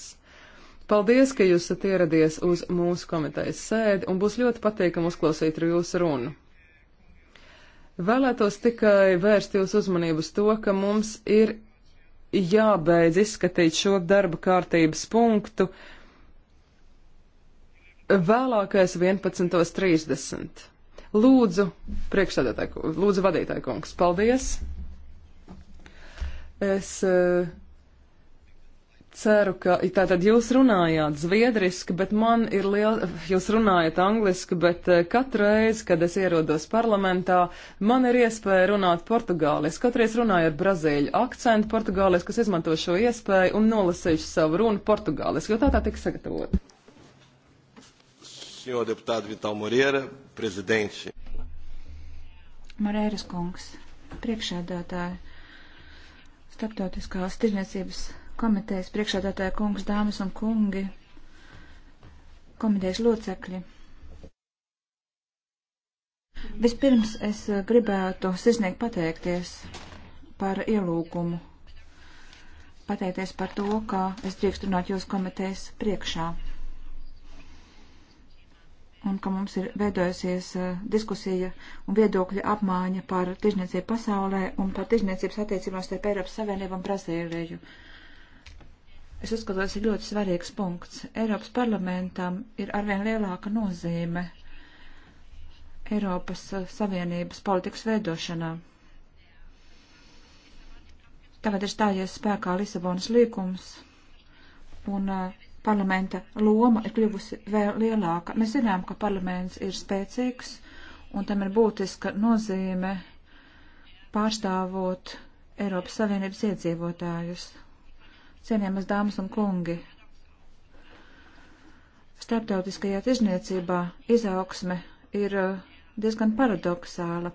Paldies, ka jūs esat ieradies uz mūsu komitejas sēdi un būs ļoti patīkam uzklausīt jūsu runu. Vēlētos tikai vērst jūsu uzmanību uz to, ka mums ir jābeidz izskatīt šo darba kārtības punktu vēlākais 11.30. Lūdzu, priekšsēdētāji, lūdzu vadītāji kungs, paldies! Es uh, ceru, ka tātad jūs runājāt zviedriski, bet man ir liela, jūs runājat angliski, bet eh, katru reizi, kad es ierodos parlamentā, man ir iespēja runāt portugāliski. Katru reizi runāju ar brazīļu akcentu portugāliski, kas izmanto šo iespēju un nolasīšu savu runu portugāliski, jo tā tā tika sagatavota. Senhor deputado Vital Moreira, presidente. Moreiras kungs, priekšēdātāji, starptautiskās tirniecības komitejas priekšādātāja kungs, dāmas un kungi, komitejas locekļi. Vispirms es eh, gribētu sirsnīgi pateikties par ielūgumu, pateikties par to, ka es drīkstu runāt jūsu komitejas priekšā un ka mums ir veidojusies eh, diskusija un viedokļa apmaiņa par tirzniecību pasaulē un par tirzniecības attiecībām starp Eiropas Savienību un Brazīliju. Uh, Es uzskatu, tas ir ļoti svarīgs punkts. Eiropas parlamentam ir arvien lielāka nozīme Eiropas eh, Savienības politikas veidošanā. Tagad ir stājies spēkā Lisabonas līgums, un eh, parlamenta loma ir kļuvusi vēl lielāka. Mēs zinām, ka parlaments ir spēcīgs, un tam ir būtiska nozīme pārstāvot Eiropas Savienības iedzīvotājus. Cienījamas dāmas un kungi, starptautiskajā tirzniecībā izaugsme ir uh, diezgan paradoxāla.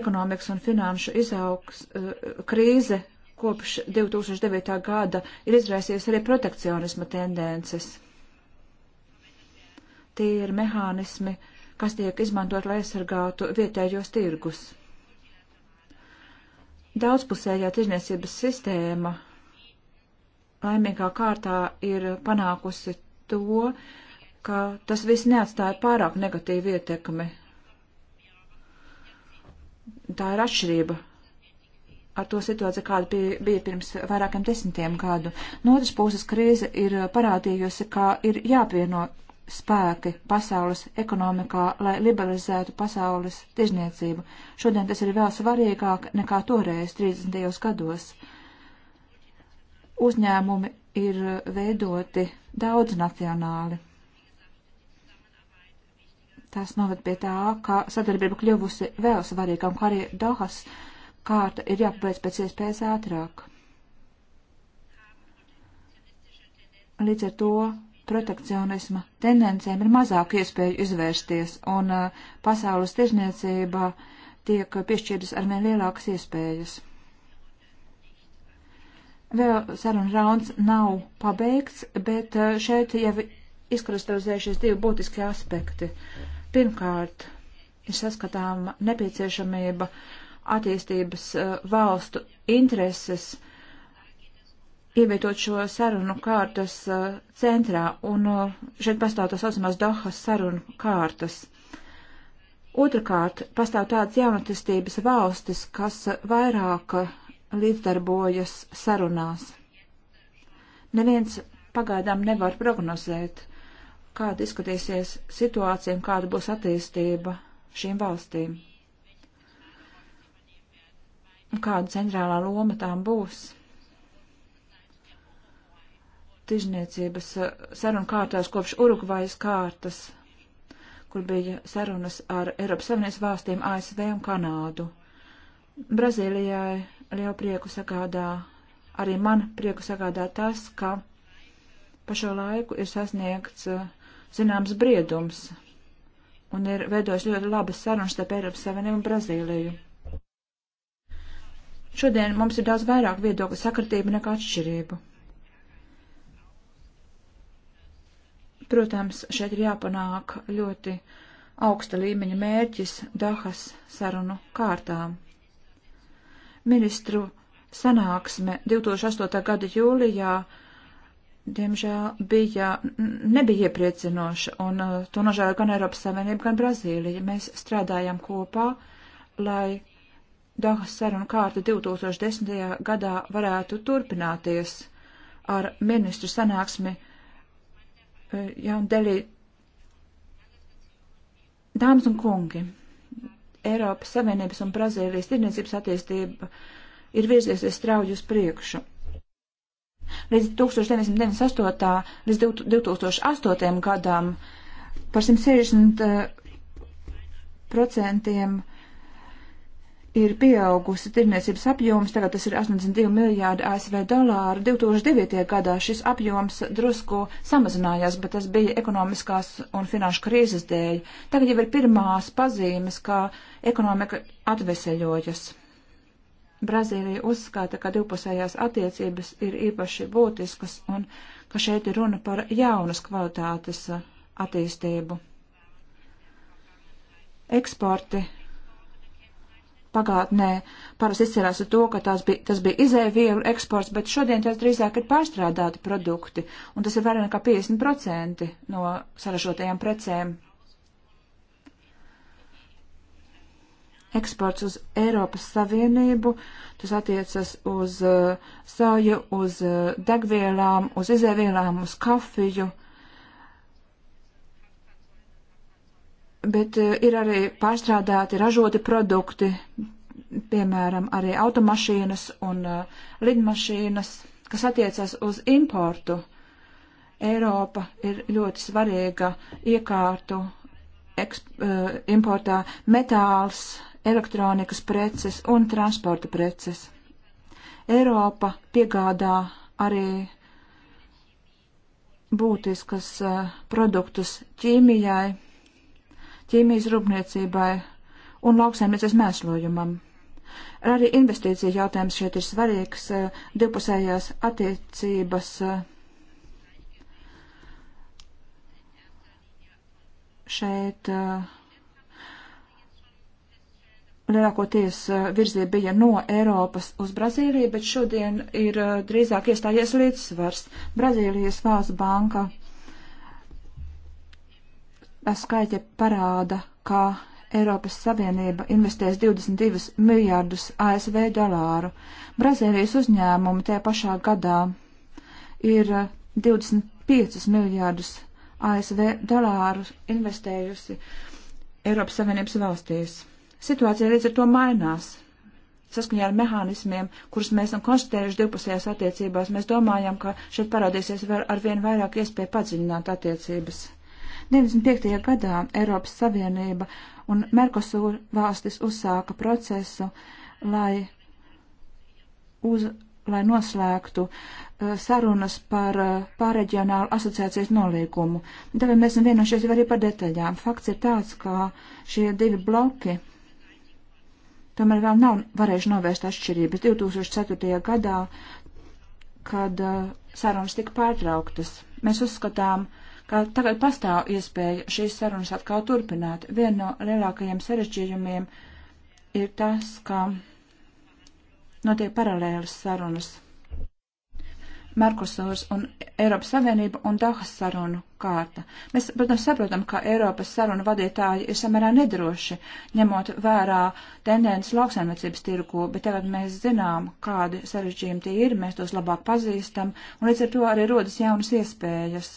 Ekonomikas un finanšu izaugs uh, krīze kopš 2009. gada ir izraisījusi arī protekcionisma tendences. Tie ir mehānismi, kas tiek izmantot, lai aizsargātu vietējos tirgus. Daudzpusējā tirzniecības sistēma laimīgā kārtā ir panākusi to, ka tas viss neatstāja pārāk negatīvu ietekmi. Tā ir atšķirība ar to situāciju, kāda bija, bija pirms vairākiem desmitiem gadu. No otras puses, krīze ir parādījusi, ka ir jāpieno spēki pasaules ekonomikā, lai liberalizētu pasaules tirzniecību. Šodien tas ir vēl svarīgāk nekā toreiz 30. gados uzņēmumi ir veidoti daudz nacionāli. Tas noved pie tā, ka sadarbība kļuvusi vēl svarīgam, kā arī Dohas kārta ir jāpabeidz pēc iespējas ātrāk. Līdz ar to protekcionisma tendencēm ir mazāk iespēju izvērsties, un uh, pasaules tirzniecība tiek piešķirtas arvien lielākas iespējas. Vēl saruna rauns nav pabeigts, bet eh, šeit jau izkristalizējušies divi būtiski aspekti. Pirmkārt, ir saskatām nepieciešamība attīstības eh, valstu intereses ievietot šo sarunu kārtas eh, centrā, un šeit pastāv tas saucamās Dohas sarunu kārtas. Otrakārt, pastāv tādas jaunatistības valstis, kas vairāk līdzdarbojas sarunās. Neviens pagaidām nevar prognozēt, kāda izskatīsies situācija un kāda būs attīstība šīm valstīm. Un kāda centrālā loma tām būs. Tižniecības eh, sarunu kārtās kopš Urugvajas kārtas, kur bija sarunas ar Eiropas Savienības valstīm, ASV un Kanādu. Brazīlijai lielu prieku sagādā, arī man prieku sagādā tas, ka pa šo laiku ir sasniegts eh, zināms briedums un ir veidojas ļoti labas sarunas starp Eiropas Savienību un Brazīliju. Šodien mums ir daudz vairāk viedokļu sakritību nekā atšķirību. Protams, šeit ir jāpanāk ļoti augsta līmeņa mērķis Dahas sarunu kārtām ministru sanāksme 2008. gada jūlijā, diemžēl, bija, nebija iepriecinoša, un uh, to nožēlo gan Eiropas Savienība, gan Brazīlija. Mēs strādājām kopā, lai Dahas saruna kārta 2010. gadā varētu turpināties ar ministru sanāksmi uh, Jaundelī. Dāmas un kungi! Eiropas Savienības un Brazīlijas tirdzniecības attīstība ir virziesies strauji uz priekšu. Līdz 1998. līdz 2008. gadam par 160 eh, procentiem ir pieaugusi tirniecības apjoms, tagad tas ir 82 miljārdi ASV dolāru. 2009. gadā šis apjoms drusku samazinājās, bet tas bija ekonomiskās un finanšu krīzes dēļ. Tagad jau ir pirmās pazīmes, ka ekonomika atveseļojas. Brazīlija uzskata, ka divpusējās attiecības ir īpaši būtiskas un ka šeit ir runa par jaunas kvalitātes attīstību. Eksporti pagātnē parasti izcēlās ar to, ka bija, tas bija izēvielu eksports, bet šodien tas drīzāk ir pārstrādāti produkti, un tas ir vairāk nekā 50% no saražotajām precēm. Eksports uz Eiropas Savienību, tas attiecas uz uh, sāju, uz uh, degvielām, uz izēvielām, uz kafiju. Uh, bet eh, ir arī pārstrādāti, ražoti produkti, piemēram, arī automašīnas un eh, lidmašīnas, kas attiecas uz importu. Eiropa ir ļoti svarīga iekārtu eksp, eh, importā metāls, elektronikas preces un transporta preces. Eiropa piegādā arī būtiskas produktus ķīmijai, ķīmijas rūpniecībai un lauksaimniecības mēslojumam. Arī investīcija jautājums šeit ir svarīgs eh, divpusējās attiecības. Eh, šeit eh, lielākoties virzība bija no Eiropas uz Brazīliju, bet šodien ir drīzāk iestājies līdzsvars. Brazīlijas valsts banka skaitļi parāda, ka Eiropas Savienība investēs 22 miljārdus ASV dolāru. Brazīlijas uzņēmumi tajā pašā gadā ir 25 miljārdus ASV dolāru investējusi Eiropas Savienības valstīs. Situācija līdz ar to mainās. Saskaņā ar mehānismiem, kurus mēs esam konstatējuši divpusējās attiecībās, mēs domājam, ka šeit parādīsies vēl ar vien vairāk iespēju padziļināt attiecības 95. gadā Eiropas Savienība un Merkosūra valstis uzsāka procesu, lai, uz, lai noslēgtu uh, sarunas par uh, pārreģionālu asociācijas nolīgumu. Tāpēc mēs esam vienojušies arī par detaļām. Fakts ir tāds, ka šie divi bloki tomēr vēl nav varējuši novērst atšķirības 2004. gadā, kad uh, sarunas tika pārtrauktas. Mēs uzskatām, uh, ka tagad pastāv iespēja šīs sarunas atkal turpināt. Viena no lielākajiem sarežģījumiem ir tas, ka notiek paralēlas sarunas. Merkusūras un Eiropas Savienība un Dahas sarunu kārta. Mēs, protams, saprotam, ka Eiropas sarunu vadītāji ir samērā nedroši, ņemot vērā tendences lauksaimniecības tirgu, bet tagad mēs zinām, kādi sarežģījumi tie ir, mēs tos labāk pazīstam, un līdz ar to arī rodas jaunas iespējas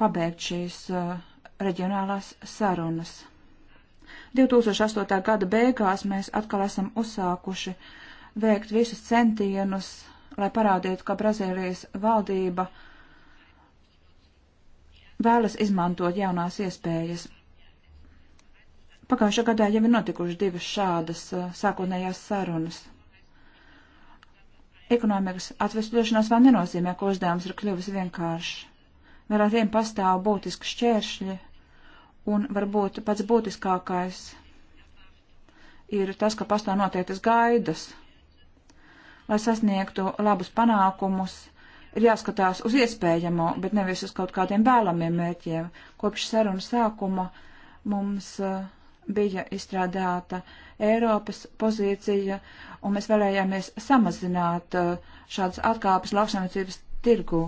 pabeigt šīs uh, reģionālās sarunas. 2008. gada beigās mēs atkal esam uzsākuši veikt visus centienus, lai parādītu, ka Brazīlijas valdība vēlas izmantot jaunās iespējas. Pagājušā gadā jau ir notikuši divas šādas eh, sākotnējās sarunas. Ekonomikas atvesļošanās vēl nenozīmē, ka uzdevums ir kļuvis vienkāršs. Vēl ar tiem pastāv būtiski šķēršļi, un varbūt pats būtiskākais ir tas, ka pastāv noteiktas gaidas. Lai sasniegtu labus panākumus, ir jāskatās uz iespējamo, bet nevis uz kaut kādiem vēlamiem mērķiem. Kopš sarunu sākuma mums eh, bija izstrādāta Eiropas pozīcija, un mēs vēlējāmies samazināt eh, šādas atkāpes lauksaimniecības tirgu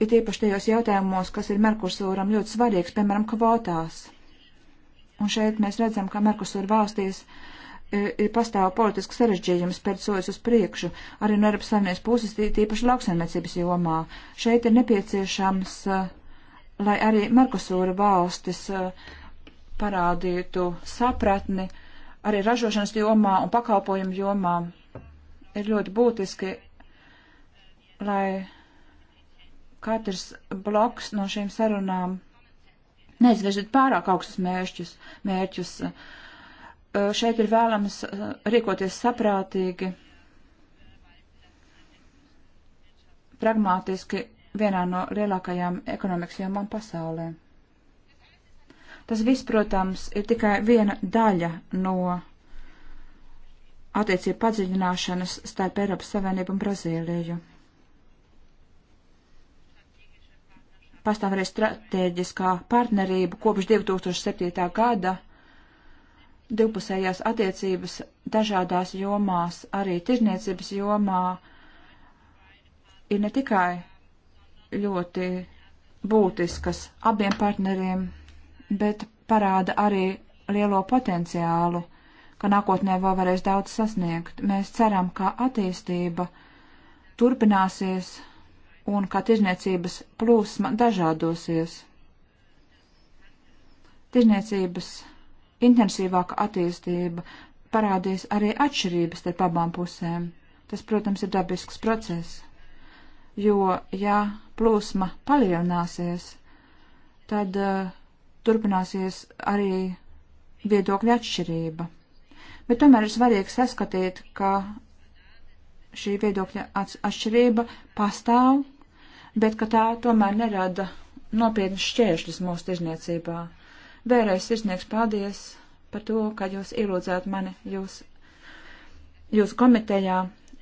it īpaši tajos jautājumos, kas ir Merkursūram ļoti svarīgs, piemēram, kvotās. Un šeit mēs redzam, ka Merkursūra valstīs e, ir pastāv politisks sarežģījums pēc sojas uz priekšu, arī no Eiropas Savienības puses, tīpaši lauksaimniecības jomā. Šeit ir nepieciešams, e, lai arī Merkusūra valstis e, parādītu sapratni arī ražošanas jomā un pakalpojumu jomā. Ir ļoti būtiski, lai katrs bloks no šīm sarunām neizvirzīt pārāk augstus mērķus. mērķus. Šeit ir vēlams rīkoties saprātīgi, pragmātiski vienā no lielākajām ekonomikas jomām pasaulē. Tas viss, protams, ir tikai viena daļa no attiecību padziļināšanas starp Eiropas Savienību un Brazīliju. pastāv arī strateģiskā partnerība kopš 2007. gada divpusējās attiecības dažādās jomās, arī tirzniecības jomā ir ne tikai ļoti būtiskas abiem partneriem, bet parāda arī lielo potenciālu, ka nākotnē vēl varēs daudz sasniegt. Mēs ceram, ka attīstība turpināsies un kā tirzniecības plūsma dažādosies. Tirzniecības intensīvāka attīstība parādīs arī atšķirības starp abām pusēm. Tas, protams, ir dabisks process, jo, ja plūsma palielināsies, tad uh, turpināsies arī viedokļa atšķirība. Bet tomēr ir svarīgi saskatīt, ka šī viedokļa atšķirība pastāv, bet ka tā tomēr nerada nopietnas šķēršļus mūsu tirzniecībā. Vēlreiz sirsnieks paldies par to, ka jūs ielūdzāt mani jūs, jūsu komitejā,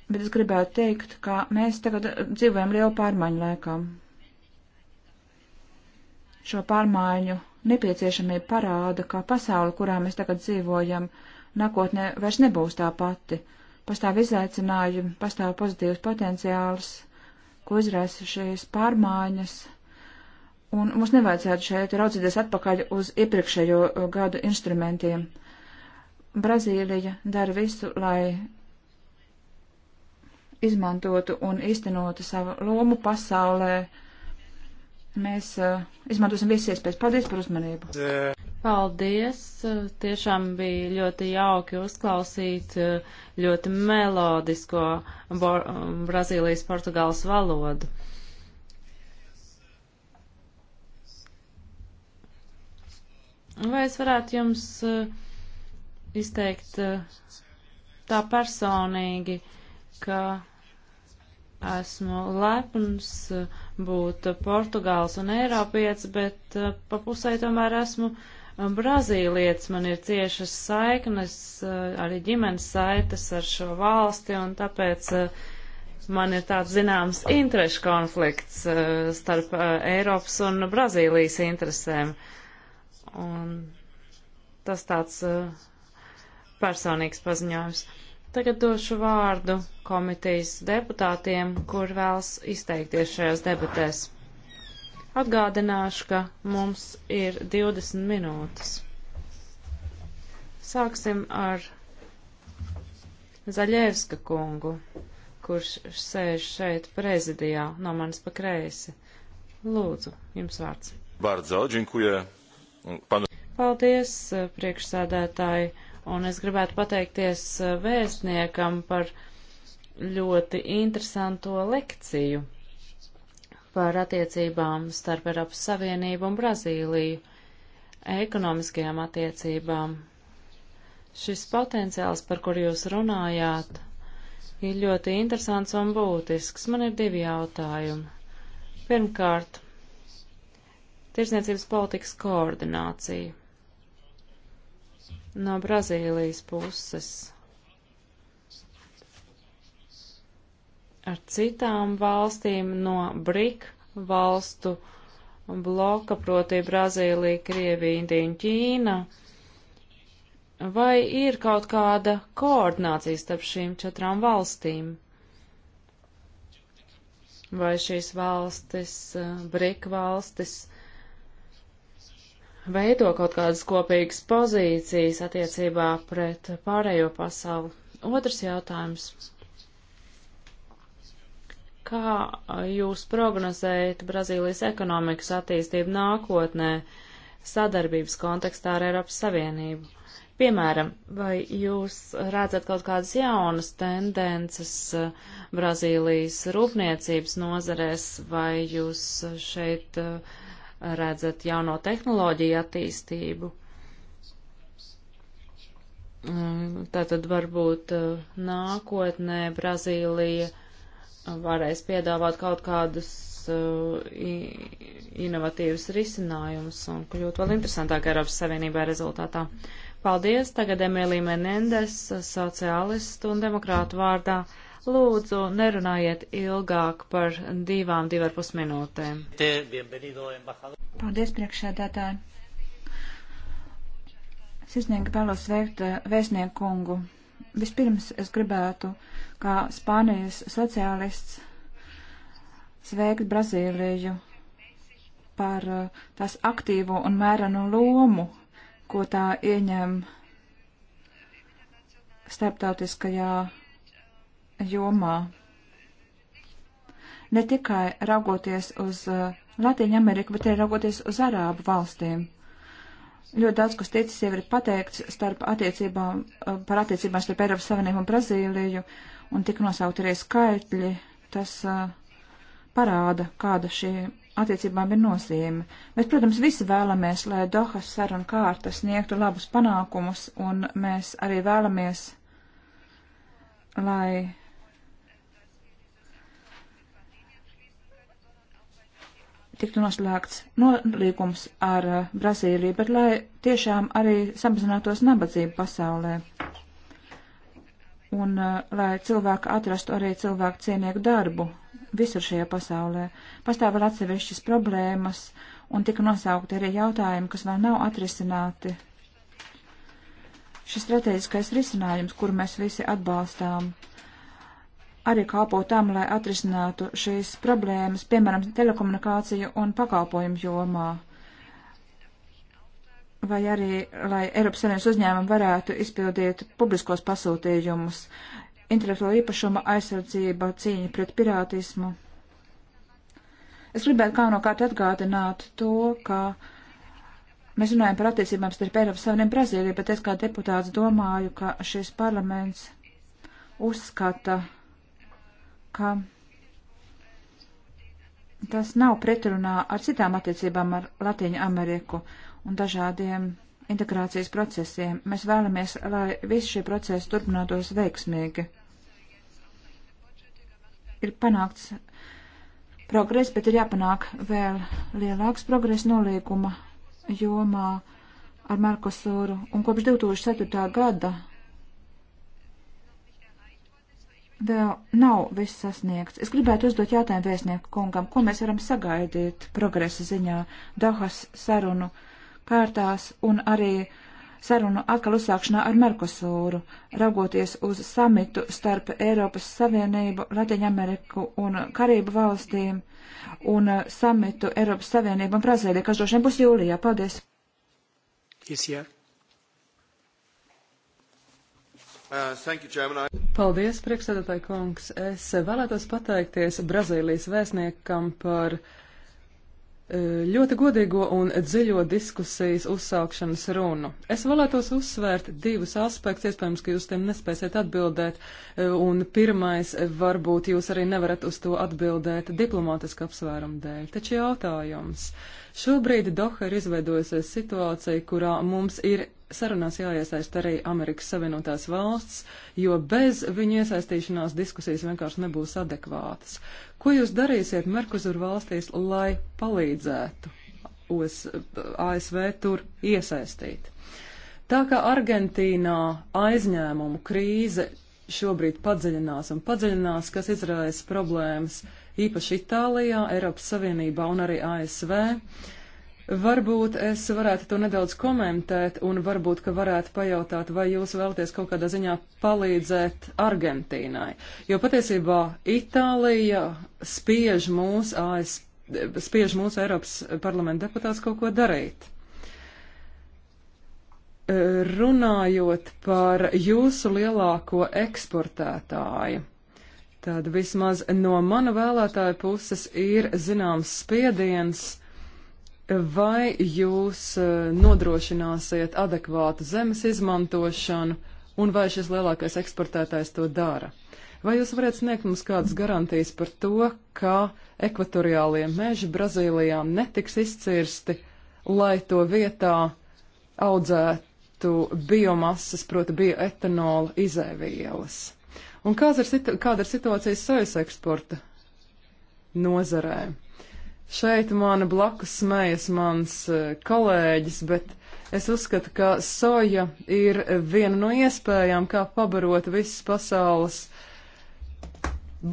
bet es gribētu teikt, ka mēs tagad eh, dzīvojam lielu pārmaiņu laikam. Šo pārmaiņu nepieciešamība parāda, ka pasauli, kurā mēs tagad dzīvojam, nākotnē vairs nebūs tā pati pastāv izaicinājumi, pastāv pozitīvs potenciāls, ko izraisa šīs pārmaiņas. Un mums nevajadzētu šeit raudzīties atpakaļ uz iepriekšējo uh, gadu instrumentiem. Brazīlija dara visu, lai izmantotu un īstenotu savu lomu pasaulē. Mēs uh, izmantosim visas iespējas. Paldies par uzmanību. Paldies! Tiešām bija ļoti jauki uzklausīt ļoti melodisko Bor Brazīlijas portugāles valodu. Vai es varētu jums eh, izteikt eh, tā personīgi, ka esmu lepns eh, būt Portugāls un Eiropietis, bet pa pusē tomēr esmu uh, Um, brazīlietis, man ir ciešas saiknes, uh, arī ģimenes saites ar šo valsti, un tāpēc uh, man ir tāds zināms interešu konflikts uh, starp Eiropas un Brazīlijas interesēm. Un tas tāds personīgs paziņojums. Tagad došu vārdu komitejas deputātiem, kur vēlas izteikties šajās debatēs. Atgādināšu, ka mums ir 20 minūtes. Sāksim ar Zaļevska kungu, kurš sēž šeit prezidijā no manis pa kreisi. Lūdzu, jums vārds. Bardzo, dziękuję. Pan... Paldies, priekšsādētāji, un es gribētu pateikties vēstniekam par ļoti interesanto lekciju par attiecībām starp Eiropas Savienību un Brazīliju, ekonomiskajām attiecībām. Šis potenciāls, par kur jūs runājāt, ir ļoti interesants un būtisks. Man ir divi jautājumi. Pirmkārt, tirsniecības politikas koordinācija no Brazīlijas puses. ar citām valstīm no BRIK valstu bloka, proti Brazīlija, Krievija, Indija un Ķīna. Vai ir kaut kāda koordinācija starp šīm četrām valstīm? Vai šīs valstis, eh, BRIK valstis, veido kaut kādas kopīgas pozīcijas attiecībā pret pārējo pasauli? Otrs jautājums Kā jūs prognozējat Brazīlijas ekonomikas attīstību nākotnē sadarbības kontekstā ar Eiropas Savienību? Piemēram, vai jūs redzat kaut kādas jaunas tendences Brazīlijas rūpniecības nozarēs, vai jūs šeit redzat jauno tehnoloģiju attīstību? Tātad varbūt nākotnē Brazīlija varēs piedāvāt kaut kādus uh, inovatīvus risinājumus un kļūt vēl interesantāk Eiropas Savienībā rezultātā. Paldies, tagad Emīlija Menendes, sociālistu un demokrātu vārdā. Lūdzu, nerunājiet ilgāk par divām, divarpus minūtēm. Paldies, priekšsēdētāji. Sisnieki vēlos sveikt eh, vēstnieku kungu. Vispirms es gribētu uh, kā Spānijas sociālists sveikt Brazīliju par uh, tās aktīvo un mērenu lomu, ko tā ieņem starptautiskajā jomā. Ne tikai raugoties uz uh, Latīņu Ameriku, bet arī raugoties uz Arābu valstīm. Ļoti daudz, kas ticis, jau ir pateikts starp attiecībām, uh, par attiecībām starp Eiropas Savienību un Brazīliju. Uh, un tik nosaukt arī skaitļi, tas uh, parāda, kāda šī attiecībām ir nozīme. Mēs, protams, visi vēlamies, lai Dohas saruna kārta sniegtu labus panākumus, un mēs arī vēlamies, lai. tiktu noslēgts nolīgums ar Brazīliju, bet lai tiešām arī samazinātos nabadzību pasaulē un eh, lai cilvēki atrastu arī cilvēku cienīgu darbu visur šajā pasaulē. Pastāv vēl atsevišķas problēmas un tika nosaukti arī jautājumi, kas vēl nav atrisināti. Šis strateģiskais risinājums, kuru mēs visi atbalstām, arī kalpo tam, lai atrisinātu šīs problēmas, piemēram, telekomunikāciju un pakalpojumu jomā vai arī, lai Eiropas Savienības uzņēmumi varētu izpildīt publiskos pasūtījumus, intelektuālo īpašuma aizsardzība, cīņa pret pirātismu. Es gribētu kā no kārt atgādināt to, ka mēs runājam par attiecībām starp Eiropas Savienību un Brazīliju, bet es kā deputāts domāju, ka šis parlaments uzskata, ka tas nav pretrunā ar citām attiecībām ar Latīņu Ameriku un dažādiem integrācijas procesiem. Mēs vēlamies, lai visi šie procesi turpinātos veiksmīgi. Ir panākts progress, bet ir jāpanāk vēl lielāks progress nolīguma jomā ar Merkosūru. Un kopš 2004. gada vēl nav viss sasniegts. Es gribētu uzdot jautājumu vēstnieku kungam, ko mēs varam sagaidīt progresa ziņā Dahas sarunu. Uh, kārtās un arī sarunu atkal uzsākšanā ar Merkosūru, raugoties uz samitu starp Eiropas Savienību, Latviju-Ameriku un Karību valstīm un samitu Eiropas Savienību un Brazīliju, kas droši vien būs jūlijā. Paldies! Yes, yeah. Uh, you, Paldies, priekšsēdētāji kungs. Es vēlētos pateikties Brazīlijas vēstniekam par ļoti godīgo un dziļo diskusijas uzsākšanas runu. Es vēlētos uzsvērt divus aspektus, iespējams, ka jūs tiem nespēsiet atbildēt, e, un pirmais varbūt jūs arī nevarat uz to atbildēt diplomātiski apsvērumu dēļ. Taču jautājums. Šobrīd Doha ir izveidojusies situācija, kurā mums ir sarunās jāiesaist arī Amerikas Savienotās valsts, jo bez viņu iesaistīšanās diskusijas vienkārši nebūs adekvātas. Ko jūs darīsiet Merkuzur valstīs, lai palīdzētu OS, ASV tur iesaistīt? Tā kā Argentīnā aizņēmumu krīze šobrīd padziļinās un padziļinās, kas izraisa problēmas īpaši Itālijā, Eiropas Savienībā un arī ASV, uh, Varbūt es varētu to nedaudz komentēt, un varbūt, ka varētu pajautāt, vai jūs vēlaties kaut kādā ziņā palīdzēt Argentīnai. Jo patiesībā Itālija spiež mūs, AS, spiež mūs Eiropas parlamenta deputāts kaut ko darīt e, runājot par jūsu lielāko eksportētāju, tad vismaz no mana vēlētāja puses ir zināms spiediens vai jūs e, nodrošināsiet adekvātu zemes izmantošanu un vai šis lielākais eksportētājs to dara? Vai jūs varat sniegt mums kādas garantijas par to, ka ekvatoriālie meži Brazīlijā netiks izcirsti, lai to vietā audzētu biomasas, proti bioetanola izēvielas? Un kāda ir, situ kāda ir situācija sojas eksporta nozarē? Šeit man blakus smējas mans e, kolēģis, bet es uzskatu, ka soja ir viena no iespējām, kā pabarot visas pasaules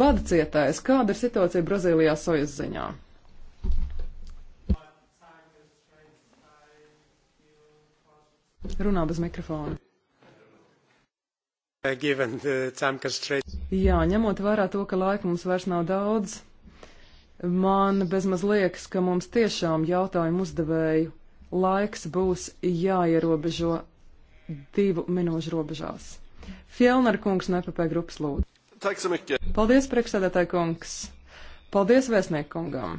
bada cietājs. Kāda ir situācija Brazīlijā sojas ziņā? Runā bez mikrofona. Jā, ņemot vērā to, ka laika mums vairs nav daudz, Man bezmaz liekas, ka mums tiešām jautājumu uzdevēju laiks būs jāierobežo divu minūšu robežās. Fjellner kungs, NPP e grupas lūdzu. Paldies, priekšsēdētāji kungs. Paldies, vēstnieku kungam.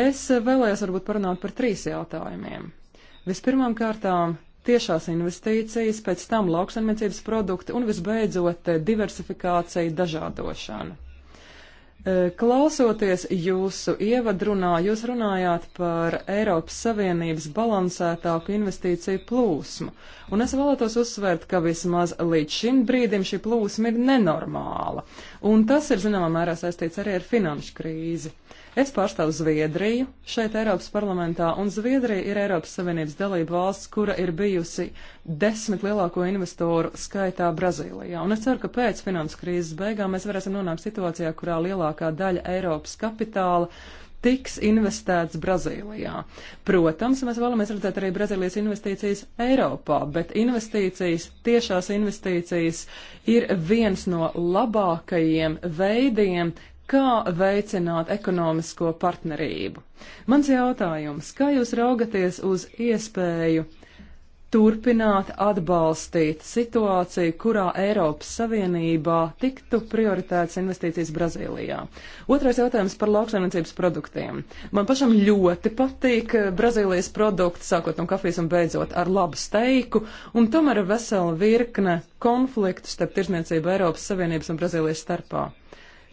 Es vēlējos varbūt parunāt par trīs jautājumiem. Vispirmām kārtām tiešās investīcijas, pēc tam lauksaimniecības produkti un visbeidzot diversifikācija dažādošana. E, klausoties jūsu ievadrunā, jūs runājāt par Eiropas Savienības balansētāku investīciju plūsmu, un es vēlētos uzsvērt, ka vismaz līdz šim brīdim šī plūsma ir nenormāla, un tas ir zināmā mērā saistīts arī ar finanšu krīzi. Uh, Es pārstāvu Zviedriju šeit Eiropas parlamentā, un Zviedrija ir Eiropas Savienības dalība valsts, kura ir bijusi desmit lielāko investoru skaitā Brazīlijā. Un es ceru, ka pēc finanses krīzes beigām mēs varēsim nonākt situācijā, kurā lielākā daļa Eiropas kapitāla tiks investēts Brazīlijā. Protams, mēs vēlamies redzēt arī Brazīlijas investīcijas Eiropā, bet investīcijas, tiešās investīcijas ir viens no labākajiem veidiem kā veicināt ekonomisko partnerību. Mans jautājums, kā jūs raugaties uz iespēju turpināt atbalstīt situāciju, kurā Eiropas Savienībā tiktu prioritēts investīcijas Brazīlijā? Otrais jautājums par lauksaimniecības produktiem. Man pašam ļoti patīk Brazīlijas produkti, sākot no kafijas un beidzot ar labu steiku, un tomēr ir vesela virkne konfliktu starp tirzniecību Eiropas Savienības un Brazīlijas starpā.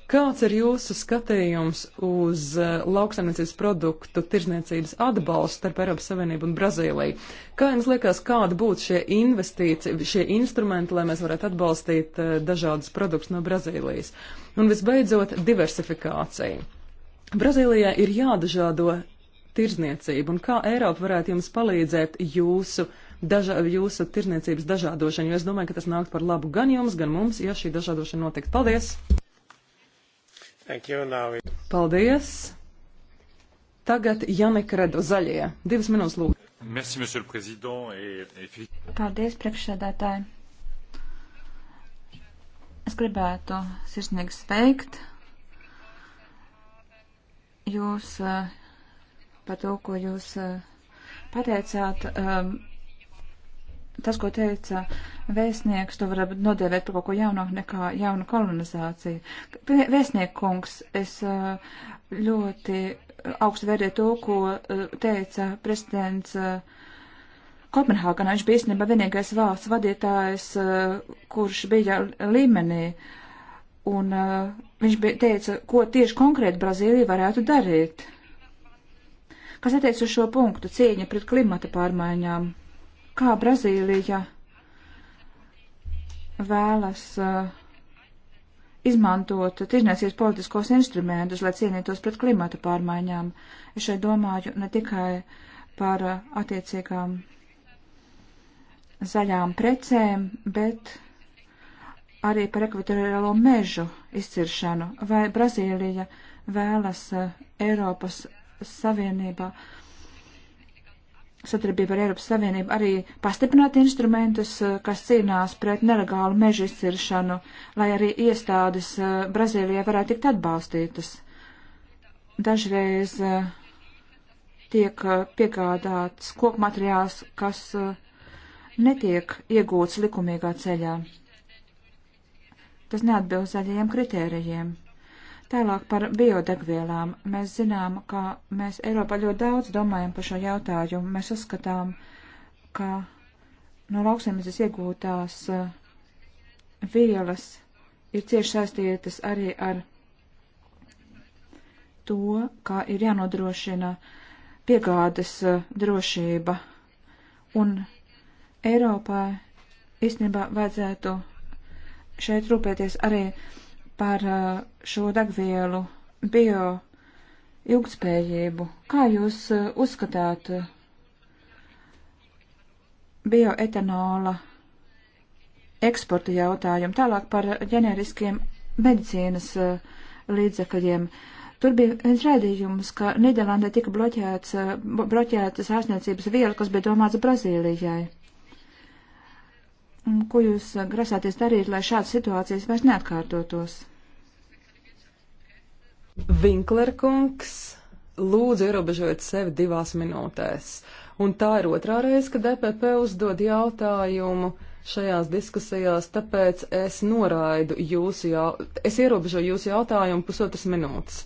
Kāds ir jūsu skatījums uz eh, lauksaimniecības produktu tirzniecības atbalstu starp Eiropas Savienību un Brazīliju? Kā jums liekas, kāda būtu šie investīcija, šie instrumenti, lai mēs varētu atbalstīt eh, dažādas produktus no Brazīlijas? Un visbeidzot, diversifikācija. Brazīlijai ir jādažādo tirzniecība, un kā Eiropa varētu jums palīdzēt jūsu, daža, jūsu tirzniecības dažādošanu, jo es domāju, ka tas nāk par labu gan jums, gan mums, ja šī dažādošana notiek. Paldies! Paldies! Tagad Janek Redu zaļie. Divas minūtes lūdzu. Merci, monsieur le président. Et, et... Paldies, priekšsēdētāji. Es gribētu sirsnīgi sveikt jūs eh, par to, ko jūs eh, pateicāt. Um, tas, ko teica vēstnieks, to var nodēvēt par kaut ko jaunāku nekā jauna kolonizācija. Vēstniekungs, es ļoti augstu vērtēju to, ko teica prezidents Kopenhāganā. Viņš bija īstenībā vienīgais valsts vadītājs, kurš bija līmenī. Un viņš bija teica, ko tieši konkrēti Brazīlija varētu darīt. Kas attiec uz šo punktu cīņa pret klimata pārmaiņām? kā Brazīlija vēlas uh, izmantot tirnēsies politiskos instrumentus, lai cīnītos pret klimata pārmaiņām. Es šeit domāju ne tikai par uh, attiecīgām zaļām precēm, bet arī par ekvatoriālo mežu izciršanu. Vai Brazīlija vēlas uh, Eiropas Savienībā uh, sadarbība ar Eiropas Savienību arī pastiprināt instrumentus, eh, kas cīnās pret nelegālu mežu izciršanu, lai arī iestādes eh, Brazīlijā varētu tikt atbalstītas. Dažreiz eh, tiek piegādāts kokmateriāls, kas netiek iegūts likumīgā ceļā. Tas neatbilst zaļajiem kritērijiem. Tālāk par biodegvielām. Mēs zinām, ka mēs Eiropā ļoti daudz domājam par šo jautājumu. Mēs uzskatām, ka no lauksaimniecības iegūtās eh, vielas ir cieši saistītas arī ar to, ka ir jānodrošina piegādes eh, drošība. Un Eiropā īstenībā vajadzētu šeit rūpēties arī par par uh, šo degvielu bio ilgspējību. Kā jūs uh, uzskatāt uh, bioetanola eksporta jautājumu, tālāk par ģeneriskiem medicīnas līdzekļiem? Tur bija viens redzījums, ka Nīderlandē tika bloķēts, bloķētas ārstniecības viela, kas bija domāts Brazīlijai. Ko jūs grasāties darīt, lai šādas situācijas vairs neatkārtotos? Vinklerkungs, lūdzu ierobežojiet sevi divās minūtēs. Un tā ir otrā reize, kad DPP e uzdod jautājumu šajās diskusijās, tāpēc es noraidu jūsu, jau... es ierobežoju jūsu jautājumu pusotras minūtes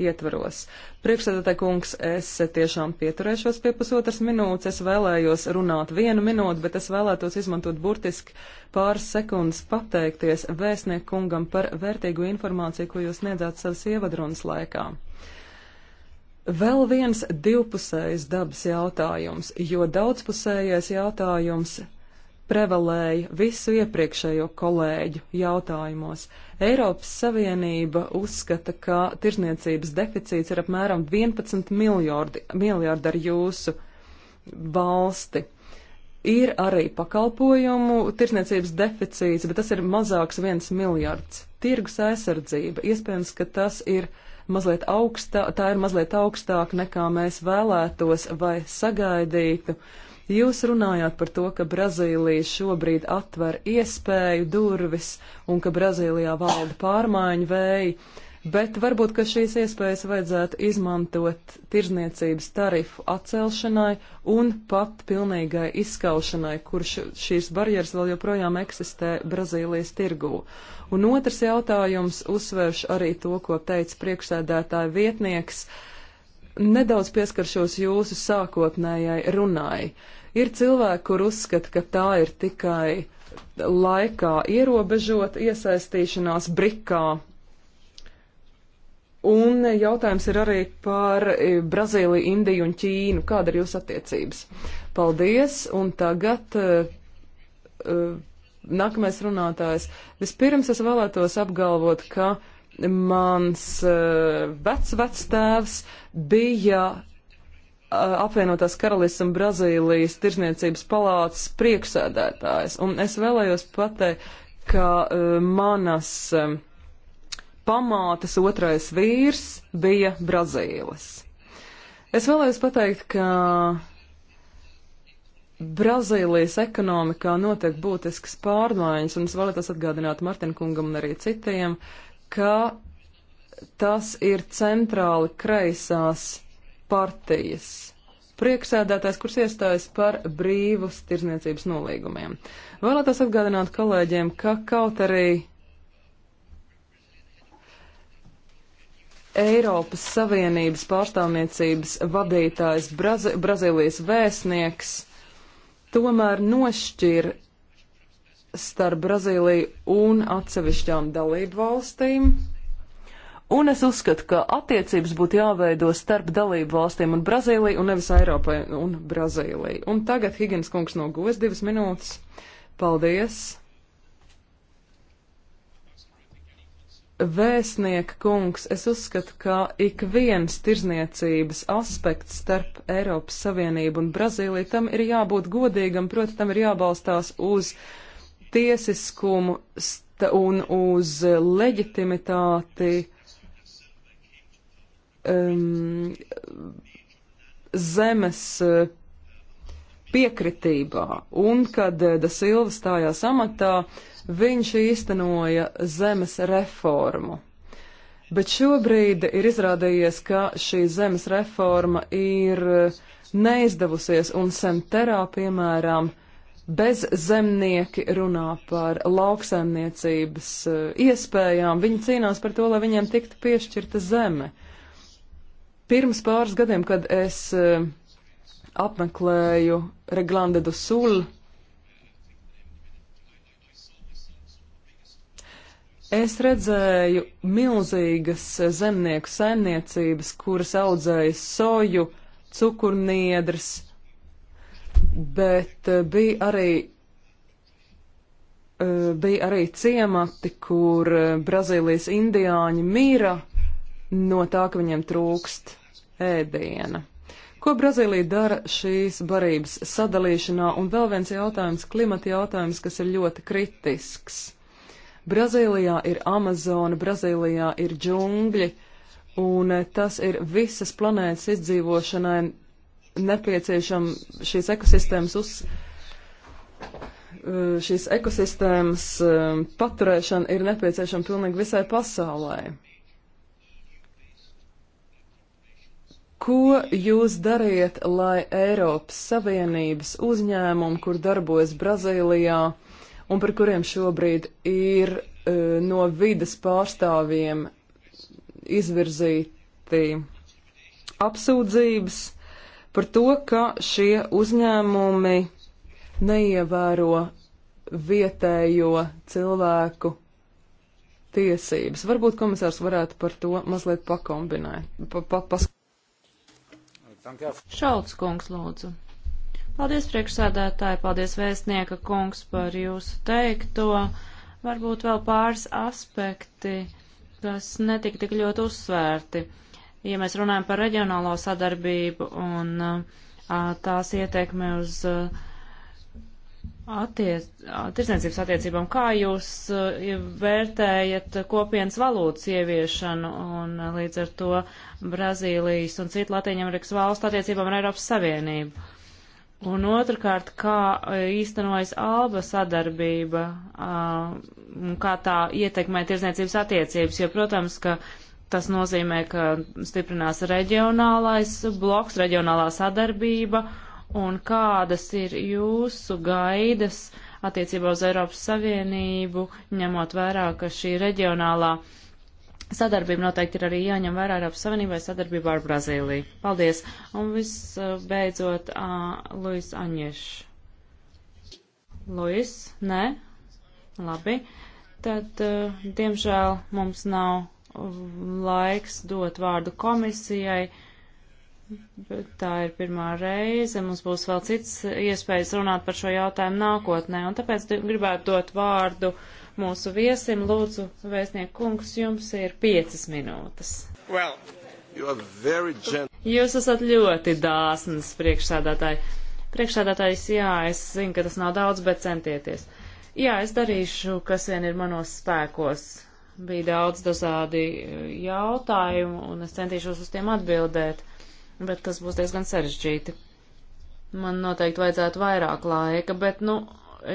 ietvaros. Priekšsēdētāj kungs, es tiešām pieturēšos pie pusotras minūtes. Es vēlējos runāt vienu minūti, bet es vēlētos izmantot burtiski pāris sekundes pateikties vēstnieku kungam par vērtīgu informāciju, ko jūs niedzāt savas ievadrunas laikā. Vēl viens divpusējs dabas jautājums, jo daudzpusējais jautājums prevalēja visu iepriekšējo kolēģu jautājumos. Eiropas Savienība uzskata, ka tirzniecības deficīts ir apmēram 11 miljardi, miljardi ar jūsu valsti. Ir arī pakalpojumu tirzniecības deficīts, bet tas ir mazāks viens miljards. Tirgus aizsardzība, iespējams, ka tas ir mazliet augstā, tā ir mazliet augstāk nekā mēs vēlētos vai sagaidītu. Uh, Jūs runājāt par to, ka Brazīlija šobrīd atver iespēju durvis un ka Brazīlijā valda pārmaiņu vēji, bet varbūt, ka šīs iespējas vajadzētu izmantot tirzniecības tarifu atcelšanai un pat pilnīgai izskaušanai, kur šīs barjeras vēl joprojām eksistē Brazīlijas tirgū. Un otrs jautājums uzsvērš arī to, ko teica priekšsēdētāja vietnieks. Uh, nedaudz pieskaršos jūsu sākotnējai runai. Ir cilvēki, kur uzskata, ka tā ir tikai laikā ierobežot iesaistīšanās brikā. Un jautājums ir arī par e, Brazīliju, Indiju un Ķīnu. Kāda ir jūsu attiecības? Paldies, un tagad uh, uh, nākamais runātājs. Vispirms es vēlētos apgalvot, ka uh, Mans eh, vecvectēvs bija eh, apvienotās karalists un Brazīlijas tirzniecības palātas priekšsēdētājs. Un es vēlējos pateikt, ka uh, manas uh, pamātes otrais vīrs bija Brazīlis. Es vēlējos pateikt, ka Brazīlijas ekonomikā notiek būtiskas pārmaiņas, un es vēlētos atgādināt Martinkungam un arī citiem, uh, ka tas ir centrāli kreisās partijas priekšsēdētājs, kurš iestājas par brīvus tirzniecības nolīgumiem. Vēlētos atgādināt kolēģiem, ka kaut arī Eiropas Savienības pārstāvniecības vadītājs Brazi Brazīlijas vēstnieks tomēr nošķir starp Brazīliju un atsevišķām dalību valstīm. Un es uzskatu, ka attiecības būtu jāveido starp dalību valstīm un Brazīliju, un nevis Eiropai un Brazīliju. Un tagad Higgins kungs no Gos divas minūtes. Paldies! Vēstnieka kungs, es uzskatu, ka ik viens tirzniecības aspekts starp Eiropas Savienību un Brazīliju tam ir jābūt godīgam, proti tam ir jābalstās uz uh, tiesiskumu un uz leģitimitāti um, zemes uh, piekritībā. Un, kad uh, Da Silva stājās amatā, viņš īstenoja zemes reformu. Bet šobrīd ir izrādījies, ka šī zemes reforma ir uh, neizdevusies, un Semterā, piemēram, uh, bezzemnieki runā par lauksaimniecības eh, iespējām. Viņi cīnās par to, lai viņiem tiktu piešķirta zeme. Pirms pāris gadiem, kad es eh, apmeklēju Reglande do Sul, Es redzēju milzīgas zemnieku saimniecības, kuras audzēja soju, cukurniedras, bet eh, bija arī, eh, bija arī ciemati, kur eh, Brazīlijas indiāņi mīra no tā, ka viņiem trūkst ēdiena. Ko Brazīlija dara šīs barības sadalīšanā? Un vēl viens jautājums - klimata jautājums, kas ir ļoti kritisks. Brazīlijā ir Amazona, Brazīlijā ir džungļi, un tas ir visas planētas izdzīvošanai nepieciešama šīs ekosistēmas uz. Eh, šīs ekosistēmas eh, paturēšana ir nepieciešama pilnīgi visai pasaulē. Ko jūs dariet, lai Eiropas Savienības uzņēmumi, kur darbojas Brazīlijā un par kuriem šobrīd ir uh, no vidas pārstāvjiem izvirzīti apsūdzības, par to, ka šie uzņēmumi neievēro vietējo cilvēku tiesības. Varbūt komisārs varētu par to mazliet pakombinēt. Pa, pa, pas... Šalts kungs, lūdzu. Paldies, priekšsēdētāji, paldies, vēstnieka kungs, par jūsu teikto. Varbūt vēl pāris aspekti, kas netika tik ļoti uzsvērti ja mēs runājam par reģionālo sadarbību un uh, tās ietekmi uz uh, attiec, tirsniecības attiecībām, kā jūs uh, vērtējat kopienas valūtas ieviešanu un līdz ar to Brazīlijas un citu Latīņamerikas valstu attiecībām ar Eiropas Savienību? Un otrkārt, kā īstenojas alba sadarbība, kā tā ietekmē tirzniecības attiecības, jo, protams, ka uh, Tas nozīmē, ka stiprinās reģionālais bloks, reģionālā sadarbība un kādas ir jūsu gaidas attiecībā uz Eiropas Savienību, ņemot vērā, ka šī reģionālā sadarbība noteikti ir arī jāņem vērā Eiropas Savienībai sadarbībā ar Brazīliju. Paldies! Un visbeidzot, uh, Luis Aņieš. Luis? Nē? Labi. Tad, uh, diemžēl, mums nav laiks dot vārdu komisijai. Tā ir pirmā reize. Mums būs vēl cits iespējas runāt par šo jautājumu nākotnē. Un tāpēc gribētu dot vārdu mūsu viesim. Lūdzu, vēstnieku kungs, jums ir piecas minūtes. Well, Jūs esat ļoti dāsns priekšsādātāji. Priekšsādātājs, jā, es zinu, ka tas nav daudz, bet centieties. Jā, es darīšu, kas vien ir manos spēkos bija daudz dažādi eh, jautājumu, un es centīšos uz tiem atbildēt, bet tas būs diezgan sarežģīti. Man noteikti vajadzētu vairāk laika, bet, nu,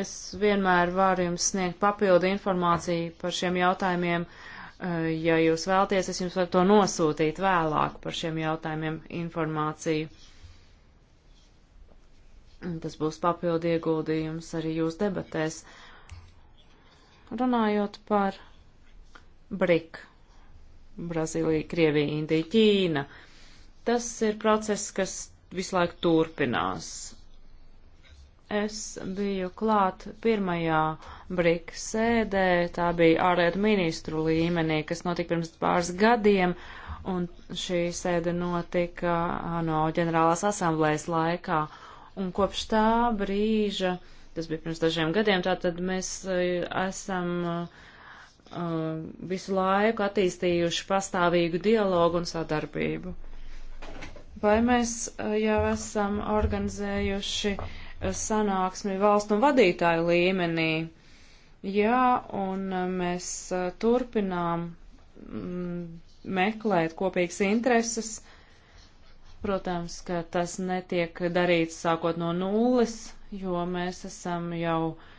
es vienmēr varu jums sniegt papildu informāciju par šiem jautājumiem. Eh, ja jūs vēlties, es jums varu to nosūtīt vēlāk par šiem jautājumiem informāciju. Tas būs papildu ieguldījums arī jūs debatēs. Runājot par BRIC - Brazīlija, Krievija, Indija, Ķīna. Tas ir process, kas visu laiku turpinās. Es biju klāt pirmajā BRIC sēdē, tā bija ārlietu ministru līmenī, kas notika pirms pāris gadiem, un šī sēde notika no ģenerālās asamblējas laikā. Un kopš tā brīža, tas bija pirms dažiem gadiem, tātad mēs eh, esam uh, Uh, visu laiku attīstījuši pastāvīgu dialogu un sadarbību. Vai mēs uh, jau esam organizējuši uh, sanāksmi valstu un vadītāju līmenī? Jā, un mēs turpinām mm, meklēt kopīgas intereses. Protams, ka tas netiek darīts sākot no nulles, jo mēs esam jau uh,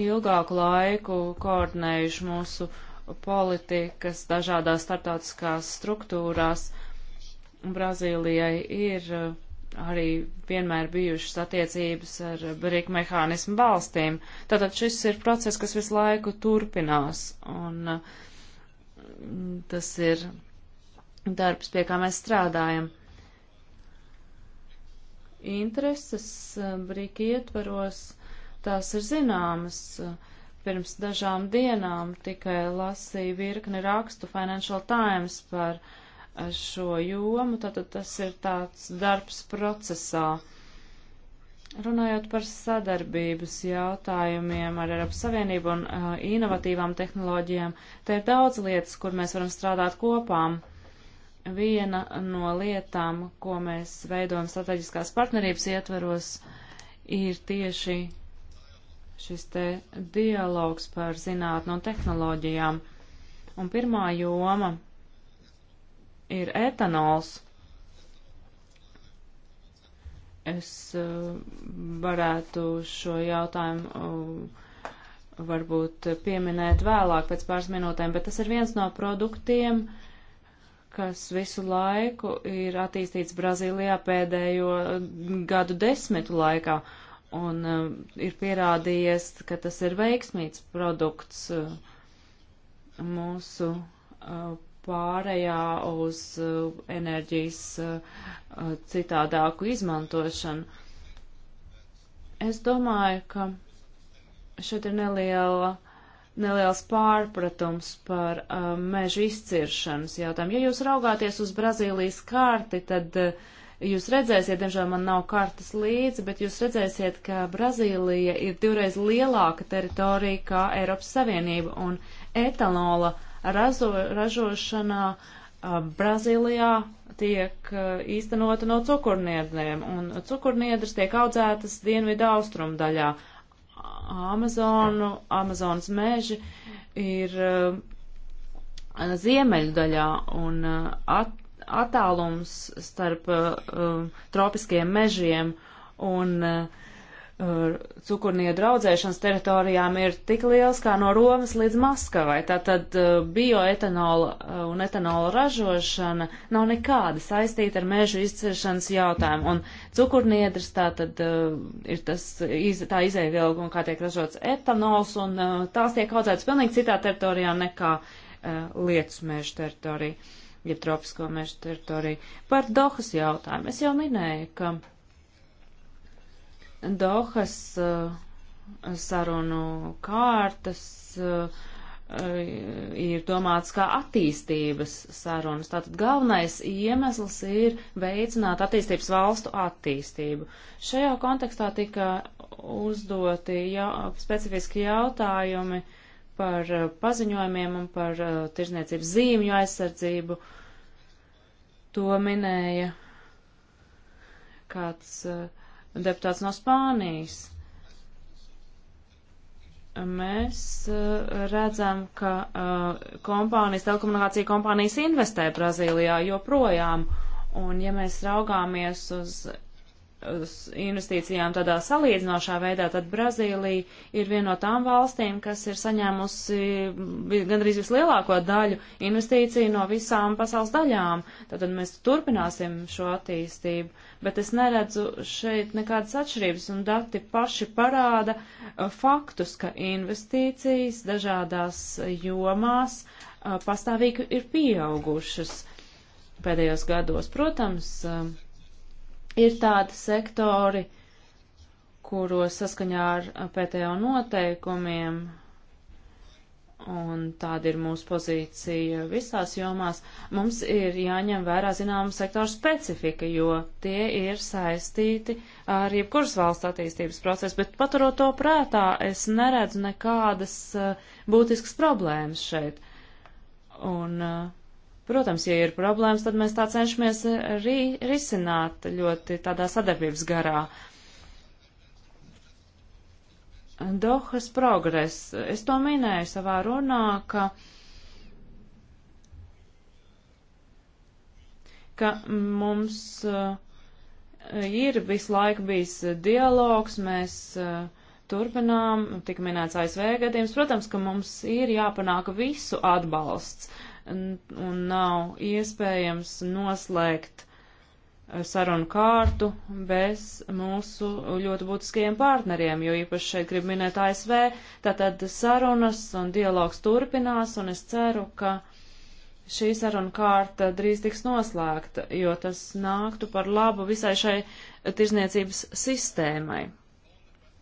ilgāku laiku koordinējuši mūsu politikas dažādās startautiskās struktūrās. Brazīlijai ir eh, arī vienmēr bijušas attiecības ar brīku mehānismu valstīm. Tātad šis ir process, kas visu laiku turpinās, un eh, tas ir darbs, pie kā mēs strādājam. Intereses eh, brīki ietvaros tās ir zināmas. Pirms dažām dienām tikai lasīju virkni rakstu Financial Times par eh, šo jomu, tātad tas ir tāds darbs procesā. Runājot par sadarbības jautājumiem ar Eiropas Savienību un uh, inovatīvām tehnoloģijām, te ir daudz lietas, kur mēs varam strādāt kopām. Viena no lietām, ko mēs veidojam strateģiskās partnerības ietveros, ir tieši šis te dialogs par zinātnu un tehnoloģijām. Un pirmā joma ir etanols. Es uh, varētu šo jautājumu uh, varbūt pieminēt vēlāk pēc pāris minūtēm, bet tas ir viens no produktiem, kas visu laiku ir attīstīts Brazīlijā pēdējo gadu desmitu laikā. Uh, un uh, ir pierādījies, ka tas ir veiksmīgs produkts uh, mūsu uh, pārējā uz uh, enerģijas uh, uh, citādāku izmantošanu. Es domāju, ka šeit ir neliela, neliels pārpratums par uh, mežu izciršanas jautājumu. Ja jūs raugāties uz Brazīlijas karti, tad uh, Jūs redzēsiet, diemžēl man nav kartas līdzi, bet jūs redzēsiet, ka Brazīlija ir divreiz lielāka teritorija kā Eiropas Savienība, un etanola razo, ražošanā Brazīlijā tiek īstenota no cukurniedriem, un cukurniedras tiek audzētas dienvidu austrumu daļā. Amazonu, Amazonas meži ir ziemeļdaļā un at, attālums starp uh, tropiskiem mežiem un uh, cukurnieku draudzēšanas teritorijām ir tik liels kā no Romas līdz Maskavai. Tātad uh, bioetanola uh, un etanola ražošana nav nekāda saistīta ar mežu izciršanas jautājumu. Un cukurniedrs tātad uh, ir tas, iz, tā izēviela, un kā tiek ražots etanols, un tās tiek audzētas pilnīgi citā teritorijā nekā lietus meža teritorija jeb tropisko mežu teritoriju. Par Dohas jautājumu. Es jau minēju, ka Dohas uh, sarunu kārtas uh, ir domāts kā attīstības sarunas. Tātad galvenais iemesls ir veicināt attīstības valstu attīstību. Šajā kontekstā tika uzdoti jau, specifiski jautājumi uh, par eh, paziņojumiem un par eh, tirzniecības zīmju aizsardzību. To minēja kāds eh, deputāts no Spānijas. Mēs redzam, ka kompānijas, telekomunikācija kompānijas investē Brazīlijā joprojām, un ja mēs raugāmies uz investīcijām tādā salīdzinošā veidā, tad Brazīlija ir viena no tām valstīm, kas ir saņēmusi gandrīz vislielāko daļu investīciju no visām pasaules daļām. Tātad mēs turpināsim šo attīstību, bet es neredzu šeit nekādas atšķirības, un dati paši parāda uh, faktus, ka investīcijas dažādās jomās uh, pastāvīgi ir pieaugušas pēdējos gados. Protams, uh, Ir tādi sektori, kuros saskaņā ar PTO noteikumiem, un tāda ir mūsu pozīcija visās jomās, mums ir jāņem vērā zināma sektora specifika, jo tie ir saistīti ar jebkuras valsts attīstības procesu, bet paturot to prātā, es neredzu nekādas uh, būtiskas problēmas šeit. Un uh, Protams, ja ir problēmas, tad mēs tā cenšamies ri, risināt ļoti tādā sadarbības garā. Dohas progress. Es to minēju savā runā, ka, ka mums uh, ir visu laiku bijis dialogs, mēs uh, turpinām, tika minēts ASV gadījums. Protams, ka mums ir jāpanāk visu atbalsts un nav iespējams noslēgt eh, sarunu kārtu bez mūsu ļoti būtiskajiem partneriem, jo īpaši šeit grib minēt ASV. Tātad sarunas un dialogs turpinās, un es ceru, ka šī saruna kārta drīz tiks noslēgta, jo tas nāktu par labu visai šai tirzniecības sistēmai.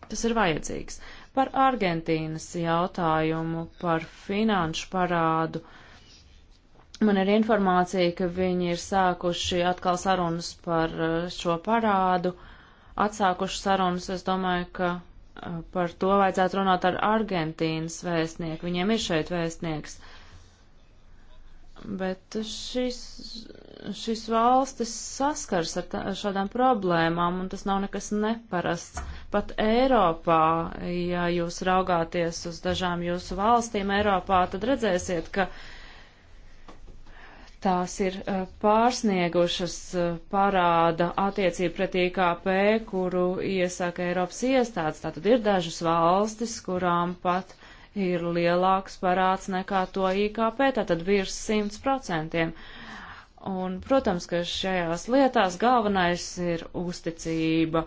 Tas ir vajadzīgs. Par Argentīnas jautājumu, par finanšu parādu. Uh, Man ir informācija, ka viņi ir sākuši atkal sarunas par uh, šo parādu, atsākuši sarunas, es domāju, ka uh, par to vajadzētu runāt ar Argentīnas vēstnieku. Viņiem ir šeit vēstnieks. Bet šis, šis valstis saskars ar, tā, ar šādām problēmām, un tas nav nekas neparasts. Pat Eiropā, ja jūs raugāties uz dažām jūsu valstīm Eiropā, tad redzēsiet, ka uh, tās ir eh, pārsniegušas eh, parāda attiecību pret IKP, kuru iesaka Eiropas iestādes. Tātad ir dažas valstis, kurām pat ir lielāks parāds nekā to IKP, tātad virs 100%. Un, protams, ka šajās lietās galvenais ir uzticība,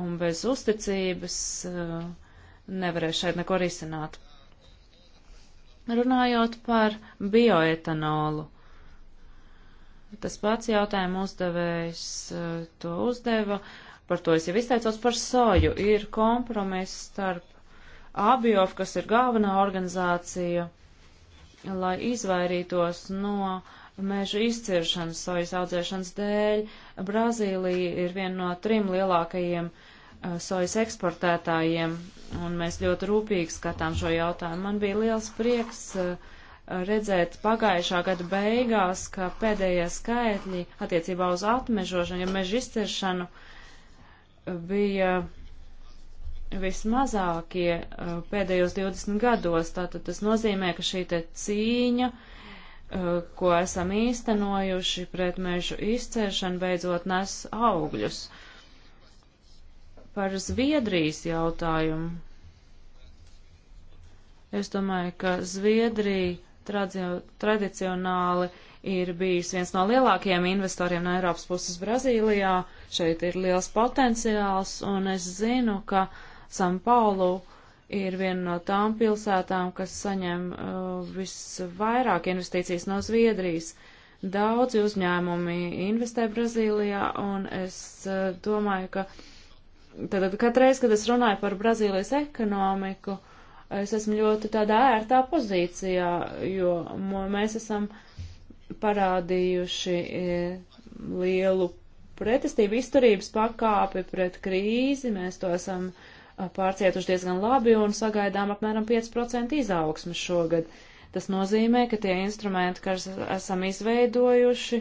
un bez uzticības eh, nevarēs šeit neko risināt. Runājot par bioetanolu Tas pats jautājumu uzdevējs eh, to uzdeva. Par to es jau izteicos par soju. Ir kompromiss starp ABIOF, kas ir galvenā organizācija, lai izvairītos no mežu izciršanas sojas audzēšanas dēļ. Brazīlija ir viena no trim lielākajiem eh, sojas eksportētājiem, un mēs ļoti rūpīgi skatām šo jautājumu. Man bija liels prieks uh, redzēt pagājušā gada beigās, ka pēdējie skaitļi attiecībā uz atmežošanu, ja meža izciršanu bija vismazākie uh, pēdējos 20 gados. Tātad tas nozīmē, ka šī te cīņa, uh, ko esam īstenojuši pret mežu izcēršanu, beidzot nes augļus. Par Zviedrijas jautājumu. Es domāju, ka Zviedrija tradio, tradicionāli ir bijis viens no lielākajiem investoriem no Eiropas puses Brazīlijā. Šeit ir liels potenciāls, un es zinu, ka San Paulu ir viena no tām pilsētām, kas saņem uh, visvairāk investīcijas no Zviedrijas. Daudzi uzņēmumi investē Brazīlijā, un es uh, domāju, ka tad katreiz, kad es runāju par Brazīlijas ekonomiku, uh, es esmu ļoti tādā ērtā pozīcijā, jo mēs esam parādījuši e, lielu pretestību izturības pakāpi pret krīzi, mēs to esam pārcietuši diezgan labi un sagaidām apmēram 5% izaugsmu šogad. Tas nozīmē, ka tie instrumenti, kas esam izveidojuši,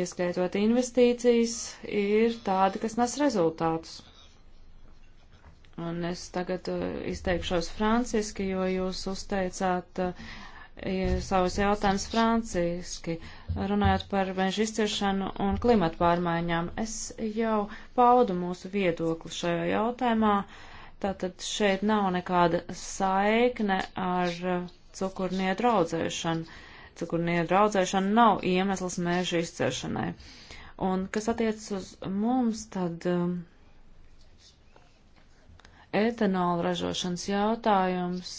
ieskaitot investīcijas, ir tādi, kas nes rezultātus. Un es tagad uh, izteikšos franciski, jo jūs uzteicāt uh, savus jautājumus franciski, runājot par meža izciršanu un klimatu pārmaiņām. Es jau paudu mūsu viedokli šajā jautājumā, tātad šeit nav nekāda saikne ar uh, cukurniedu audzēšanu. Cukurniedu audzēšana nav iemesls meža izciršanai. Un kas attiec uz mums, tad. Um, etanola ražošanas jautājums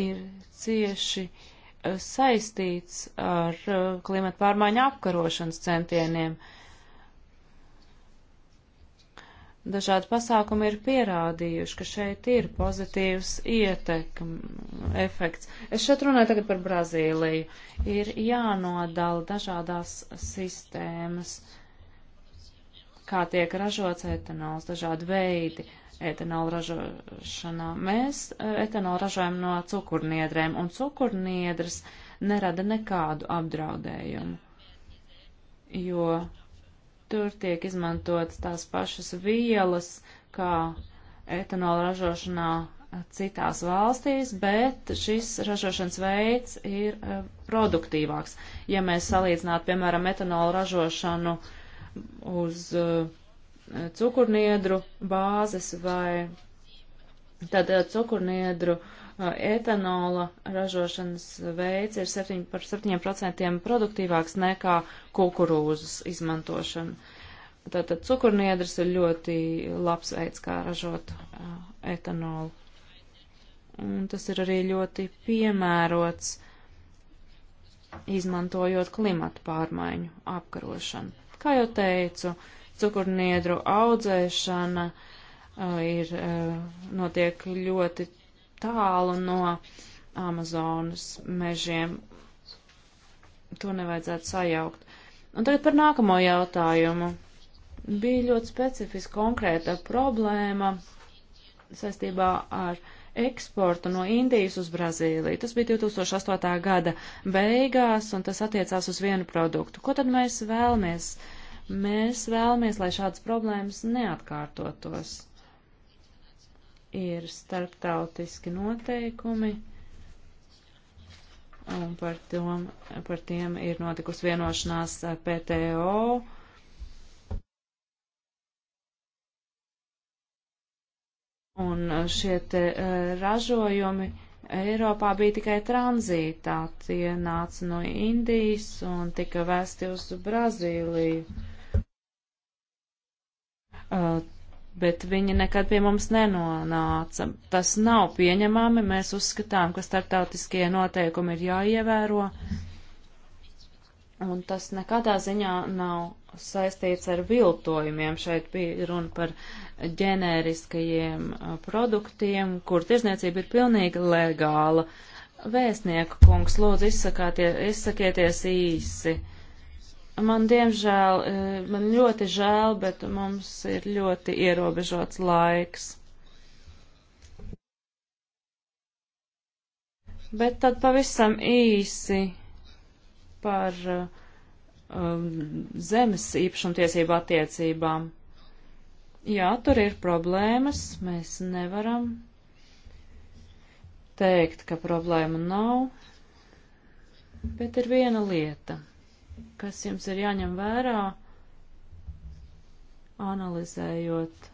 ir cieši eh, saistīts ar eh, klimata pārmaiņu apkarošanas centieniem. Dažādi pasākumi ir pierādījuši, ka šeit ir pozitīvs ietekm efekts. Es šeit runāju tagad par Brazīliju. Ir jānodala dažādās sistēmas. Uh, kā tiek ražots etanols, dažādi veidi etanola ražošanā. Mēs e, etanolu ražojam no cukurniedrēm, un cukurniedras nerada nekādu apdraudējumu, jo tur tiek izmantotas tās pašas vielas, kā etanola ražošanā citās valstīs, bet šis ražošanas veids ir e, produktīvāks. Ja mēs salīdzinātu, piemēram, etanola ražošanu uh, uz eh, cukurniedru bāzes vai tad eh, cukurniedru eh, etanola ražošanas veids ir 7, par 7% produktīvāks nekā kukurūzas izmantošana. Tātad cukurniedrs ir ļoti labs veids, kā ražot etanolu. Un tas ir arī ļoti piemērots, izmantojot klimatu pārmaiņu apkarošanu. Kā jau teicu, cukurniedru audzēšana uh, ir, uh, notiek ļoti tālu no Amazonas mežiem. To nevajadzētu sajaukt. Un tagad par nākamo jautājumu. Bija ļoti specifiska konkrēta problēma saistībā ar uh, eksportu no Indijas uz Brazīliju. Tas bija 2008. gada beigās, un tas attiecās uz vienu produktu. Ko tad mēs vēlamies? Mēs vēlamies, lai šādas problēmas neatkārtotos. Ir starptautiski noteikumi, un par, tom, par tiem ir notikusi vienošanās eh, PTO Un eh, šie te eh, ražojumi Eiropā bija tikai tranzītā. Tie nāca no Indijas un tika vēsti uz Brazīliju. Uh, bet viņi nekad pie mums nenonāca. Tas nav pieņemami, mēs uzskatām, ka starptautiskie noteikumi ir jāievēro. Uh, Un tas nekādā ziņā nav saistīts ar viltojumiem. Šeit bija runa par ģenēriskajiem produktiem, kur tirzniecība ir pilnīgi legāla. Vēstnieku kungs, lūdzu, izsakieties īsi. Man diemžēl, man ļoti žēl, bet mums ir ļoti ierobežots laiks. Bet tad pavisam īsi par um, zemes īpašumtiesību attiecībām. Jā, tur ir problēmas, mēs nevaram teikt, ka problēmu nav, bet ir viena lieta, kas jums ir jāņem vērā, analizējot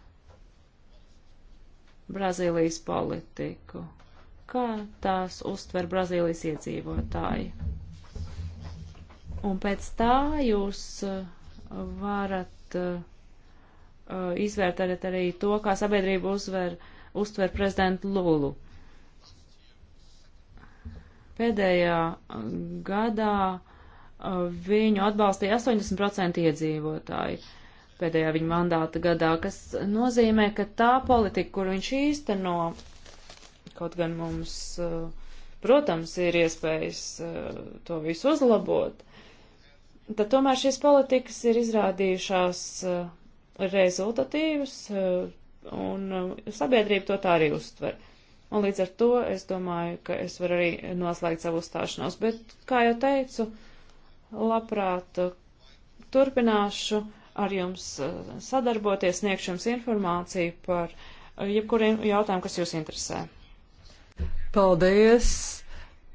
Brazīlijas politiku, kā tās uztver Brazīlijas iedzīvotāji. Un pēc tā jūs uh, varat uh, uh, izvērtēt arī to, kā sabiedrība uzver, uztver prezidentu Lulu. Pēdējā gadā viņu atbalstīja 80% iedzīvotāji pēdējā viņa mandāta gadā, kas nozīmē, ka tā politika, kur viņš īsteno, kaut gan mums, protams, ir iespējas to visu uzlabot, tad tomēr šīs politikas ir izrādījušās eh, rezultatīvas, eh, un eh, sabiedrība to tā arī uztver. Un līdz ar to es domāju, ka es varu arī noslēgt savu uzstāšanos, bet, kā jau teicu, labprāt turpināšu ar jums sadarboties, sniegšu jums informāciju par jebkuriem jautājumiem, kas jūs interesē. Paldies!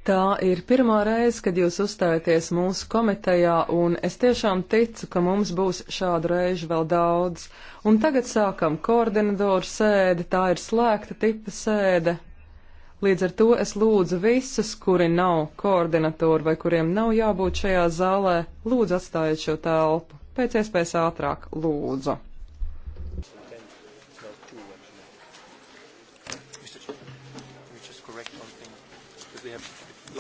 Tā ir pirmā reize, kad jūs uzstājaties mūsu komitejā, un es tiešām ticu, ka mums būs šādu reižu vēl daudz. Un tagad sākam koordinatoru sēdi, tā ir slēgta tipa sēde. Līdz ar to es lūdzu visus, kuri nav koordinatori vai kuriem nav jābūt šajā zālē, lūdzu atstājiet šo telpu. Pēc iespējas ātrāk, lūdzu.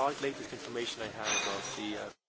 latest information I have about the. Uh